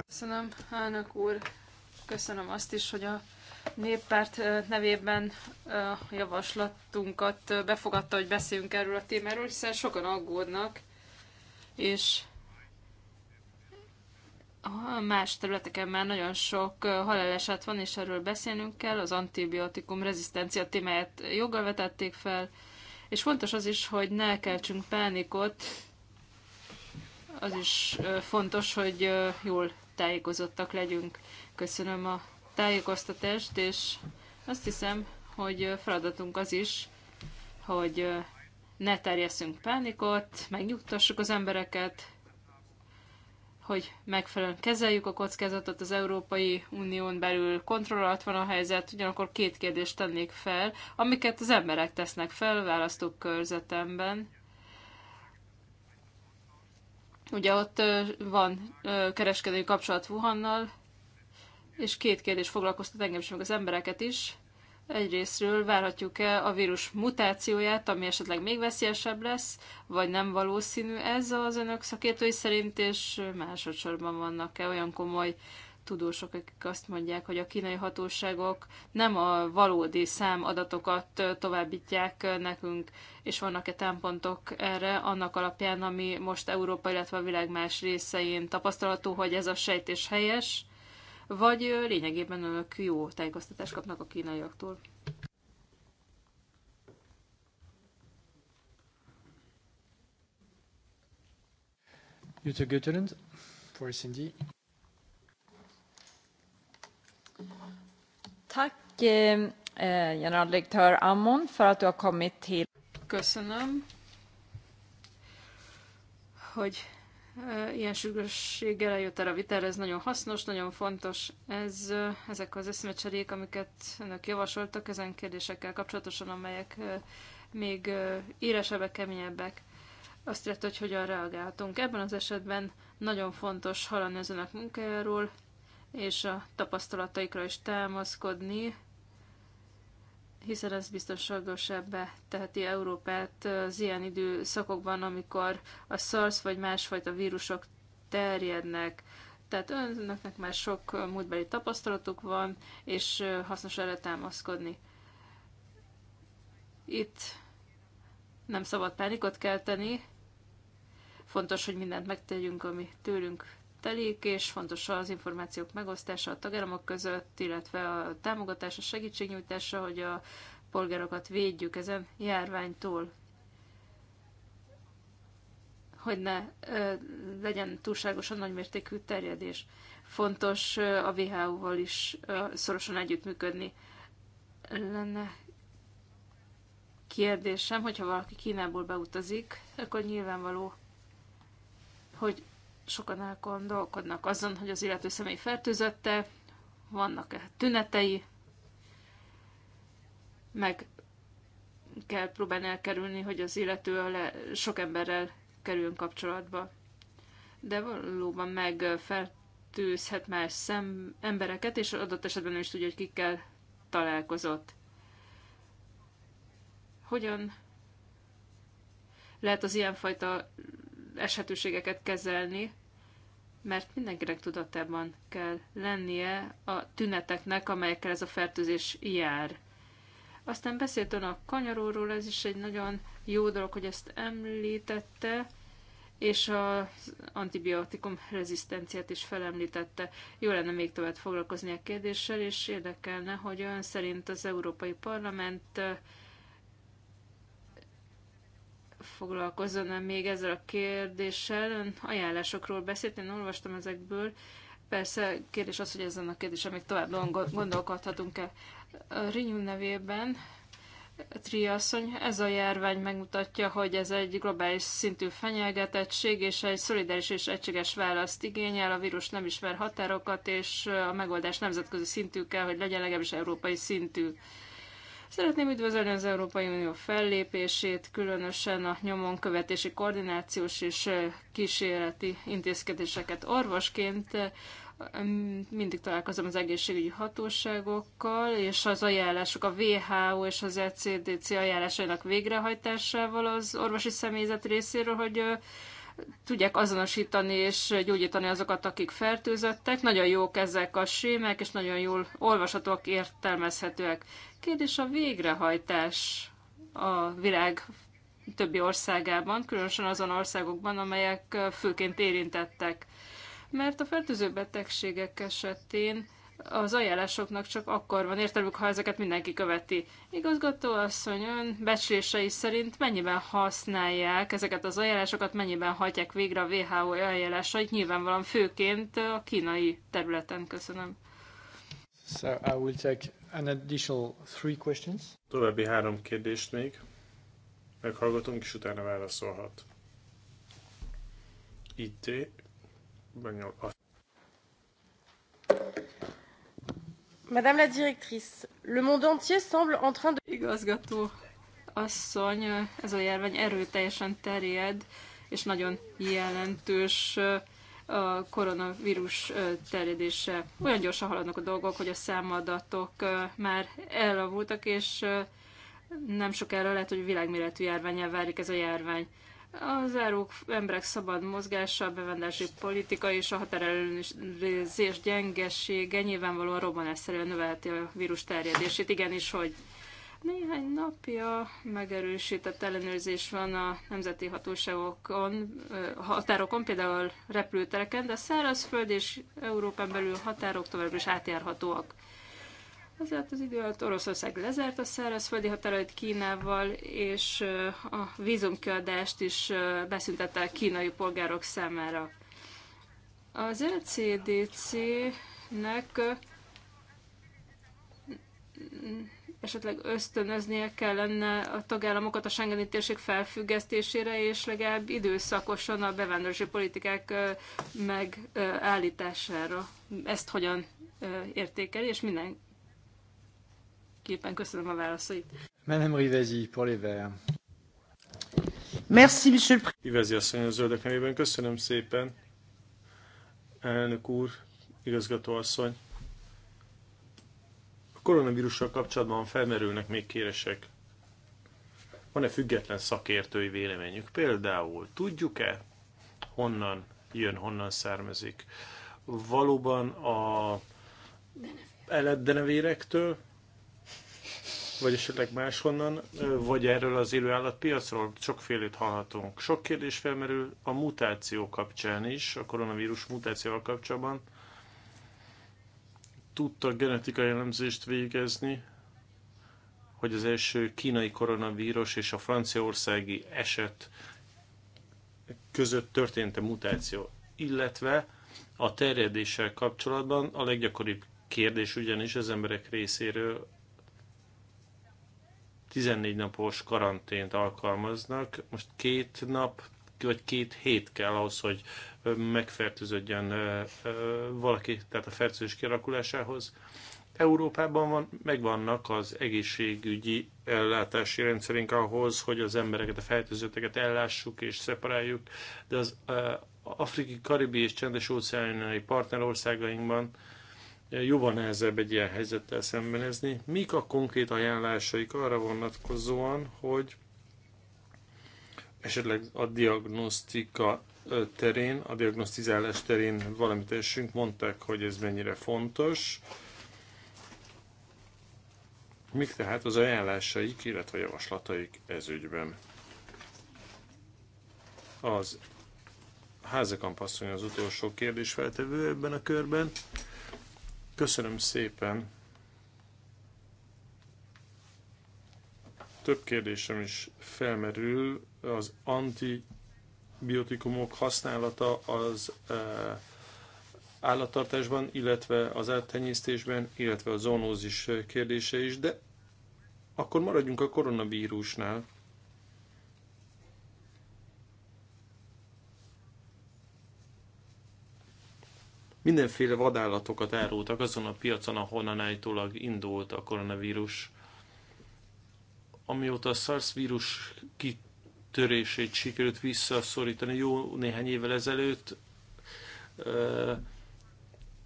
Köszönöm, elnök úr. Köszönöm azt is, hogy a néppárt nevében javaslatunkat befogadta, hogy beszéljünk erről a témáról, hiszen sokan aggódnak, és más területeken már nagyon sok haláleset van, és erről beszélnünk kell. Az antibiotikum rezisztencia témáját joggal vetették fel, és fontos az is, hogy ne keltsünk pánikot, az is fontos, hogy jól tájékozottak legyünk. Köszönöm a tájékoztatást, és azt hiszem, hogy feladatunk az is, hogy ne terjeszünk pánikot, megnyugtassuk az embereket, hogy megfelelően kezeljük a kockázatot az Európai Unión belül, kontroll alatt van a helyzet, ugyanakkor két kérdést tennék fel, amiket az emberek tesznek fel választók körzetemben. Ugye ott van kereskedői kapcsolat Wuhannal, és két kérdés foglalkoztat engem is, meg az embereket is. Egyrésztről várhatjuk-e a vírus mutációját, ami esetleg még veszélyesebb lesz, vagy nem valószínű ez az önök szakértői szerint, és másodszorban vannak-e olyan komoly tudósok, akik azt mondják, hogy a kínai hatóságok nem a valódi számadatokat továbbítják nekünk, és vannak-e támpontok erre annak alapján, ami most Európa, illetve a világ más részein tapasztalható, hogy ez a sejtés helyes, vagy lényegében önök jó tájékoztatást kapnak a kínaiaktól? Jutta Götterend, for SND. Tack eh, eh, generaldirektör Ammon för att du har kommit till. Köszönöm, hogy ilyen sürgősséggel eljött erre a vitára, ez nagyon hasznos, nagyon fontos. Ez, ezek az eszmecserék, amiket önök javasoltak ezen kérdésekkel kapcsolatosan, amelyek még éresebbek, keményebbek, azt jelenti, hogy hogyan reagálhatunk. Ebben az esetben nagyon fontos hallani az önök munkájáról, és a tapasztalataikra is támaszkodni, hiszen ez biztonságosabbá teheti Európát az ilyen időszakokban, amikor a SARS vagy másfajta vírusok terjednek. Tehát önöknek már sok múltbeli tapasztalatuk van, és hasznos erre támaszkodni. Itt nem szabad pánikot kelteni, fontos, hogy mindent megtegyünk, ami tőlünk telik, és fontos az információk megosztása a tagállamok között, illetve a támogatás, a segítségnyújtása, hogy a polgárokat védjük ezen járványtól, hogy ne ö, legyen túlságosan nagymértékű terjedés. Fontos ö, a WHO-val is ö, szorosan együttműködni. Lenne kérdésem, hogyha valaki Kínából beutazik, akkor nyilvánvaló, hogy Sokan elgondolkodnak azon, hogy az illető személy fertőzötte, vannak-e tünetei, meg kell próbálni elkerülni, hogy az illető sok emberrel kerüljön kapcsolatba. De valóban megfertőzhet más szem embereket, és adott esetben ő is tudja, hogy kikkel találkozott. Hogyan lehet az ilyenfajta eshetőségeket kezelni, mert mindenkinek tudatában kell lennie a tüneteknek, amelyekkel ez a fertőzés jár. Aztán beszélt ön a kanyaróról, ez is egy nagyon jó dolog, hogy ezt említette, és az antibiotikum rezisztenciát is felemlítette. Jó lenne még tovább foglalkozni a kérdéssel, és érdekelne, hogy ön szerint az Európai Parlament foglalkozzon még ezzel a kérdéssel. Ön ajánlásokról beszélt, én olvastam ezekből. Persze kérdés az, hogy ezen a kérdésen még tovább gondolkodhatunk-e. Rinyú nevében Triasszony, ez a járvány megmutatja, hogy ez egy globális szintű fenyegetettség, és egy szolidáris és egységes választ igényel. A vírus nem ismer határokat, és a megoldás nemzetközi szintű kell, hogy legyen legalábbis európai szintű. Szeretném üdvözölni az Európai Unió fellépését, különösen a nyomon követési koordinációs és kísérleti intézkedéseket. Orvosként mindig találkozom az egészségügyi hatóságokkal, és az ajánlások, a WHO és az ECDC ajánlásainak végrehajtásával az orvosi személyzet részéről, hogy tudják azonosítani és gyógyítani azokat, akik fertőzöttek. Nagyon jók ezek a sémek, és nagyon jól olvashatóak, értelmezhetőek. Kérdés a végrehajtás a világ többi országában, különösen azon országokban, amelyek főként érintettek. Mert a fertőző betegségek esetén az ajánlásoknak csak akkor van értelmük, ha ezeket mindenki követi. Igazgató asszony, ön becslései szerint mennyiben használják ezeket az ajánlásokat, mennyiben hagyják végre a WHO ajánlásait, nyilvánvalóan főként a kínai területen. Köszönöm. So I will take an additional three questions. További három kérdést még. Meghallgatunk, és utána válaszolhat. Itt, eh, Banyol, Madame la directrice, le monde entier semble en train de... Igazgató asszony, ez a járvány erőteljesen terjed, és nagyon jelentős a koronavírus terjedése. Olyan gyorsan haladnak a dolgok, hogy a számadatok már elavultak, és nem erre lehet, hogy világméretű járványá válik ez a járvány. Az áruk, emberek szabad mozgása, a bevendási politika és a határelőzés gyengessége nyilvánvalóan robbanásszerűen növelheti a vírus terjedését. Igenis, hogy néhány napja megerősített ellenőrzés van a nemzeti hatóságokon, határokon, például repülőtereken, de a szárazföld és Európán belül határok továbbra is átjárhatóak. Ezért az idő alatt Oroszország lezárt a szárazföldi határait Kínával, és a vízumkiadást is beszüntette a kínai polgárok számára. Az LCDC-nek esetleg ösztönöznie kellene a tagállamokat a Schengeni térség felfüggesztésére, és legalább időszakosan a bevándorlási politikák megállítására. Ezt hogyan értékeli, és minden Képen köszönöm a válaszait. Madame Rivezi, pour les verts. Merci, monsieur le Rivezi asszony a zöldek nevében. Köszönöm szépen. Elnök úr, igazgató asszony. A koronavírussal kapcsolatban felmerülnek még kéresek. Van-e független szakértői véleményük? Például tudjuk-e, honnan jön, honnan származik? Valóban a eleddenevérektől, vagy esetleg máshonnan, vagy erről az élő állatpiacról? Sokfélét hallhatunk. Sok kérdés felmerül a mutáció kapcsán is, a koronavírus mutációval kapcsolatban. Tudtak genetikai elemzést végezni, hogy az első kínai koronavírus és a franciaországi eset között történt a mutáció, illetve a terjedéssel kapcsolatban a leggyakoribb kérdés ugyanis az emberek részéről 14 napos karantént alkalmaznak. Most két nap vagy két hét kell ahhoz, hogy megfertőződjön valaki, tehát a fertőzés kialakulásához. Európában van, megvannak az egészségügyi ellátási rendszerünk ahhoz, hogy az embereket, a fertőzötteket ellássuk és szeparáljuk, de az afrikai, karibi és csendes óceáni partnerországainkban jóval nehezebb egy ilyen helyzettel szembenezni. Mik a konkrét ajánlásaik arra vonatkozóan, hogy esetleg a diagnosztika terén, a diagnosztizálás terén valamit tessünk, mondták, hogy ez mennyire fontos. Mik tehát az ajánlásaik, illetve javaslataik ez ügyben? Az házakampasszony az utolsó kérdés feltevő ebben a körben. Köszönöm szépen. Több kérdésem is felmerül. Az antibiotikumok használata az eh, állattartásban, illetve az áttenyésztésben, illetve a zónózis kérdése is, de akkor maradjunk a koronavírusnál. mindenféle vadállatokat árultak azon a piacon, ahonnan állítólag indult a koronavírus. Amióta a SARS vírus kitörését sikerült visszaszorítani jó néhány évvel ezelőtt,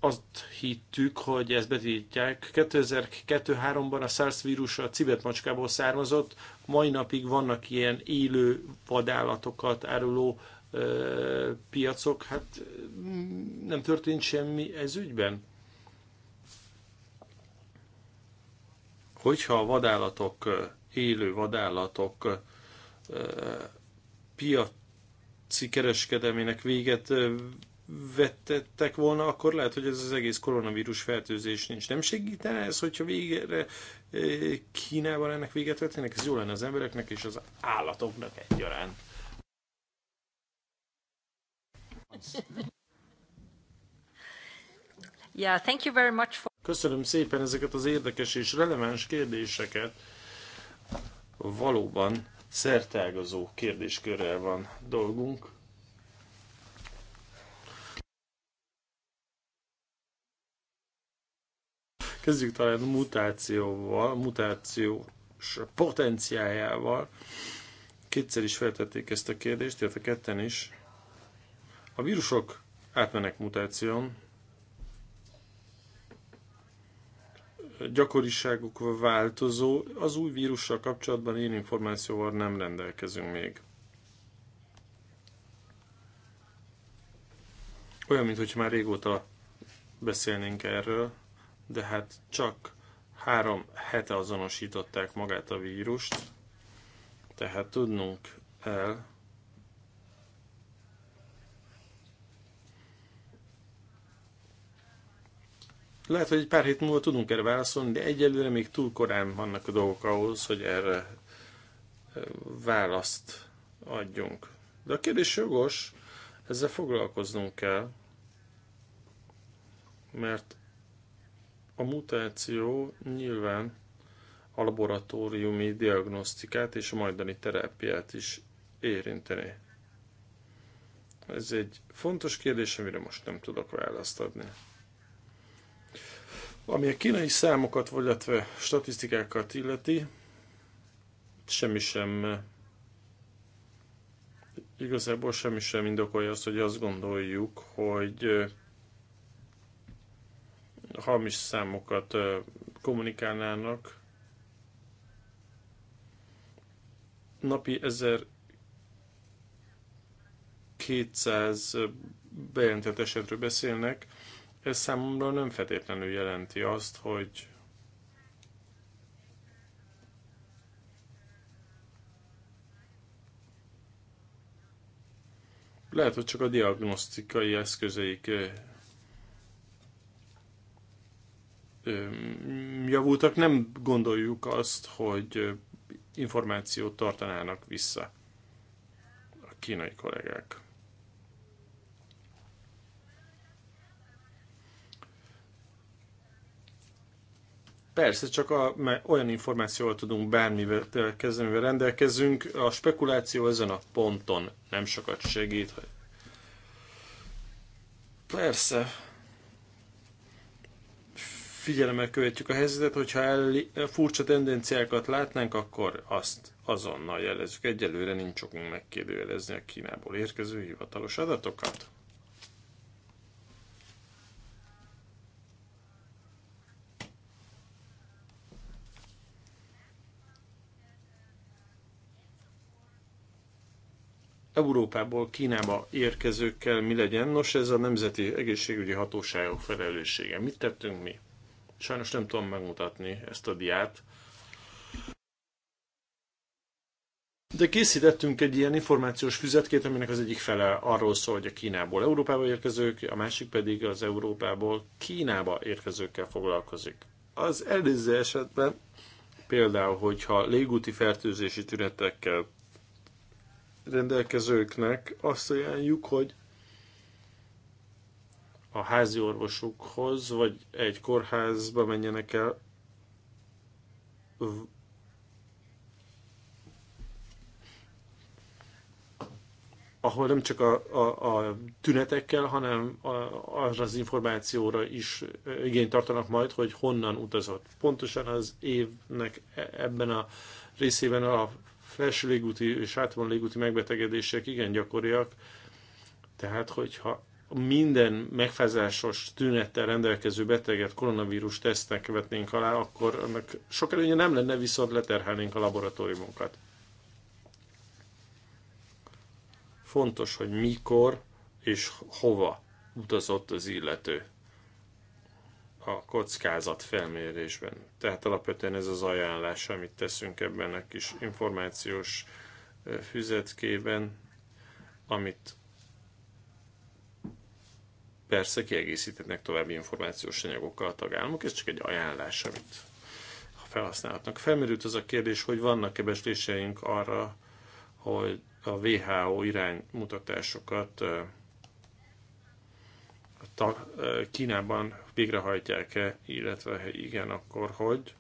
azt hittük, hogy ezt betiltják. 2002-3-ban a SARS vírus a cibetmacskából származott, mai napig vannak ilyen élő vadállatokat áruló piacok, hát mm, nem történt semmi ez ügyben. Hogyha a vadállatok, élő vadállatok piaci kereskedelmének véget vettettek volna, akkor lehet, hogy ez az egész koronavírus fertőzés nincs. Nem segítene ez, hogyha végre Kínában ennek véget vetnének? Ez jó lenne az embereknek és az állatoknak egyaránt. Yeah, thank you very much for... Köszönöm szépen ezeket az érdekes és releváns kérdéseket. Valóban szerteágazó kérdéskörrel van dolgunk. Kezdjük talán a mutációval, mutációs potenciájával. Kétszer is feltették ezt a kérdést, illetve ketten is. A vírusok átmenek mutáción, gyakoriságuk változó, az új vírussal kapcsolatban ilyen információval nem rendelkezünk még. Olyan, mintha már régóta beszélnénk erről, de hát csak három hete azonosították magát a vírust, tehát tudnunk el, Lehet, hogy egy pár hét múlva tudunk erre válaszolni, de egyelőre még túl korán vannak a dolgok ahhoz, hogy erre választ adjunk. De a kérdés jogos, ezzel foglalkoznunk kell, mert a mutáció nyilván a laboratóriumi diagnosztikát és a majdani terápiát is érinteni. Ez egy fontos kérdés, amire most nem tudok választ adni. Ami a kínai számokat, illetve statisztikákat illeti, semmi sem igazából semmi sem indokolja azt, hogy azt gondoljuk, hogy hamis számokat kommunikálnának. Napi 1200 bejelentett esetről beszélnek, ez számomra nem feltétlenül jelenti azt, hogy lehet, hogy csak a diagnosztikai eszközeik javultak, nem gondoljuk azt, hogy információt tartanának vissza a kínai kollégák. Persze, csak a, mert olyan információval tudunk bármivel kezdeni, mivel rendelkezünk. A spekuláció ezen a ponton nem sokat segít. Persze, figyelemmel követjük a helyzetet, hogyha el, furcsa tendenciákat látnánk, akkor azt azonnal jelezzük. Egyelőre nincs okunk megkérdőjelezni a Kínából érkező hivatalos adatokat. Európából Kínába érkezőkkel mi legyen? Nos, ez a Nemzeti Egészségügyi Hatóságok felelőssége. Mit tettünk mi? Sajnos nem tudom megmutatni ezt a diát. De készítettünk egy ilyen információs füzetkét, aminek az egyik fele arról szól, hogy a Kínából Európába érkezők, a másik pedig az Európából Kínába érkezőkkel foglalkozik. Az előző esetben például, hogyha légúti fertőzési tünetekkel rendelkezőknek azt ajánljuk, hogy a házi orvosukhoz, vagy egy kórházba menjenek el, ahol nem csak a, a, a tünetekkel, hanem a, az az információra is igényt tartanak majd, hogy honnan utazott. Pontosan az évnek e, ebben a részében a felső légúti és hátvon légúti megbetegedések igen gyakoriak, tehát hogyha minden megfázásos tünettel rendelkező beteget koronavírus tesztnek vetnénk alá, akkor annak sok előnye nem lenne, viszont leterhelnénk a laboratóriumokat. Fontos, hogy mikor és hova utazott az illető a kockázat felmérésben. Tehát alapvetően ez az ajánlás, amit teszünk ebben a kis információs füzetkében, amit persze kiegészítetnek további információs anyagokkal a tagállamok, ez csak egy ajánlás, amit felhasználhatnak. Felmerült az a kérdés, hogy vannak-e besléseink arra, hogy a WHO iránymutatásokat Kínában végrehajtják-e, illetve ha igen, akkor hogy?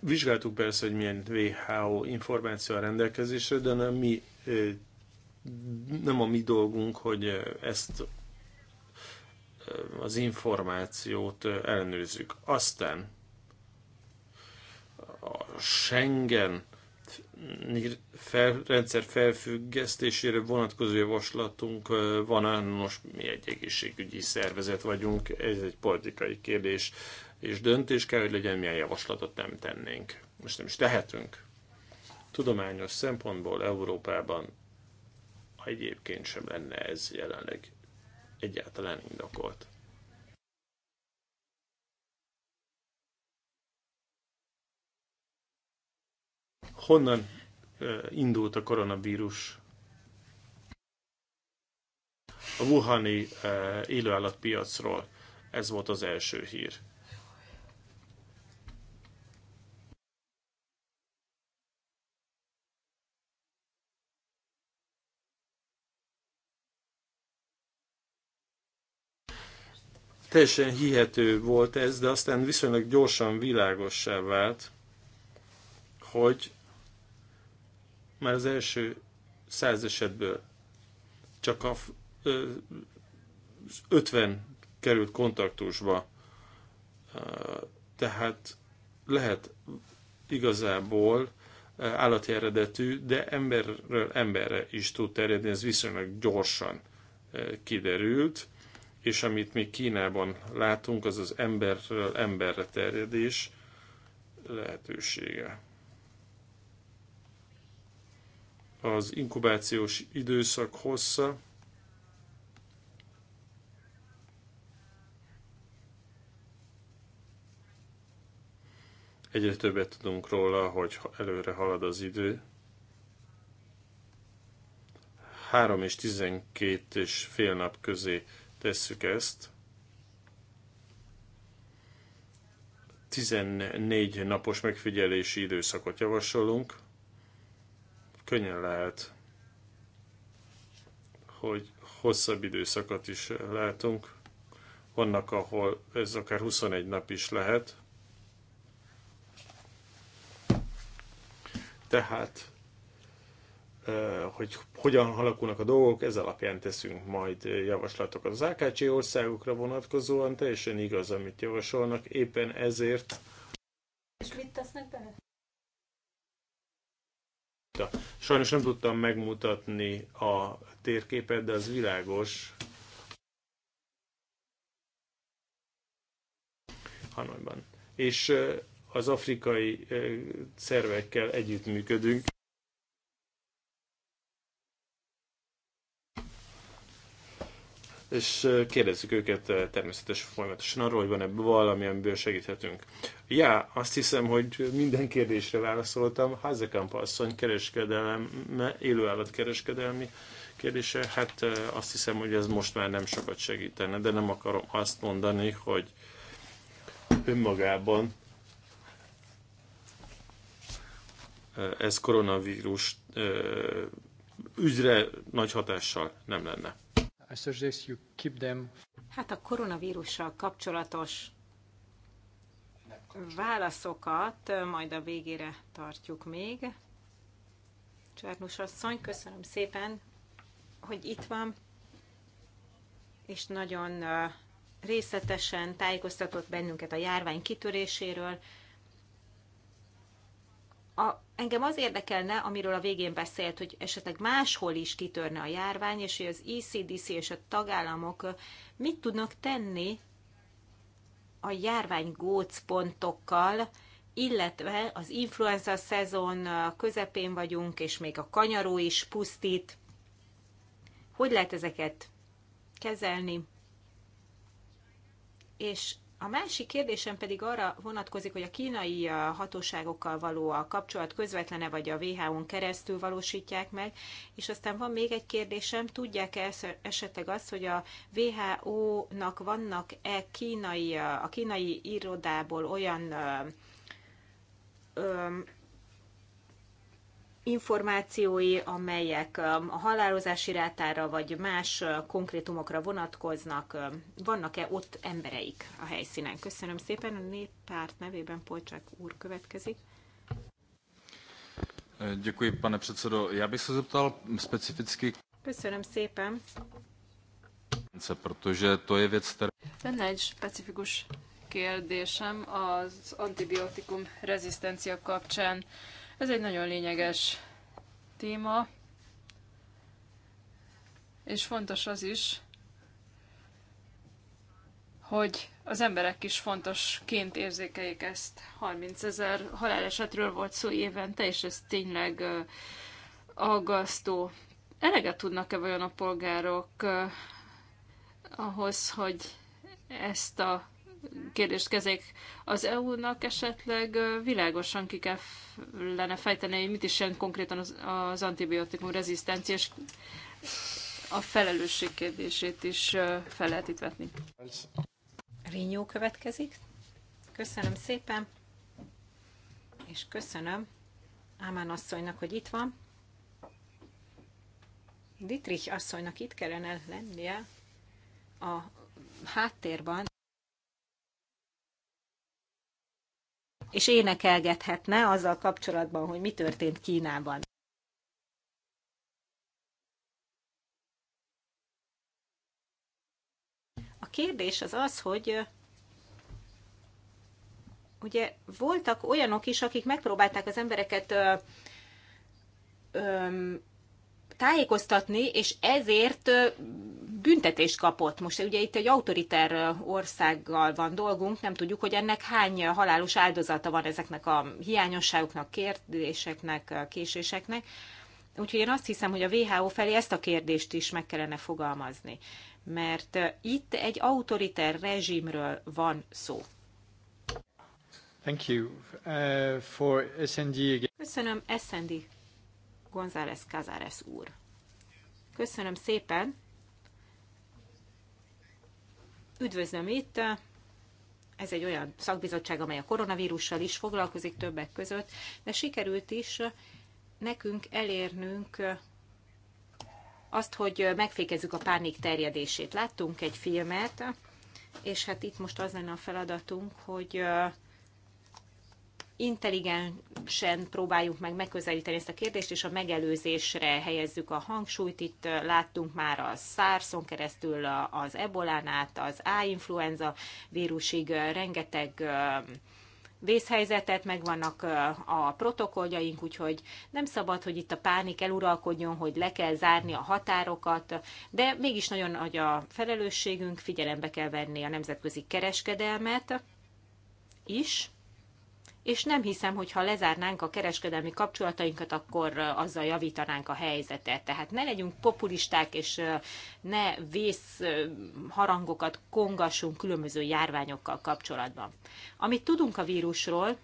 Vizsgáltuk persze, hogy milyen WHO információ a rendelkezésre, de nem, mi, nem a mi dolgunk, hogy ezt az információt ellenőrizzük. Aztán a Schengen rendszer felfüggesztésére vonatkozó javaslatunk van, most mi egy egészségügyi szervezet vagyunk, ez egy politikai kérdés, és döntés kell, hogy legyen, milyen javaslatot nem tennénk. Most nem is tehetünk. Tudományos szempontból Európában egyébként sem lenne ez jelenleg egyáltalán indokolt. honnan indult a koronavírus a Wuhani élőállatpiacról. Ez volt az első hír. teljesen hihető volt ez, de aztán viszonylag gyorsan világossá vált, hogy már az első száz esetből csak a 50 került kontaktusba, tehát lehet igazából állati eredetű, de emberről emberre is tud terjedni, ez viszonylag gyorsan kiderült, és amit mi Kínában látunk, az az emberről emberre terjedés lehetősége. az inkubációs időszak hossza, egyre többet tudunk róla, hogy előre halad az idő. 3 és 12 és fél nap közé tesszük ezt. 14 napos megfigyelési időszakot javasolunk könnyen lehet, hogy hosszabb időszakot is látunk. Vannak, ahol ez akár 21 nap is lehet. Tehát, hogy hogyan alakulnak a dolgok, ez alapján teszünk majd javaslatokat. Az AKC országokra vonatkozóan teljesen igaz, amit javasolnak, éppen ezért... És mit tesznek bele? javította. Sajnos nem tudtam megmutatni a térképet, de az világos. Hanoiban. És az afrikai szervekkel együttműködünk. és kérdezzük őket természetesen folyamatosan arról, hogy van-e valami, amiből segíthetünk. Ja, azt hiszem, hogy minden kérdésre válaszoltam. Házekamp asszony kereskedelem, élőállatkereskedelmi kérdése, hát azt hiszem, hogy ez most már nem sokat segítene, de nem akarom azt mondani, hogy önmagában ez koronavírus ügyre nagy hatással nem lenne. I suggest you keep them. Hát a koronavírussal kapcsolatos válaszokat majd a végére tartjuk még. Csárnus asszony, köszönöm szépen, hogy itt van, és nagyon részletesen tájékoztatott bennünket a járvány kitöréséről, a, engem az érdekelne, amiről a végén beszélt, hogy esetleg máshol is kitörne a járvány, és hogy az ECDC és a tagállamok mit tudnak tenni a járvány gócpontokkal, illetve az influenza szezon közepén vagyunk, és még a kanyaró is pusztít. Hogy lehet ezeket kezelni? És a másik kérdésem pedig arra vonatkozik, hogy a kínai uh, hatóságokkal való a uh, kapcsolat közvetlene vagy a WHO-n keresztül valósítják meg, és aztán van még egy kérdésem, tudják-e esetleg azt, hogy a WHO-nak vannak-e kínai, uh, a kínai irodából olyan um, információi, amelyek um, a halálozási rátára vagy más uh, konkrétumokra vonatkoznak. Um, vannak-e ott embereik a helyszínen? Köszönöm szépen. A néppárt nevében Polcsák úr következik. Děkuji, pane předsedo. Já bych se zeptal specificky... Köszönöm szépen. Protože to je věc, která... Lenne egy specifikus kérdésem az antibiotikum rezisztencia kapcsán. Uh, ez egy nagyon lényeges téma, és fontos az is, hogy az emberek is fontosként érzékeljék ezt. 30 ezer halálesetről volt szó évente, és ez tényleg aggasztó. Eleget tudnak-e vajon a polgárok ahhoz, hogy ezt a kérdést kezeljék. Az EU-nak esetleg világosan ki kellene fejteni, hogy mit is jelent konkrétan az, az antibiotikum rezisztencia, és a felelősség kérdését is fel lehet itt vetni. Rinyó következik. Köszönöm szépen, és köszönöm Ámán asszonynak, hogy itt van. Dietrich asszonynak itt kellene lennie a háttérben, és énekelgethetne azzal kapcsolatban, hogy mi történt Kínában. A kérdés az az, hogy ugye voltak olyanok is, akik megpróbálták az embereket ö, ö, tájékoztatni, és ezért büntetést kapott. Most ugye itt egy autoriter országgal van dolgunk, nem tudjuk, hogy ennek hány halálos áldozata van ezeknek a hiányosságoknak, kérdéseknek, késéseknek. Úgyhogy én azt hiszem, hogy a WHO felé ezt a kérdést is meg kellene fogalmazni. Mert itt egy autoriter rezsimről van szó. Thank you uh, for SND. Köszönöm, SND González Cazares úr. Köszönöm szépen. Üdvözlöm itt! Ez egy olyan szakbizottság, amely a koronavírussal is foglalkozik többek között, de sikerült is nekünk elérnünk azt, hogy megfékezzük a pánik terjedését. Láttunk egy filmet, és hát itt most az lenne a feladatunk, hogy intelligensen próbáljuk meg megközelíteni ezt a kérdést, és a megelőzésre helyezzük a hangsúlyt. Itt láttunk már a SARS-on keresztül az ebolán át, az A-influenza vírusig rengeteg vészhelyzetet, meg vannak a protokolljaink, úgyhogy nem szabad, hogy itt a pánik eluralkodjon, hogy le kell zárni a határokat, de mégis nagyon nagy a felelősségünk, figyelembe kell venni a nemzetközi kereskedelmet is, és nem hiszem, hogy ha lezárnánk a kereskedelmi kapcsolatainkat, akkor azzal javítanánk a helyzetet. Tehát ne legyünk populisták, és ne vész harangokat kongassunk különböző járványokkal kapcsolatban. Amit tudunk a vírusról,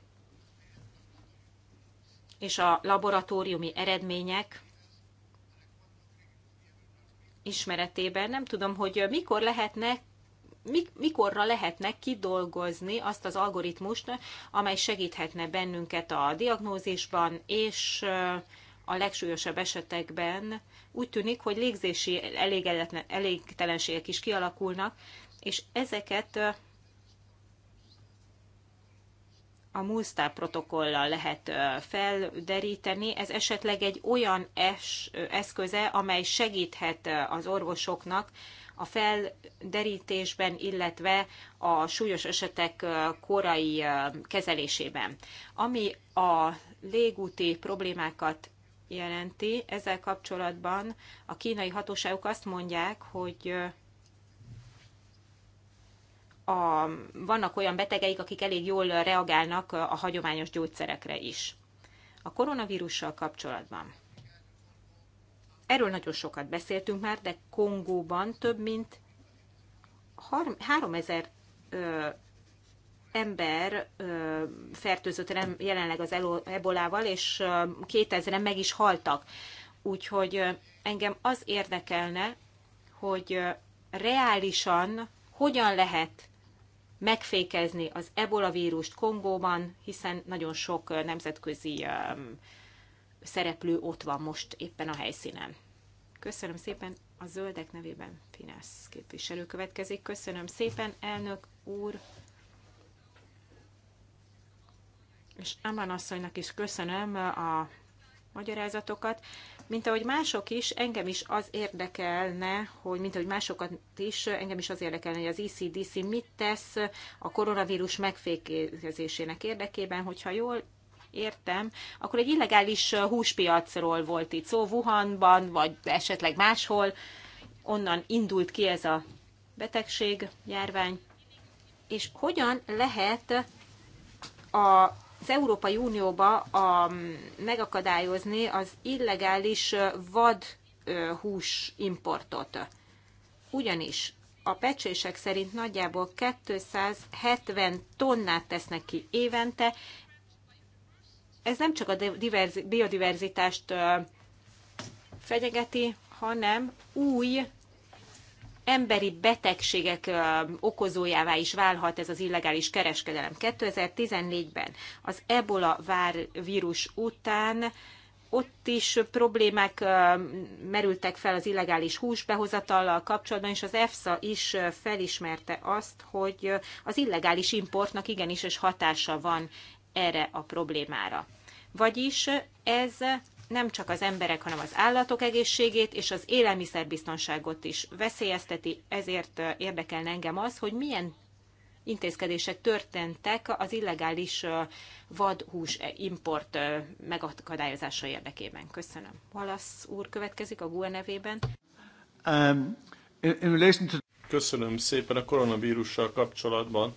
és a laboratóriumi eredmények ismeretében, nem tudom, hogy mikor lehetnek mikorra lehetne kidolgozni azt az algoritmust, amely segíthetne bennünket a diagnózisban és a legsúlyosabb esetekben úgy tűnik, hogy légzési elégtelenségek is kialakulnak, és ezeket a MULSTAR protokollal lehet felderíteni. Ez esetleg egy olyan es, eszköze, amely segíthet az orvosoknak a felderítésben, illetve a súlyos esetek korai kezelésében. Ami a légúti problémákat jelenti, ezzel kapcsolatban a kínai hatóságok azt mondják, hogy a, vannak olyan betegeik, akik elég jól reagálnak a hagyományos gyógyszerekre is. A koronavírussal kapcsolatban Erről nagyon sokat beszéltünk már, de Kongóban több mint 3000 ember ö, fertőzött jelenleg az ebolával, és 2000-en meg is haltak. Úgyhogy engem az érdekelne, hogy reálisan hogyan lehet megfékezni az ebola vírust Kongóban, hiszen nagyon sok nemzetközi szereplő ott van most éppen a helyszínen. Köszönöm szépen a zöldek nevében Finász képviselő következik. Köszönöm szépen, elnök úr, és Amman asszonynak is köszönöm a magyarázatokat. Mint ahogy mások is, engem is az érdekelne, hogy mint ahogy másokat is, engem is az érdekelne, hogy az ECDC mit tesz a koronavírus megfékezésének érdekében, hogyha jól értem, akkor egy illegális húspiacról volt itt szó, Wuhanban, vagy esetleg máshol, onnan indult ki ez a betegség, járvány, és hogyan lehet a az Európai Unióba a, megakadályozni az illegális hús importot. Ugyanis a pecsések szerint nagyjából 270 tonnát tesznek ki évente, ez nem csak a biodiverzitást fenyegeti, hanem új emberi betegségek okozójává is válhat ez az illegális kereskedelem. 2014-ben az ebola vár vírus után ott is problémák merültek fel az illegális húsbehozatallal kapcsolatban, és az EFSA is felismerte azt, hogy az illegális importnak igenis is hatása van erre a problémára. Vagyis ez nem csak az emberek, hanem az állatok egészségét és az élelmiszerbiztonságot is veszélyezteti, ezért érdekel engem az, hogy milyen intézkedések történtek az illegális vadhús import megakadályozása érdekében. Köszönöm. Valasz úr következik a GUE nevében. Um, to... Köszönöm szépen a koronavírussal kapcsolatban.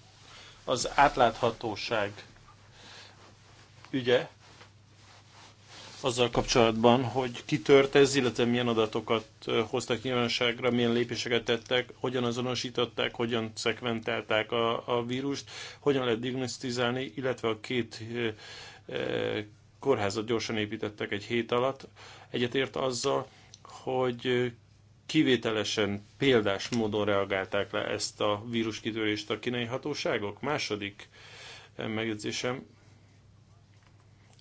Az átláthatóság ügye azzal kapcsolatban, hogy kitört ez, illetve milyen adatokat hoztak nyilvánosságra, milyen lépéseket tettek, hogyan azonosították, hogyan szekventelták a, a vírust, hogyan lehet diagnosztizálni, illetve a két e, kórházat gyorsan építettek egy hét alatt. Egyetért azzal, hogy kivételesen példás módon reagálták le ezt a víruskitörést a kínai hatóságok. Második megjegyzésem,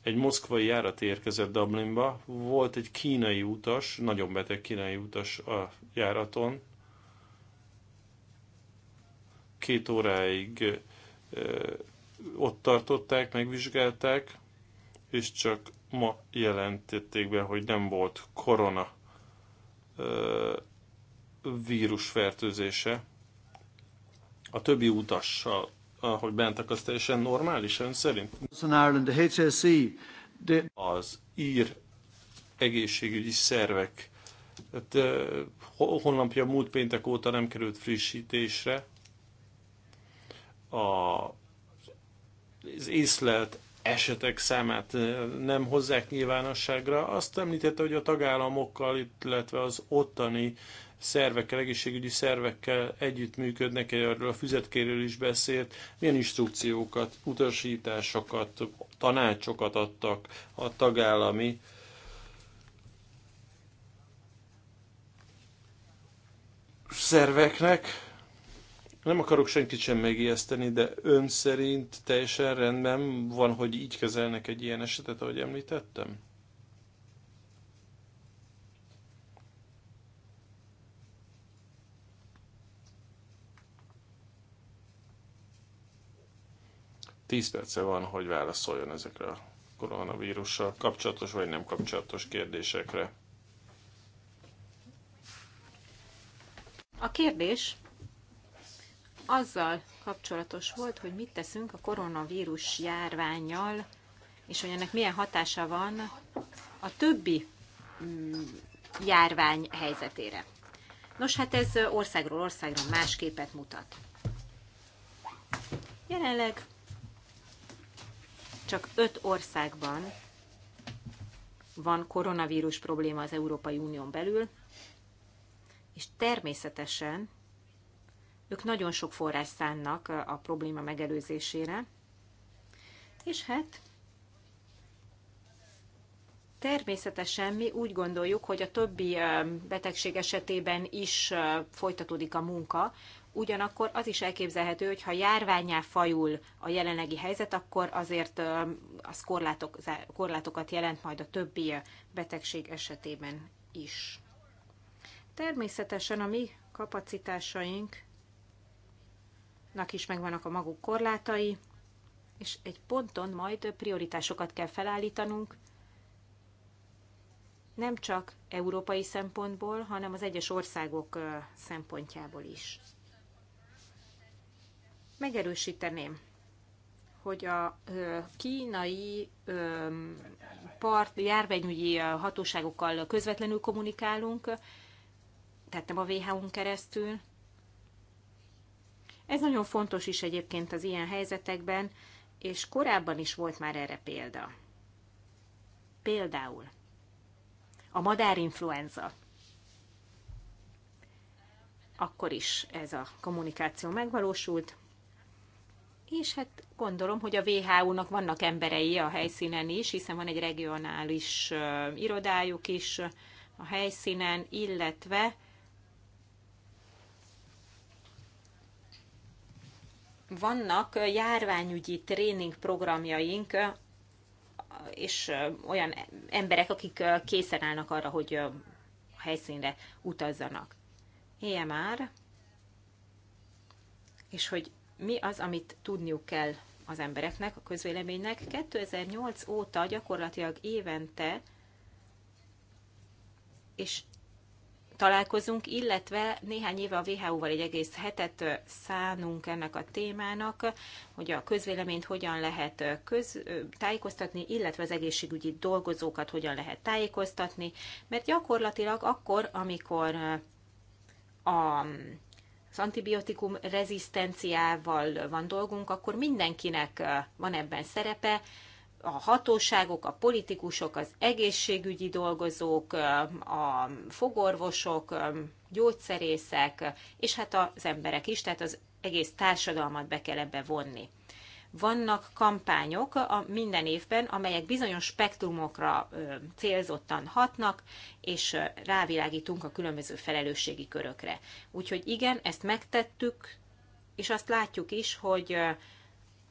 egy moszkvai járat érkezett Dublinba, volt egy kínai utas, nagyon beteg kínai utas a járaton, két óráig ott tartották, megvizsgálták, és csak ma jelentették be, hogy nem volt korona vírus fertőzése A többi utassal ahogy bentek, az teljesen normális ön szerint? E, az ír egészségügyi szervek tehát, honlapja múlt péntek óta nem került frissítésre. A, az észlelt esetek számát nem hozzák nyilvánosságra. Azt említette, hogy a tagállamokkal, illetve az ottani szervekkel, egészségügyi szervekkel együttműködnek, erről a füzetkéről is beszélt, milyen instrukciókat, utasításokat, tanácsokat adtak a tagállami szerveknek. Nem akarok senkit sem megijeszteni, de ön szerint teljesen rendben van, hogy így kezelnek egy ilyen esetet, ahogy említettem? 10 perce van, hogy válaszoljon ezekre a koronavírussal kapcsolatos vagy nem kapcsolatos kérdésekre. A kérdés azzal kapcsolatos volt, hogy mit teszünk a koronavírus járványjal, és hogy ennek milyen hatása van a többi mm, járvány helyzetére. Nos, hát ez országról országra más képet mutat. Jelenleg csak öt országban van koronavírus probléma az Európai Unión belül, és természetesen ők nagyon sok forrás szánnak a probléma megelőzésére, és hát természetesen mi úgy gondoljuk, hogy a többi betegség esetében is folytatódik a munka ugyanakkor az is elképzelhető, hogy ha járványá fajul a jelenlegi helyzet, akkor azért az korlátok, korlátokat jelent majd a többi betegség esetében is. Természetesen a mi kapacitásainknak is megvannak a maguk korlátai, és egy ponton majd prioritásokat kell felállítanunk, nem csak európai szempontból, hanem az egyes országok szempontjából is megerősíteném, hogy a kínai part, járványügyi hatóságokkal közvetlenül kommunikálunk, tehát nem a WHO-n keresztül. Ez nagyon fontos is egyébként az ilyen helyzetekben, és korábban is volt már erre példa. Például a madárinfluenza. Akkor is ez a kommunikáció megvalósult, és hát gondolom, hogy a WHO-nak vannak emberei a helyszínen is, hiszen van egy regionális irodájuk is a helyszínen, illetve vannak járványügyi tréning programjaink, és olyan emberek, akik készen állnak arra, hogy a helyszínre utazzanak. már és hogy mi az, amit tudniuk kell az embereknek, a közvéleménynek. 2008 óta gyakorlatilag évente és találkozunk, illetve néhány éve a WHO-val egy egész hetet szánunk ennek a témának, hogy a közvéleményt hogyan lehet köz, tájékoztatni, illetve az egészségügyi dolgozókat hogyan lehet tájékoztatni, mert gyakorlatilag akkor, amikor a az antibiotikum rezisztenciával van dolgunk, akkor mindenkinek van ebben szerepe, a hatóságok, a politikusok, az egészségügyi dolgozók, a fogorvosok, gyógyszerészek, és hát az emberek is, tehát az egész társadalmat be kell ebbe vonni vannak kampányok a minden évben, amelyek bizonyos spektrumokra célzottan hatnak, és rávilágítunk a különböző felelősségi körökre. Úgyhogy igen, ezt megtettük, és azt látjuk is, hogy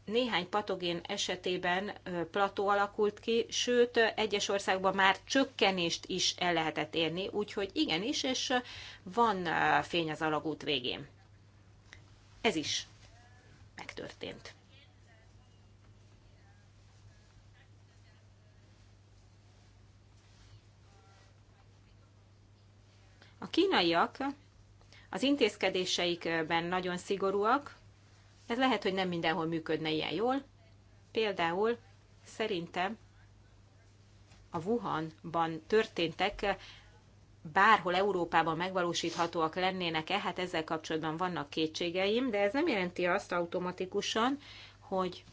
néhány patogén esetében plató alakult ki, sőt, egyes országban már csökkenést is el lehetett érni, úgyhogy igenis, és van fény az alagút végén. Ez is megtörtént. A kínaiak az intézkedéseikben nagyon szigorúak, ez lehet, hogy nem mindenhol működne ilyen jól. Például szerintem a Wuhanban történtek bárhol Európában megvalósíthatóak lennének-e, hát ezzel kapcsolatban vannak kétségeim, de ez nem jelenti azt automatikusan, hogy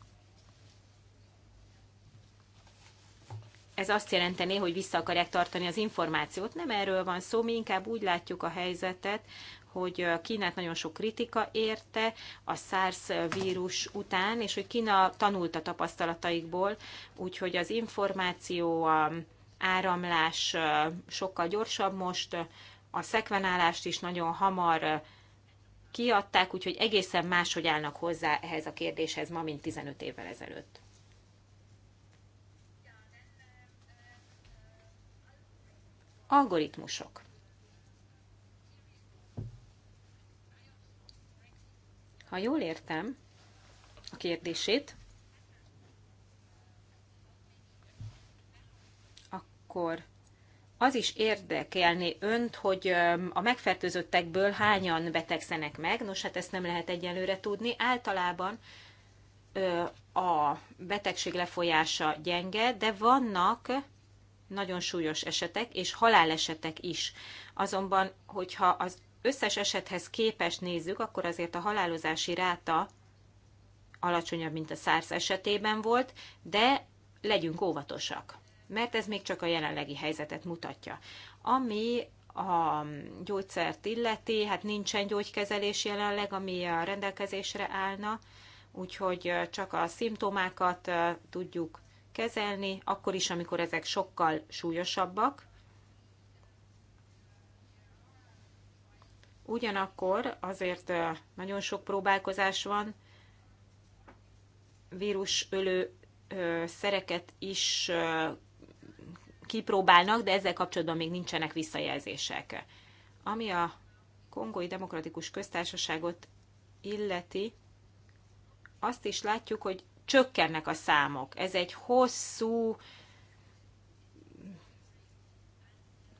ez azt jelenteni, hogy vissza akarják tartani az információt. Nem erről van szó, mi inkább úgy látjuk a helyzetet, hogy Kínát nagyon sok kritika érte a SARS vírus után, és hogy Kína tanult a tapasztalataikból, úgyhogy az információ áramlás sokkal gyorsabb most, a szekvenálást is nagyon hamar kiadták, úgyhogy egészen máshogy állnak hozzá ehhez a kérdéshez ma, mint 15 évvel ezelőtt. Algoritmusok. Ha jól értem a kérdését, akkor az is érdekelné önt, hogy a megfertőzöttekből hányan betegszenek meg. Nos, hát ezt nem lehet egyelőre tudni. Általában a betegség lefolyása gyenge, de vannak nagyon súlyos esetek, és halálesetek is. Azonban, hogyha az összes esethez képes nézzük, akkor azért a halálozási ráta alacsonyabb, mint a SARS esetében volt, de legyünk óvatosak, mert ez még csak a jelenlegi helyzetet mutatja. Ami a gyógyszert illeti, hát nincsen gyógykezelés jelenleg, ami a rendelkezésre állna, úgyhogy csak a szimptomákat tudjuk kezelni, akkor is, amikor ezek sokkal súlyosabbak. Ugyanakkor azért nagyon sok próbálkozás van, vírusölő szereket is kipróbálnak, de ezzel kapcsolatban még nincsenek visszajelzések. Ami a Kongói Demokratikus Köztársaságot illeti, azt is látjuk, hogy csökkennek a számok. Ez egy hosszú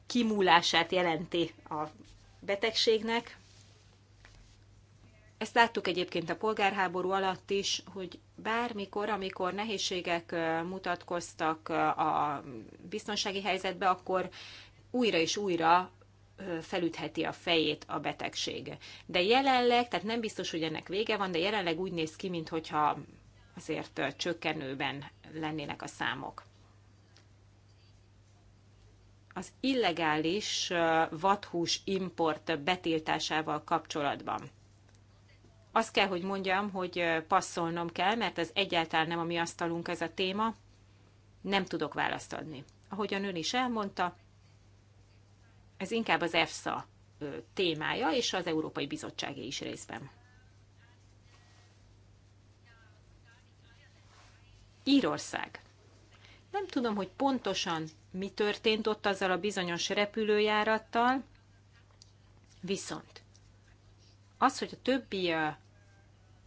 kimúlását jelenti a betegségnek. Ezt láttuk egyébként a polgárháború alatt is, hogy bármikor, amikor nehézségek mutatkoztak a biztonsági helyzetbe, akkor újra és újra felütheti a fejét a betegség. De jelenleg, tehát nem biztos, hogy ennek vége van, de jelenleg úgy néz ki, mintha azért csökkenőben lennének a számok. Az illegális vathús import betiltásával kapcsolatban. Azt kell, hogy mondjam, hogy passzolnom kell, mert ez egyáltalán nem a mi asztalunk ez a téma. Nem tudok választ adni. Ahogyan ön is elmondta, ez inkább az EFSA témája, és az Európai Bizottságé is részben. Írország. Nem tudom, hogy pontosan mi történt ott azzal a bizonyos repülőjárattal, viszont az, hogy a többi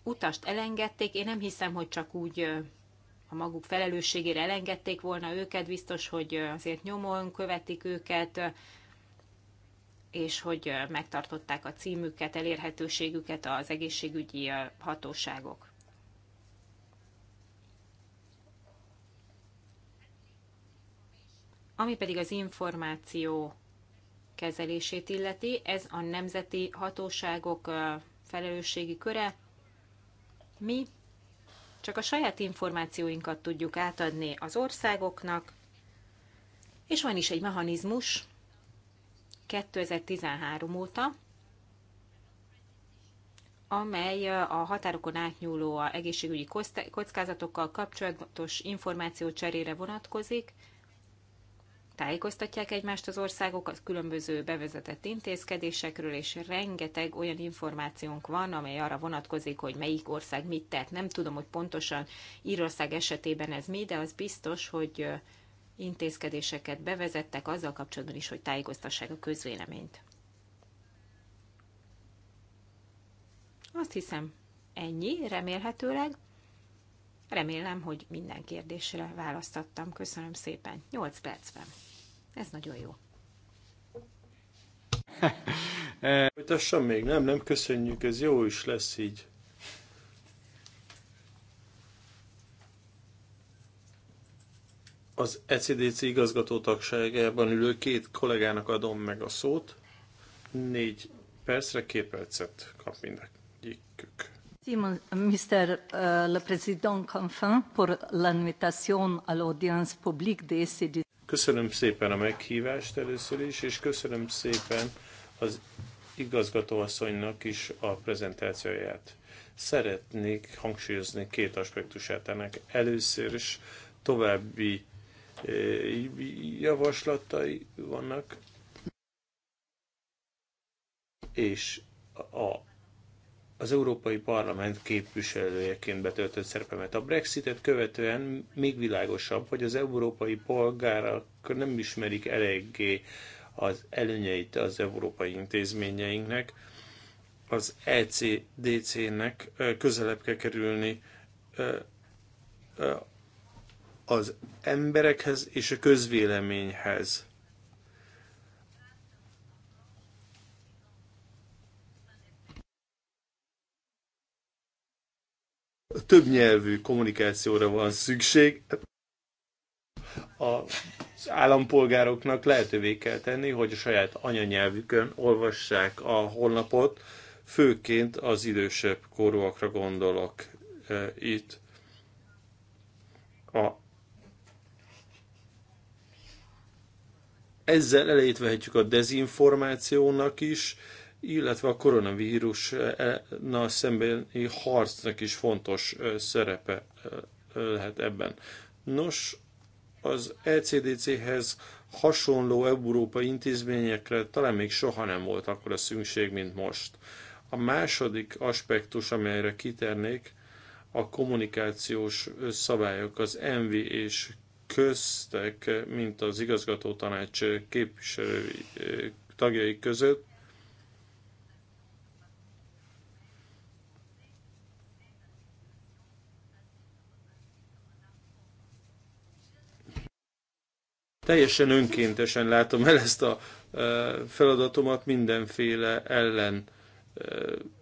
utast elengedték, én nem hiszem, hogy csak úgy a maguk felelősségére elengedték volna őket, biztos, hogy azért nyomon követik őket, és hogy megtartották a címüket, elérhetőségüket az egészségügyi hatóságok. Ami pedig az információ kezelését illeti, ez a nemzeti hatóságok felelősségi köre. Mi csak a saját információinkat tudjuk átadni az országoknak, és van is egy mechanizmus 2013 óta, amely a határokon átnyúló egészségügyi kockázatokkal kapcsolatos információ cserére vonatkozik, tájékoztatják egymást az országok a különböző bevezetett intézkedésekről, és rengeteg olyan információnk van, amely arra vonatkozik, hogy melyik ország mit tett. Nem tudom, hogy pontosan Írország esetében ez mi, de az biztos, hogy intézkedéseket bevezettek azzal kapcsolatban is, hogy tájékoztassák a közvéleményt. Azt hiszem, ennyi, remélhetőleg. Remélem, hogy minden kérdésre választattam. Köszönöm szépen. 8 percben. Ez nagyon jó. Folytassam még? Nem, nem, köszönjük, ez jó is lesz így. Az ECDC igazgatótagságában ülő két kollégának adom meg a szót. Négy percre, két percet kap mindegyikük. Uh, le Président, enfin, pour l'invitation à l'audience publique de e Köszönöm szépen a meghívást először is, és köszönöm szépen az igazgatóasszonynak is a prezentációját. Szeretnék hangsúlyozni két aspektusát ennek. Először is további eh, javaslatai vannak, és a az Európai Parlament képviselőjeként betöltött szerepemet. A Brexitet követően még világosabb, hogy az európai polgárok nem ismerik eléggé az előnyeit az európai intézményeinknek, az ECDC-nek közelebb kell kerülni az emberekhez és a közvéleményhez. Több nyelvű kommunikációra van szükség. Az állampolgároknak lehetővé kell tenni, hogy a saját anyanyelvükön olvassák a honlapot, főként az idősebb korúakra gondolok e, itt. A ezzel elejét vehetjük a dezinformációnak is, illetve a koronavírusnal e, e, szembeni harcnak is fontos e, szerepe lehet ebben. Nos, az ECDC-hez hasonló európai intézményekre talán még soha nem volt akkor a szükség, mint most. A második aspektus, amelyre kiternék, a kommunikációs szabályok, az ENVI és köztek, mint az igazgató tanács képviselői tagjai között, Teljesen önkéntesen látom el ezt a feladatomat mindenféle ellen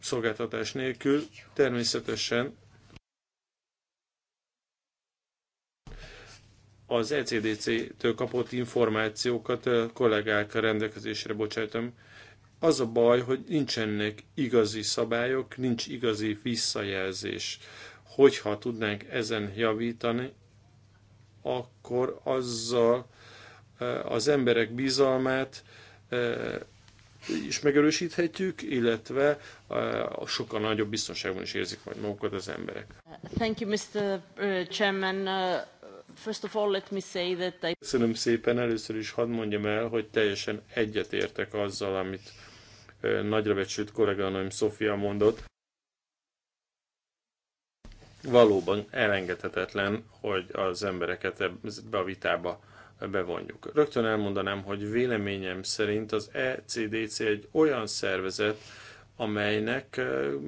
szolgáltatás nélkül. Természetesen az ECDC-től kapott információkat kollégák rendelkezésre bocsájtom. Az a baj, hogy nincsenek igazi szabályok, nincs igazi visszajelzés. Hogyha tudnánk ezen javítani, akkor azzal az emberek bizalmát e, is megerősíthetjük, illetve e, a sokkal nagyobb biztonságban is érzik majd magukat az emberek. Thank you, Mr. Uh, chairman. Uh, first of all, let me say that I... Köszönöm szépen, először is hadd mondjam el, hogy teljesen egyetértek azzal, amit e, nagyra becsült kolléganőm Sofia mondott. Valóban elengedhetetlen, hogy az embereket ebbe a vitába bevonjuk. Rögtön elmondanám, hogy véleményem szerint az ECDC egy olyan szervezet, amelynek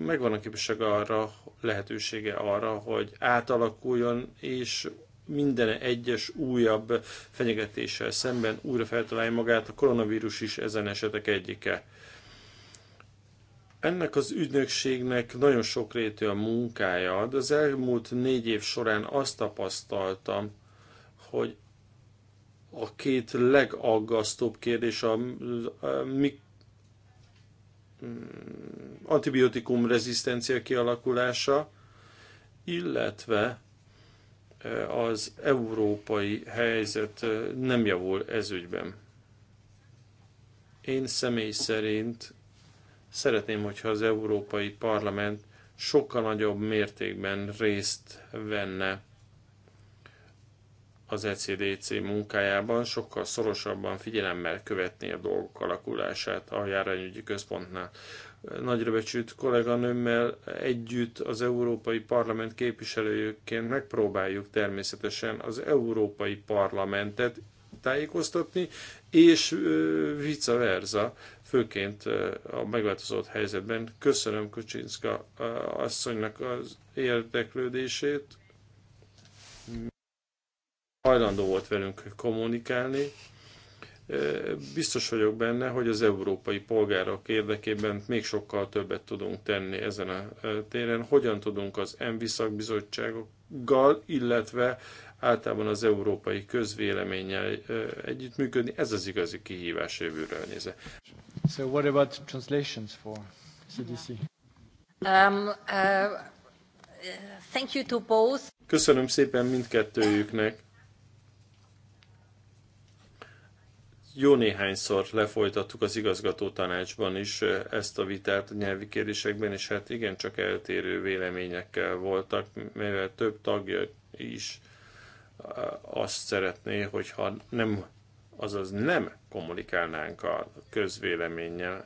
megvan a képessége arra, lehetősége arra, hogy átalakuljon, és minden egyes újabb fenyegetéssel szemben újra feltalálja magát, a koronavírus is ezen esetek egyike. Ennek az ügynökségnek nagyon sokrétű a munkája, de az elmúlt négy év során azt tapasztaltam, hogy a két legaggasztóbb kérdés a, a, a mm, antibiotikum rezisztencia kialakulása, illetve e, az európai helyzet e, nem javul ez ügyben. Én személy szerint szeretném, hogyha az Európai Parlament sokkal nagyobb mértékben részt venne az ECDC munkájában sokkal szorosabban figyelemmel követni a dolgok alakulását a járványügyi központnál. Nagyra becsült kolléganőmmel együtt az Európai Parlament képviselőjöként megpróbáljuk természetesen az Európai Parlamentet tájékoztatni, és vice versa, főként a megváltozott helyzetben. Köszönöm Kucsinszka asszonynak az érdeklődését, hajlandó volt velünk kommunikálni. Biztos vagyok benne, hogy az európai polgárok érdekében még sokkal többet tudunk tenni ezen a téren. Hogyan tudunk az ENVI szakbizottságokkal, illetve általában az európai közvéleménnyel együttműködni, ez az igazi kihívás jövőre nézve. So what about translations for CDC? Um, uh, thank you to both. Köszönöm szépen mindkettőjüknek. jó néhányszor lefolytattuk az igazgató tanácsban is ezt a vitát a nyelvi kérdésekben, és hát igen, csak eltérő véleményekkel voltak, mivel több tagja is azt szeretné, hogyha nem, azaz nem kommunikálnánk a közvéleménnyel.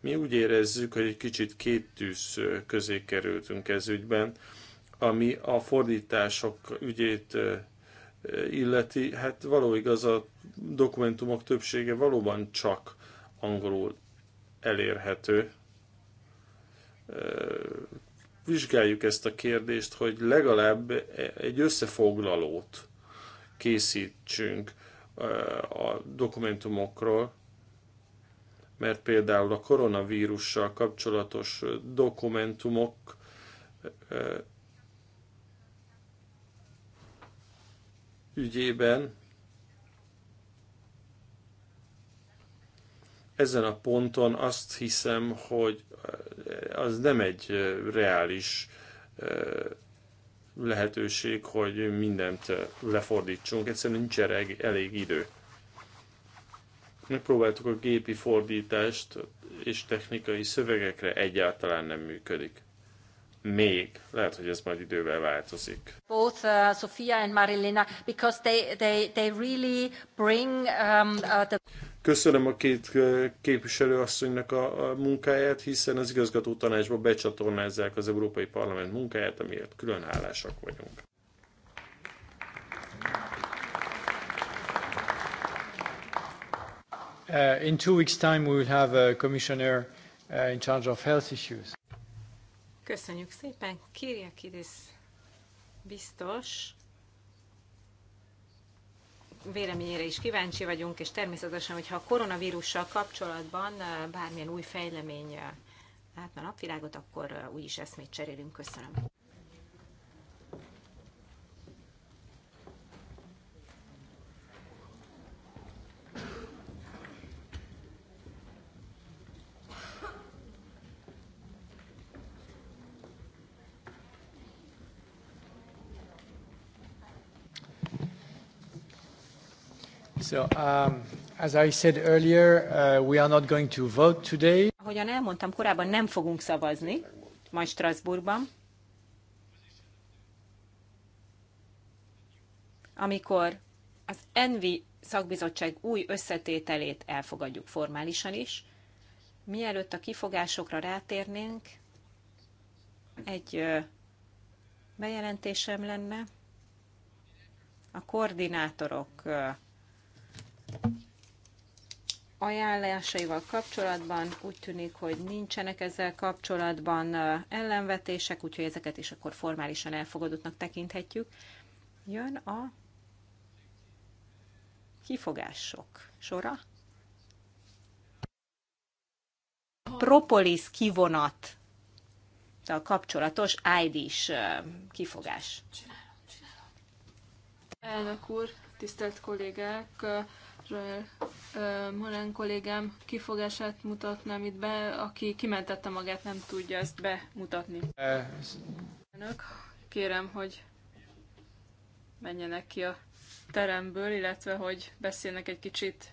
Mi úgy érezzük, hogy egy kicsit két tűz közé kerültünk ez ügyben, ami a fordítások ügyét illeti, hát való igaz, a dokumentumok többsége valóban csak angolul elérhető. Vizsgáljuk ezt a kérdést, hogy legalább egy összefoglalót készítsünk a dokumentumokról, mert például a koronavírussal kapcsolatos dokumentumok ügyében. Ezen a ponton azt hiszem, hogy az nem egy reális lehetőség, hogy mindent lefordítsunk. Egyszerűen nincs erre elég idő. Megpróbáltuk a gépi fordítást, és technikai szövegekre egyáltalán nem működik még. Lehet, hogy ez majd idővel változik. Both uh, Sofia and Marilena, because they, they, they really bring um, uh, the... Köszönöm a két uh, képviselőasszonynak a, a munkáját, hiszen az igazgató tanácsba becsatornázzák az Európai Parlament munkáját, amiért külön hálásak vagyunk. Uh, in two weeks' time, we will have a commissioner uh, in charge of health issues. Köszönjük szépen. Kérjek idéz biztos véleményére is kíváncsi vagyunk, és természetesen, hogyha a koronavírussal kapcsolatban bármilyen új fejlemény látna napvilágot, akkor úgyis eszmét cserélünk. Köszönöm. Ahogyan elmondtam, korábban nem fogunk szavazni, majd Strasbourgban. Amikor az ENVI szakbizottság új összetételét elfogadjuk formálisan is, mielőtt a kifogásokra rátérnénk, egy bejelentésem lenne. A koordinátorok ajánlásaival kapcsolatban. Úgy tűnik, hogy nincsenek ezzel kapcsolatban ellenvetések, úgyhogy ezeket is akkor formálisan elfogadottnak tekinthetjük. Jön a kifogások sora. Propolis kivonat kapcsolatos ID-s kifogás. Csinálom, csinálom. Elnök úr, tisztelt kollégák, Israel Molen kollégám kifogását mutatnám itt be, aki kimentette magát, nem tudja ezt bemutatni. Önök, kérem, hogy menjenek ki a teremből, illetve hogy beszélnek egy kicsit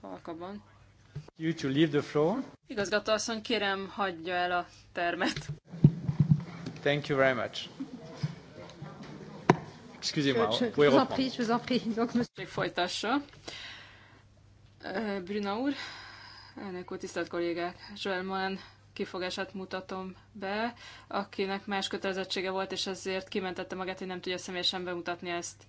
halkabban. You to leave the floor. Igazgató asszony, kérem, hagyja el a termet. Thank you very much. Excusez-moi, je, je, vous en prie, je vous en prie. Donc, monsieur... Folytassa. Euh, Bruna úr, elnök úr, tisztelt kollégák, Joel Moen, kifogását mutatom be, akinek más kötelezettsége volt, és ezért kimentette magát, hogy nem tudja személyesen bemutatni ezt.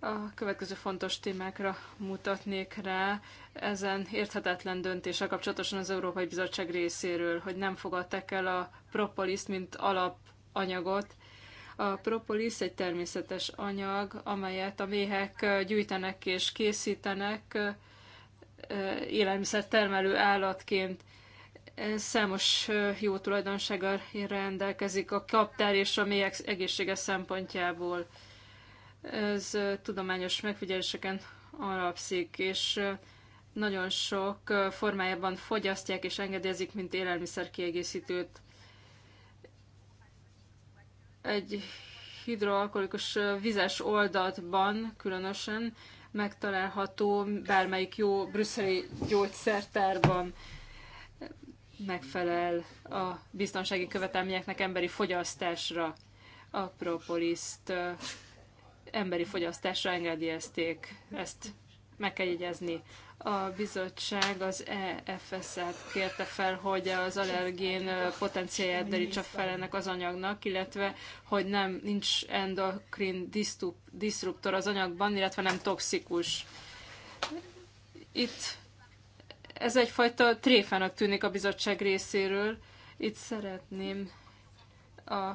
A következő fontos témákra mutatnék rá. Ezen érthetetlen döntése kapcsolatosan az Európai Bizottság részéről, hogy nem fogadták el a propoliszt, mint alapanyagot, a propolis egy természetes anyag, amelyet a méhek gyűjtenek és készítenek élelmiszertermelő állatként. Számos jó tulajdonsága rendelkezik a kaptár és a méhek egészsége szempontjából. Ez tudományos megfigyeléseken alapszik, és nagyon sok formájában fogyasztják és engedélyezik, mint élelmiszer kiegészítőt egy hidroalkoholikus vizes oldatban különösen megtalálható bármelyik jó brüsszeli gyógyszertárban megfelel a biztonsági követelményeknek emberi fogyasztásra. A propoliszt emberi fogyasztásra engedélyezték. Ezt meg kell jegyezni. A bizottság az EFS-et kérte fel, hogy az allergén potenciáját derítsa fel ennek az anyagnak, illetve hogy nem nincs endokrin disruptor az anyagban, illetve nem toxikus. Itt ez egyfajta tréfának tűnik a bizottság részéről. Itt szeretném a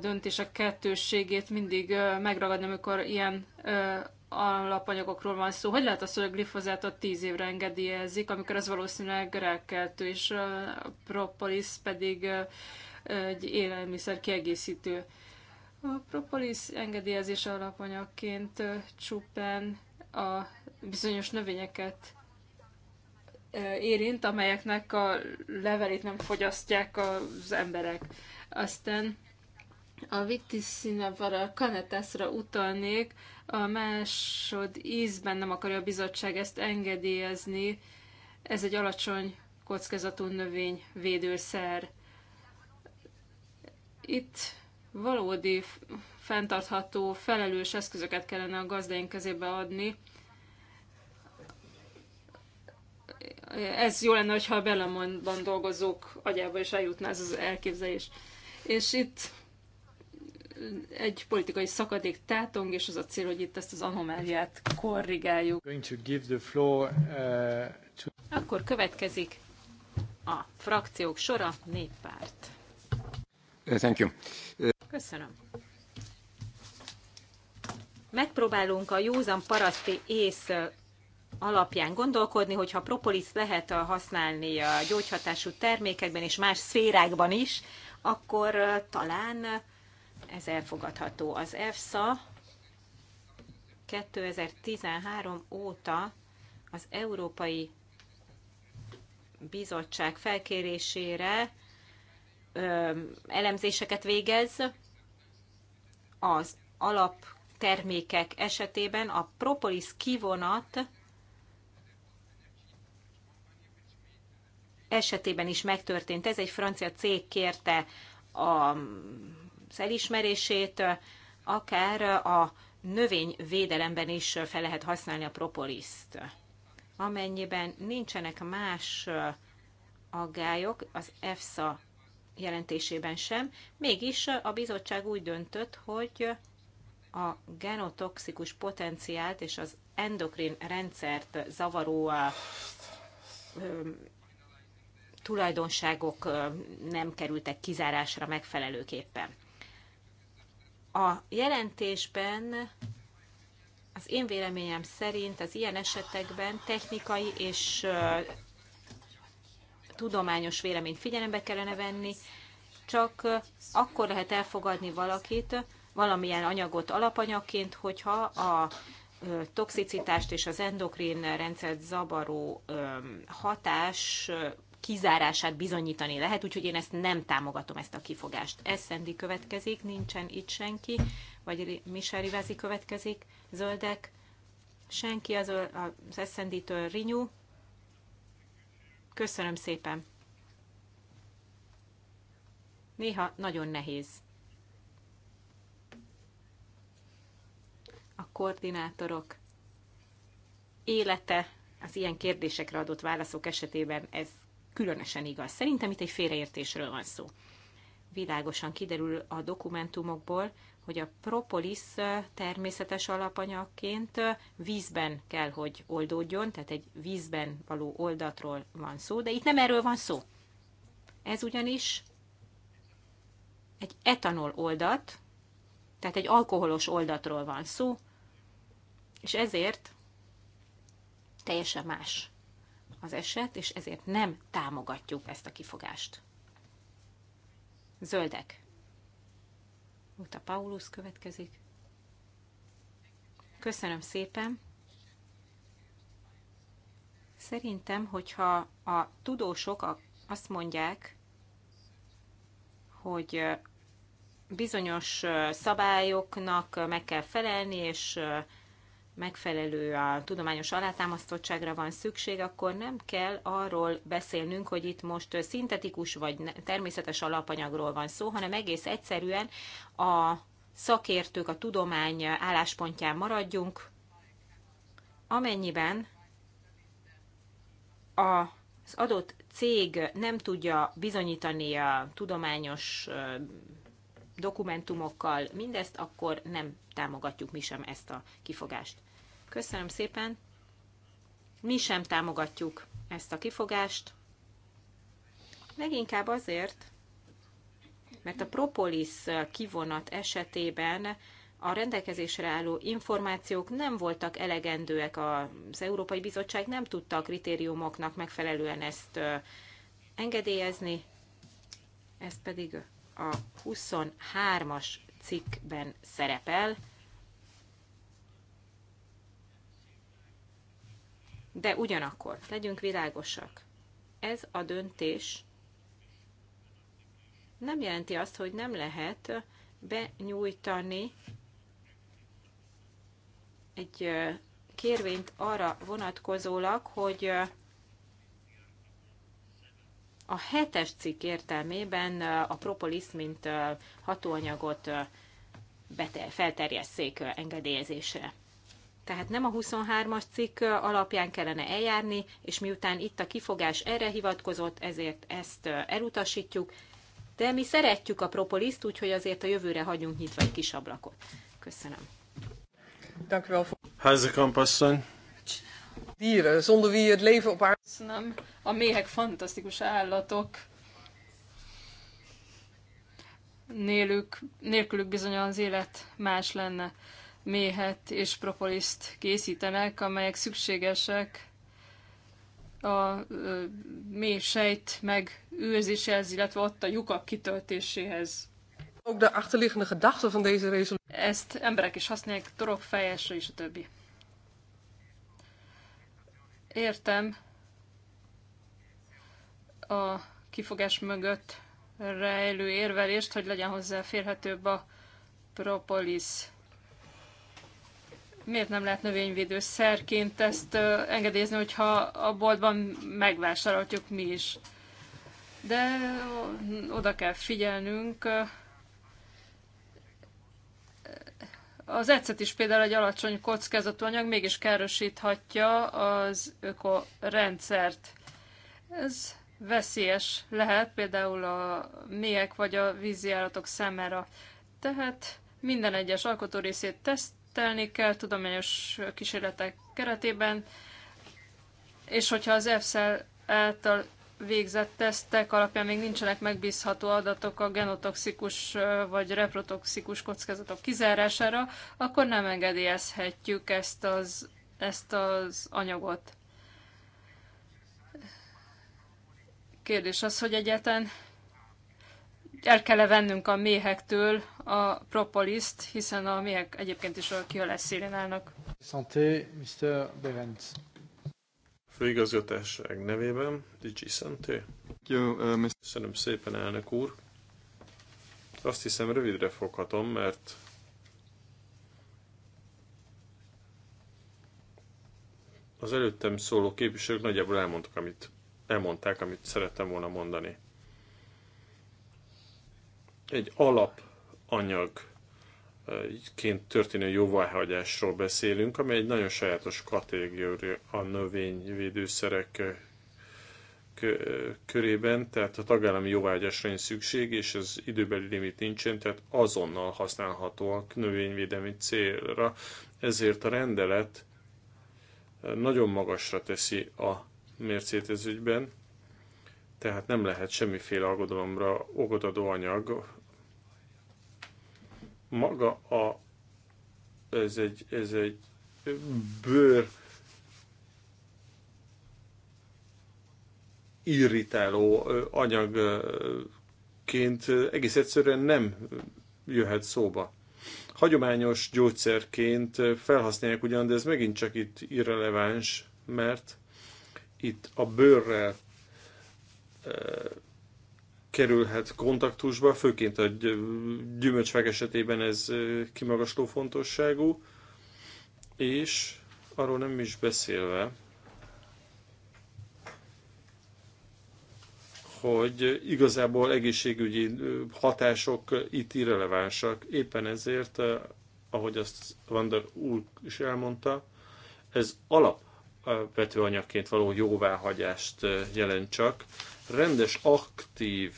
döntések kettősségét mindig megragadni, amikor ilyen alapanyagokról van szó. Hogy lehet az, hogy a glifozátot tíz évre engedélyezik, amikor ez valószínűleg rákeltő, és a propolis pedig egy élelmiszer kiegészítő. A propolis engedélyezés alapanyagként csupán a bizonyos növényeket érint, amelyeknek a levelét nem fogyasztják az emberek. Aztán a a Kanetászra utalnék, a másod ízben nem akarja a bizottság ezt engedélyezni. Ez egy alacsony kockázatú növény védőszer. Itt valódi, fenntartható, felelős eszközöket kellene a gazdaink kezébe adni. Ez jó lenne, ha a Belemonban dolgozók agyába is eljutna ez az elképzelés. És itt egy politikai szakadék tátong, és az a cél, hogy itt ezt az anomáliát korrigáljuk. Floor, uh, to... Akkor következik a frakciók sora, néppárt. Uh, thank you. Köszönöm. Megpróbálunk a józan paraszti ész uh, alapján gondolkodni, hogyha propolis lehet uh, használni a gyógyhatású termékekben és más szférákban is, akkor talán ez elfogadható. Az EFSA 2013 óta az Európai Bizottság felkérésére elemzéseket végez az alaptermékek esetében a propolis kivonat esetében is megtörtént. Ez egy francia cég kérte a elismerését, akár a növényvédelemben is fel lehet használni a propoliszt. Amennyiben nincsenek más aggályok az EFSA jelentésében sem, mégis a bizottság úgy döntött, hogy a genotoxikus potenciált és az endokrin rendszert zavaró tulajdonságok nem kerültek kizárásra megfelelőképpen. A jelentésben az én véleményem szerint az ilyen esetekben technikai és tudományos véleményt figyelembe kellene venni, csak akkor lehet elfogadni valakit, valamilyen anyagot alapanyagként, hogyha a toxicitást és az endokrin rendszert zavaró hatás kizárását bizonyítani lehet, úgyhogy én ezt nem támogatom, ezt a kifogást. Eszendi következik, nincsen itt senki, vagy Michel Rivázi következik, zöldek, senki az, az Eszenditől Rinyú. Köszönöm szépen. Néha nagyon nehéz. A koordinátorok élete az ilyen kérdésekre adott válaszok esetében ez különösen igaz. Szerintem itt egy félreértésről van szó. Világosan kiderül a dokumentumokból, hogy a propolis természetes alapanyagként vízben kell, hogy oldódjon, tehát egy vízben való oldatról van szó, de itt nem erről van szó. Ez ugyanis egy etanol oldat, tehát egy alkoholos oldatról van szó, és ezért teljesen más az eset, és ezért nem támogatjuk ezt a kifogást. Zöldek. Uta Paulus következik. Köszönöm szépen. Szerintem, hogyha a tudósok azt mondják, hogy bizonyos szabályoknak meg kell felelni, és megfelelő a tudományos alátámasztottságra van szükség, akkor nem kell arról beszélnünk, hogy itt most szintetikus vagy természetes alapanyagról van szó, hanem egész egyszerűen a szakértők, a tudomány álláspontján maradjunk, amennyiben az adott cég nem tudja bizonyítani a tudományos dokumentumokkal mindezt, akkor nem támogatjuk mi sem ezt a kifogást. Köszönöm szépen. Mi sem támogatjuk ezt a kifogást. Leginkább azért, mert a propolis kivonat esetében a rendelkezésre álló információk nem voltak elegendőek, az Európai Bizottság nem tudta a kritériumoknak megfelelően ezt engedélyezni, ez pedig a 23-as cikkben szerepel. De ugyanakkor, legyünk világosak, ez a döntés nem jelenti azt, hogy nem lehet benyújtani egy kérvényt arra vonatkozólag, hogy a hetes cikk értelmében a propolis, mint hatóanyagot felterjesszék engedélyezésre. Tehát nem a 23-as cikk alapján kellene eljárni, és miután itt a kifogás erre hivatkozott, ezért ezt elutasítjuk. De mi szeretjük a propoliszt, úgyhogy azért a jövőre hagyunk nyitva egy kis ablakot. Köszönöm. Köszönöm. A méhek fantasztikus állatok. Nélük, nélkülük bizony az élet más lenne méhet és propoliszt készítenek, amelyek szükségesek a méh sejt megőrzéséhez, illetve ott a lyukak kitöltéséhez. Ook de achterliggende gedachte van deze resolutie. Ezt emberek is használják, fejesre és a többi. Értem a kifogás mögött rejlő érvelést, hogy legyen hozzá férhetőbb a propolis miért nem lehet növényvédőszerként ezt engedélyezni, hogyha a boltban megvásároljuk mi is. De oda kell figyelnünk. Az ecet is például egy alacsony kockázatú anyag mégis károsíthatja az ökorendszert. Ez veszélyes lehet például a méhek vagy a vízi állatok számára. Tehát minden egyes alkotórészét teszt tesztelni kell tudományos kísérletek keretében, és hogyha az EFSZEL által végzett tesztek alapján még nincsenek megbízható adatok a genotoxikus vagy reprotoxikus kockázatok kizárására, akkor nem engedélyezhetjük ezt az, ezt az anyagot. Kérdés az, hogy egyetlen el kell -e vennünk a méhektől a propoliszt, hiszen a miek egyébként is a kihalás szélén állnak. Santé, Mr. Berenc. Főigazgatásság nevében, Digi Santé. Uh, Köszönöm szépen, elnök úr. Azt hiszem rövidre foghatom, mert az előttem szóló képviselők nagyjából elmondtak, amit, elmondták, amit szerettem volna mondani. Egy alap anyagként történő jóváhagyásról beszélünk, ami egy nagyon sajátos kategória a növényvédőszerek körében, tehát a tagállami jóváhagyásra nincs szükség, és az időbeli limit nincsen, tehát azonnal használhatóak növényvédelmi célra. Ezért a rendelet nagyon magasra teszi a mércét ez ügyben, tehát nem lehet semmiféle aggodalomra okot adó anyag maga a, ez egy, ez egy bőr irritáló anyagként egész egyszerűen nem jöhet szóba. Hagyományos gyógyszerként felhasználják ugyan, de ez megint csak itt irreleváns, mert itt a bőrrel kerülhet kontaktusba, főként a gyümölcsfák esetében ez kimagasló fontosságú, és arról nem is beszélve, hogy igazából egészségügyi hatások itt irrelevánsak. Éppen ezért, ahogy azt Vander úr is elmondta, ez alapvető anyagként való jóváhagyást jelent csak. Rendes, aktív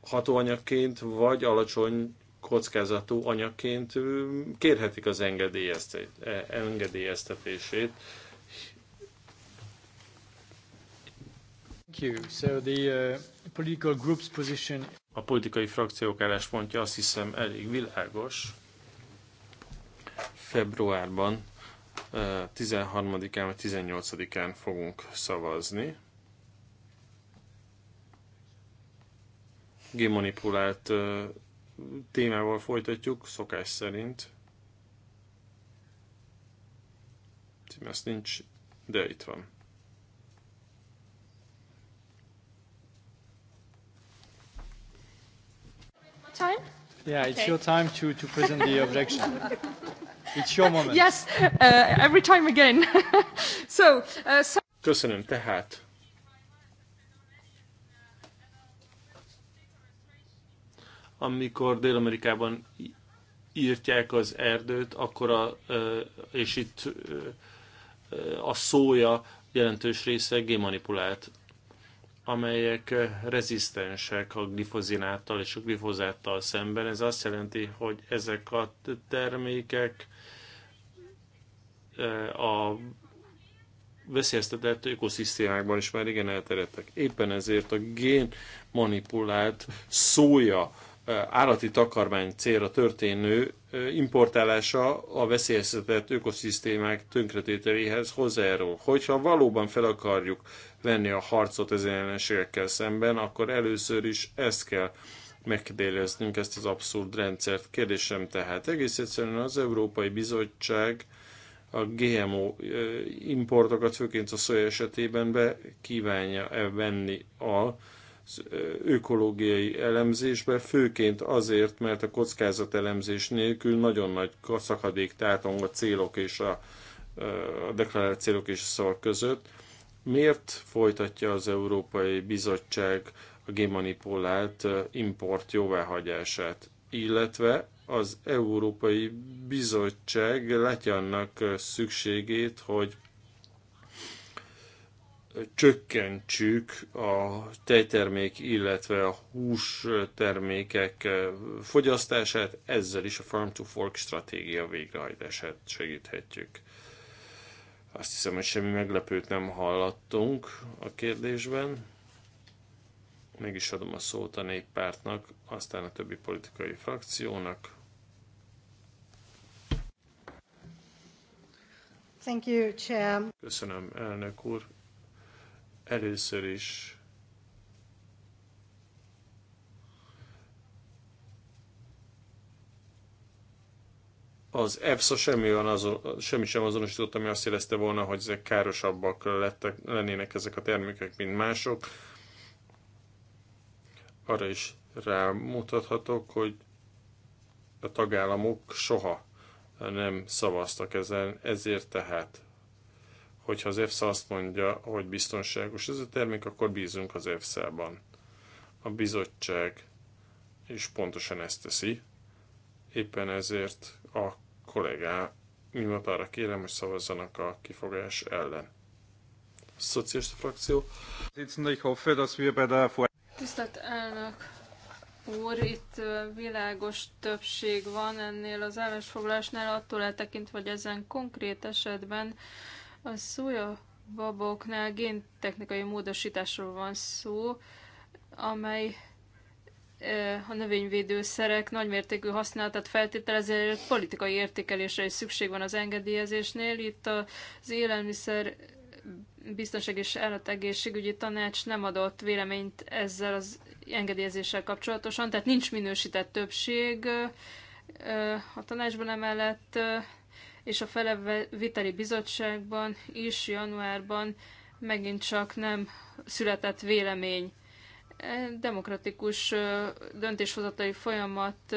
hatóanyagként, vagy alacsony kockázatú anyagként kérhetik az e, engedélyeztetését. Thank you. So the uh, political group's position... A politikai frakciók álláspontja azt hiszem elég világos. Februárban 13-án vagy 18-án fogunk szavazni. gémanipulált témával folytatjuk, szokás szerint. Ezt nincs, de itt van. Time? Yeah, it's your time to, to present the objection. it's your moment. Yes, uh, every time again. so, uh, so... Köszönöm, tehát amikor Dél-Amerikában írtják az erdőt, akkor a, és itt a szója jelentős része gémanipulált, amelyek rezisztensek a glifozináttal és a glifozáttal szemben. Ez azt jelenti, hogy ezek a termékek a veszélyeztetett ökoszisztémákban is már igen elterjedtek. Éppen ezért a gén manipulált szója állati takarmány célra történő importálása a veszélyeztetett ökoszisztémák tönkretételéhez hozzájárul. Hogyha valóban fel akarjuk venni a harcot ezen ellenségekkel szemben, akkor először is ezt kell megkérdeznünk, ezt az abszurd rendszert. Kérdésem tehát egész egyszerűen az Európai Bizottság a GMO importokat, főként a szója esetében be kívánja -e venni a ökológiai elemzésbe, főként azért, mert a elemzés nélkül nagyon nagy szakadék tátong a célok és a, a deklarált célok és a szavak között. Miért folytatja az Európai Bizottság a gémanipulált import jóváhagyását, illetve az Európai Bizottság látja annak szükségét, hogy csökkentsük a tejtermék, illetve a hústermékek fogyasztását, ezzel is a Farm to Fork stratégia végrehajtását segíthetjük. Azt hiszem, hogy semmi meglepőt nem hallattunk a kérdésben. Meg is adom a szót a néppártnak, aztán a többi politikai frakciónak. Thank you, Chair. Köszönöm, elnök úr. Először is az EFSA semmi, van azon, semmi sem azonosított, ami azt jelezte volna, hogy ezek károsabbak lettek, lennének ezek a termékek, mint mások. Arra is rámutathatok, hogy a tagállamok soha nem szavaztak ezen, ezért tehát hogyha az EFSA azt mondja, hogy biztonságos ez a termék, akkor bízunk az EFSA-ban. A bizottság is pontosan ezt teszi, éppen ezért a kollégá mimat arra kérem, hogy szavazzanak a kifogás ellen. A szocialista frakció. Tisztelt elnök úr, itt világos többség van ennél az állásfoglalásnál, attól eltekintve, hogy ezen konkrét esetben a szója baboknál géntechnikai módosításról van szó, amely a növényvédőszerek nagymértékű használatát feltételezi, politikai értékelésre is szükség van az engedélyezésnél. Itt az élelmiszer biztonság és állategészségügyi tanács nem adott véleményt ezzel az engedélyezéssel kapcsolatosan, tehát nincs minősített többség a tanácsban emellett és a feleviteli bizottságban is januárban megint csak nem született vélemény. E, demokratikus döntéshozatai folyamat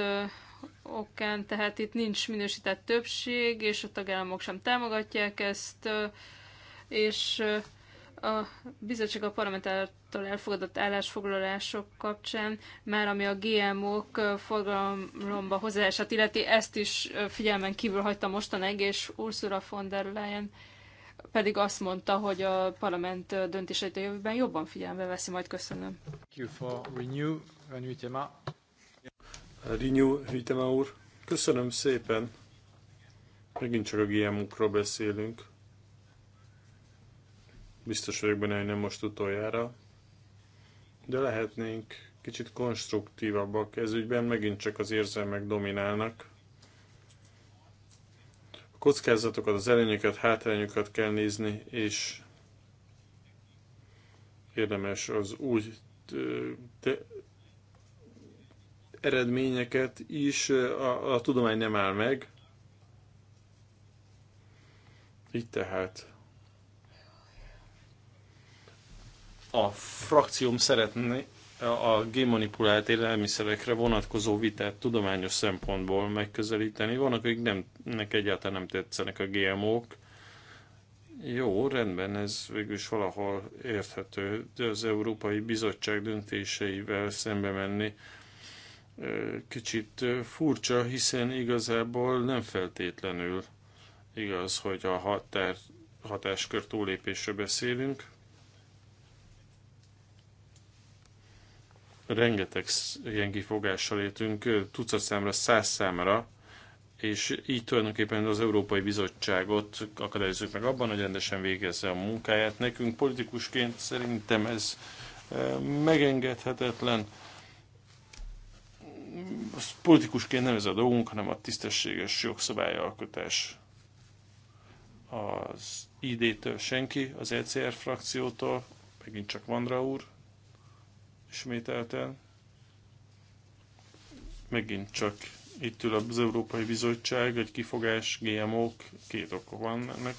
okán, tehát itt nincs minősített többség, és a tagállamok sem támogatják ezt, és a bizottság a parlamentártól elfogadott állásfoglalások kapcsán, már ami a GMO-k forgalomba hozzáását illeti, ezt is figyelmen kívül hagyta mostanáig, és Ursula von der Leyen pedig azt mondta, hogy a parlament döntéseit a jövőben jobban figyelembe veszi, majd köszönöm. Renew Hütema úr, köszönöm szépen. Megint csak a GMO-król beszélünk Biztos vagyok benne, hogy nem most utoljára. De lehetnénk kicsit konstruktívabbak. Ez ügyben megint csak az érzelmek dominálnak. A kockázatokat, az előnyöket, hátrányokat kell nézni, és érdemes az új de eredményeket is, a, a tudomány nem áll meg. Így tehát A frakcióm szeretné a gémanipulált élelmiszerekre vonatkozó vitát tudományos szempontból megközelíteni. Vannak, akik nem, nek egyáltalán nem tetszenek a GMO-k. Jó, rendben, ez végül is valahol érthető, de az Európai Bizottság döntéseivel szembe menni kicsit furcsa, hiszen igazából nem feltétlenül igaz, hogy a határ, hatáskör túlépésre beszélünk. rengeteg ilyen kifogással értünk, tucat számra, száz számra, és így tulajdonképpen az Európai Bizottságot akadályozzuk meg abban, hogy rendesen végezze a munkáját. Nekünk politikusként szerintem ez megengedhetetlen. Politikusként nem ez a dolgunk, hanem a tisztességes jogszabályalkotás. Az ID-től senki, az ECR frakciótól, megint csak Vandra úr, ismételten. Megint csak itt ül az Európai Bizottság, egy kifogás, GMO-k, két oka van ennek.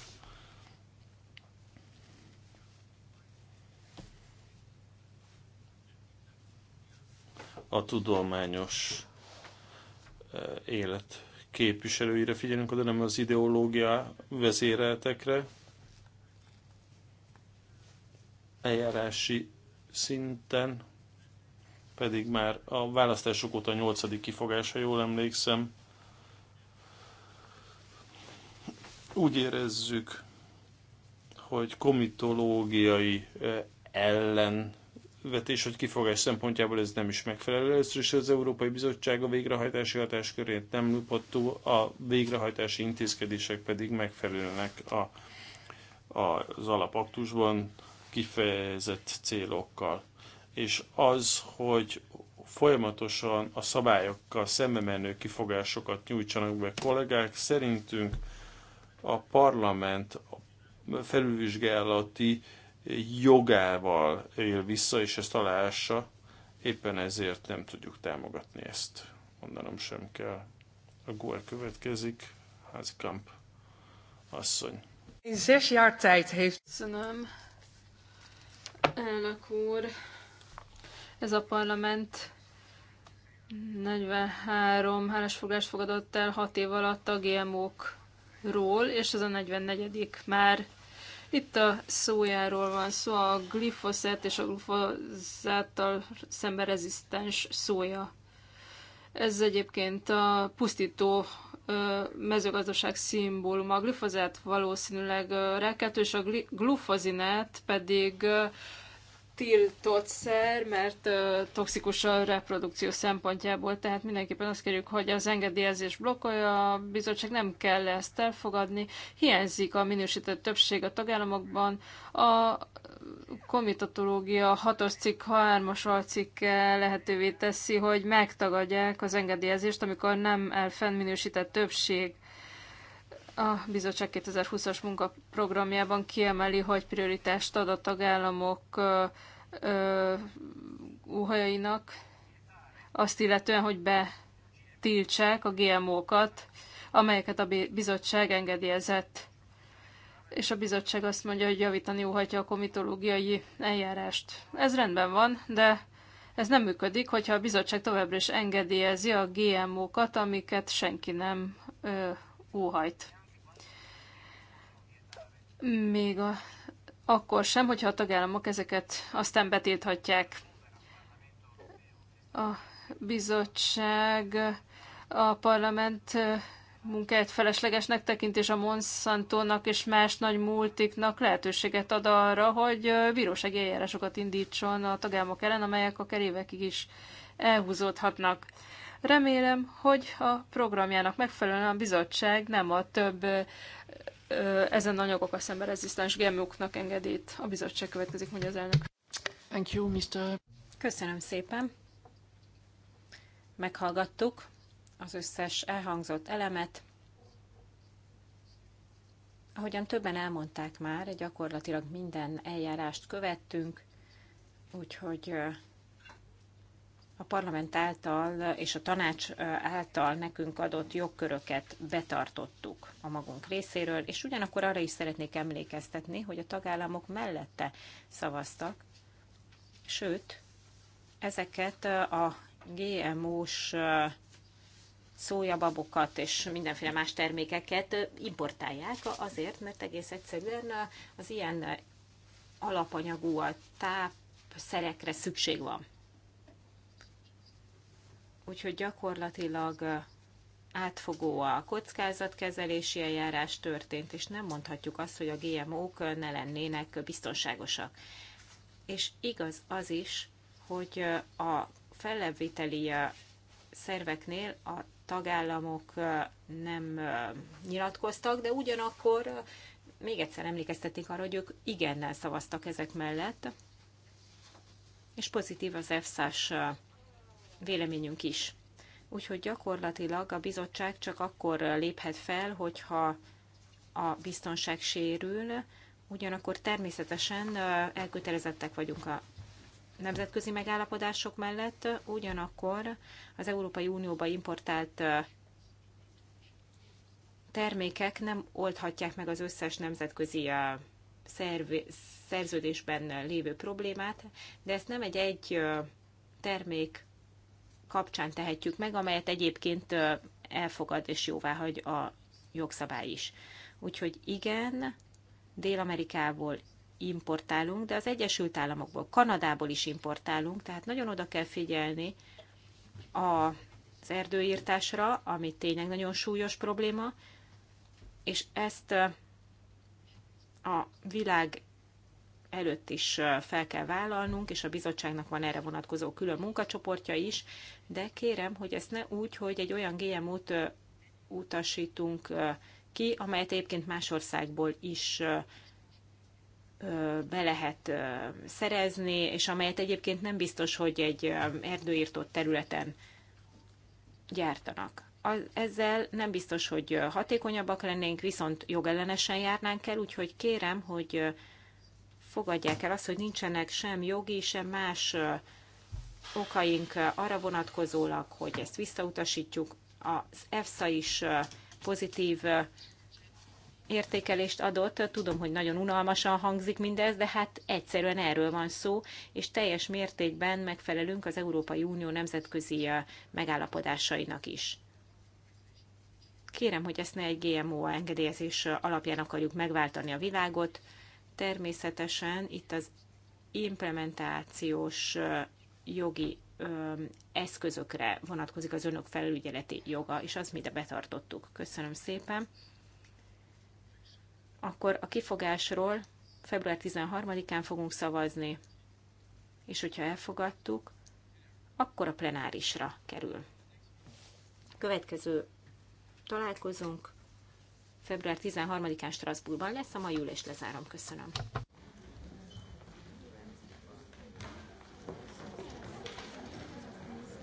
A tudományos eh, élet képviselőire figyelünk oda, nem az ideológia vezéreltekre. Eljárási szinten pedig már a választások óta a nyolcadik kifogása, jól emlékszem. Úgy érezzük, hogy komitológiai ellen vetés, hogy kifogás szempontjából ez nem is megfelelő. Először is az Európai Bizottság a végrehajtási hatáskörét nem lupott túl, a végrehajtási intézkedések pedig megfelelőnek a, a, az alapaktusban kifejezett célokkal és az, hogy folyamatosan a szabályokkal szembe menő kifogásokat nyújtsanak be kollégák, szerintünk a parlament felülvizsgálati jogával él vissza, és ezt aláássa, éppen ezért nem tudjuk támogatni ezt. Mondanom sem kell. A Guer következik, házikamp asszony. 6 jaar tijd heeft... Köszönöm. Elnök úr, ez a parlament 43 állásfogást fogadott el 6 év alatt a GMO-król, és ez a 44 már. Itt a szójáról van szó, a glifoszát és a glifozáttal szemben rezisztens szója. Ez egyébként a pusztító mezőgazdaság szimbóluma. A glifozát valószínűleg rákeltő, és a glufozinát pedig tiltott szer, mert uh, toxikus a reprodukció szempontjából, tehát mindenképpen azt kérjük, hogy az engedélyezés blokkolja, a bizottság nem kell ezt elfogadni, hiányzik a minősített többség a tagállamokban, a komitatológia 6-os cikk, 3-as alcikke lehetővé teszi, hogy megtagadják az engedélyezést, amikor nem elfen minősített többség a bizottság 2020-as munkaprogramjában kiemeli, hogy prioritást ad a tagállamok óhajainak azt illetően, hogy betiltsák a GMO-kat, amelyeket a bizottság engedélyezett. És a bizottság azt mondja, hogy javítani óhatja a komitológiai eljárást. Ez rendben van, de ez nem működik, hogyha a bizottság továbbra is engedélyezi a GMO-kat, amiket senki nem óhajt. Még a akkor sem, hogyha a tagállamok ezeket aztán betilthatják. A bizottság a parlament munkáját feleslegesnek tekint, és a monsanto és más nagy multiknak lehetőséget ad arra, hogy bírósági eljárásokat indítson a tagállamok ellen, amelyek akár évekig is elhúzódhatnak. Remélem, hogy a programjának megfelelően a bizottság nem a több ezen anyagok a szemberezisztens GMO-knak engedélyt. A bizottság következik, mondja az elnök. Thank you, Mr. Köszönöm szépen. Meghallgattuk az összes elhangzott elemet. Ahogyan többen elmondták már, gyakorlatilag minden eljárást követtünk, úgyhogy a parlament által és a tanács által nekünk adott jogköröket betartottuk a magunk részéről, és ugyanakkor arra is szeretnék emlékeztetni, hogy a tagállamok mellette szavaztak, sőt, ezeket a GMO-s szójababokat és mindenféle más termékeket importálják azért, mert egész egyszerűen az ilyen alapanyagú a tápszerekre szükség van. Úgyhogy gyakorlatilag átfogó a kockázatkezelési eljárás történt, és nem mondhatjuk azt, hogy a GMO-k ne lennének biztonságosak. És igaz az is, hogy a felleviteli szerveknél a tagállamok nem nyilatkoztak, de ugyanakkor még egyszer emlékeztetik arra, hogy ők igennel szavaztak ezek mellett, és pozitív az EFSA-s véleményünk is. Úgyhogy gyakorlatilag a bizottság csak akkor léphet fel, hogyha a biztonság sérül, ugyanakkor természetesen elkötelezettek vagyunk a nemzetközi megállapodások mellett, ugyanakkor az Európai Unióba importált termékek nem oldhatják meg az összes nemzetközi szerződésben lévő problémát, de ezt nem egy egy termék kapcsán tehetjük meg, amelyet egyébként elfogad és jóvá hagy a jogszabály is. Úgyhogy igen, Dél-Amerikából importálunk, de az Egyesült Államokból, Kanadából is importálunk, tehát nagyon oda kell figyelni az erdőírtásra, ami tényleg nagyon súlyos probléma, és ezt a világ előtt is fel kell vállalnunk, és a bizottságnak van erre vonatkozó külön munkacsoportja is, de kérem, hogy ezt ne úgy, hogy egy olyan GMO-t utasítunk ki, amelyet egyébként más országból is be lehet szerezni, és amelyet egyébként nem biztos, hogy egy erdőírtott területen gyártanak. Ezzel nem biztos, hogy hatékonyabbak lennénk, viszont jogellenesen járnánk el, úgyhogy kérem, hogy fogadják el azt, hogy nincsenek sem jogi, sem más okaink arra vonatkozólag, hogy ezt visszautasítjuk. Az EFSA is pozitív értékelést adott. Tudom, hogy nagyon unalmasan hangzik mindez, de hát egyszerűen erről van szó, és teljes mértékben megfelelünk az Európai Unió nemzetközi megállapodásainak is. Kérem, hogy ezt ne egy GMO engedélyezés alapján akarjuk megváltani a világot, Természetesen itt az implementációs jogi eszközökre vonatkozik az önök felügyeleti joga, és azt mind betartottuk. Köszönöm szépen. Akkor a kifogásról február 13-án fogunk szavazni, és hogyha elfogadtuk, akkor a plenárisra kerül. Következő találkozunk február 13-án Strasbourgban lesz. A mai ülést lezárom. Köszönöm.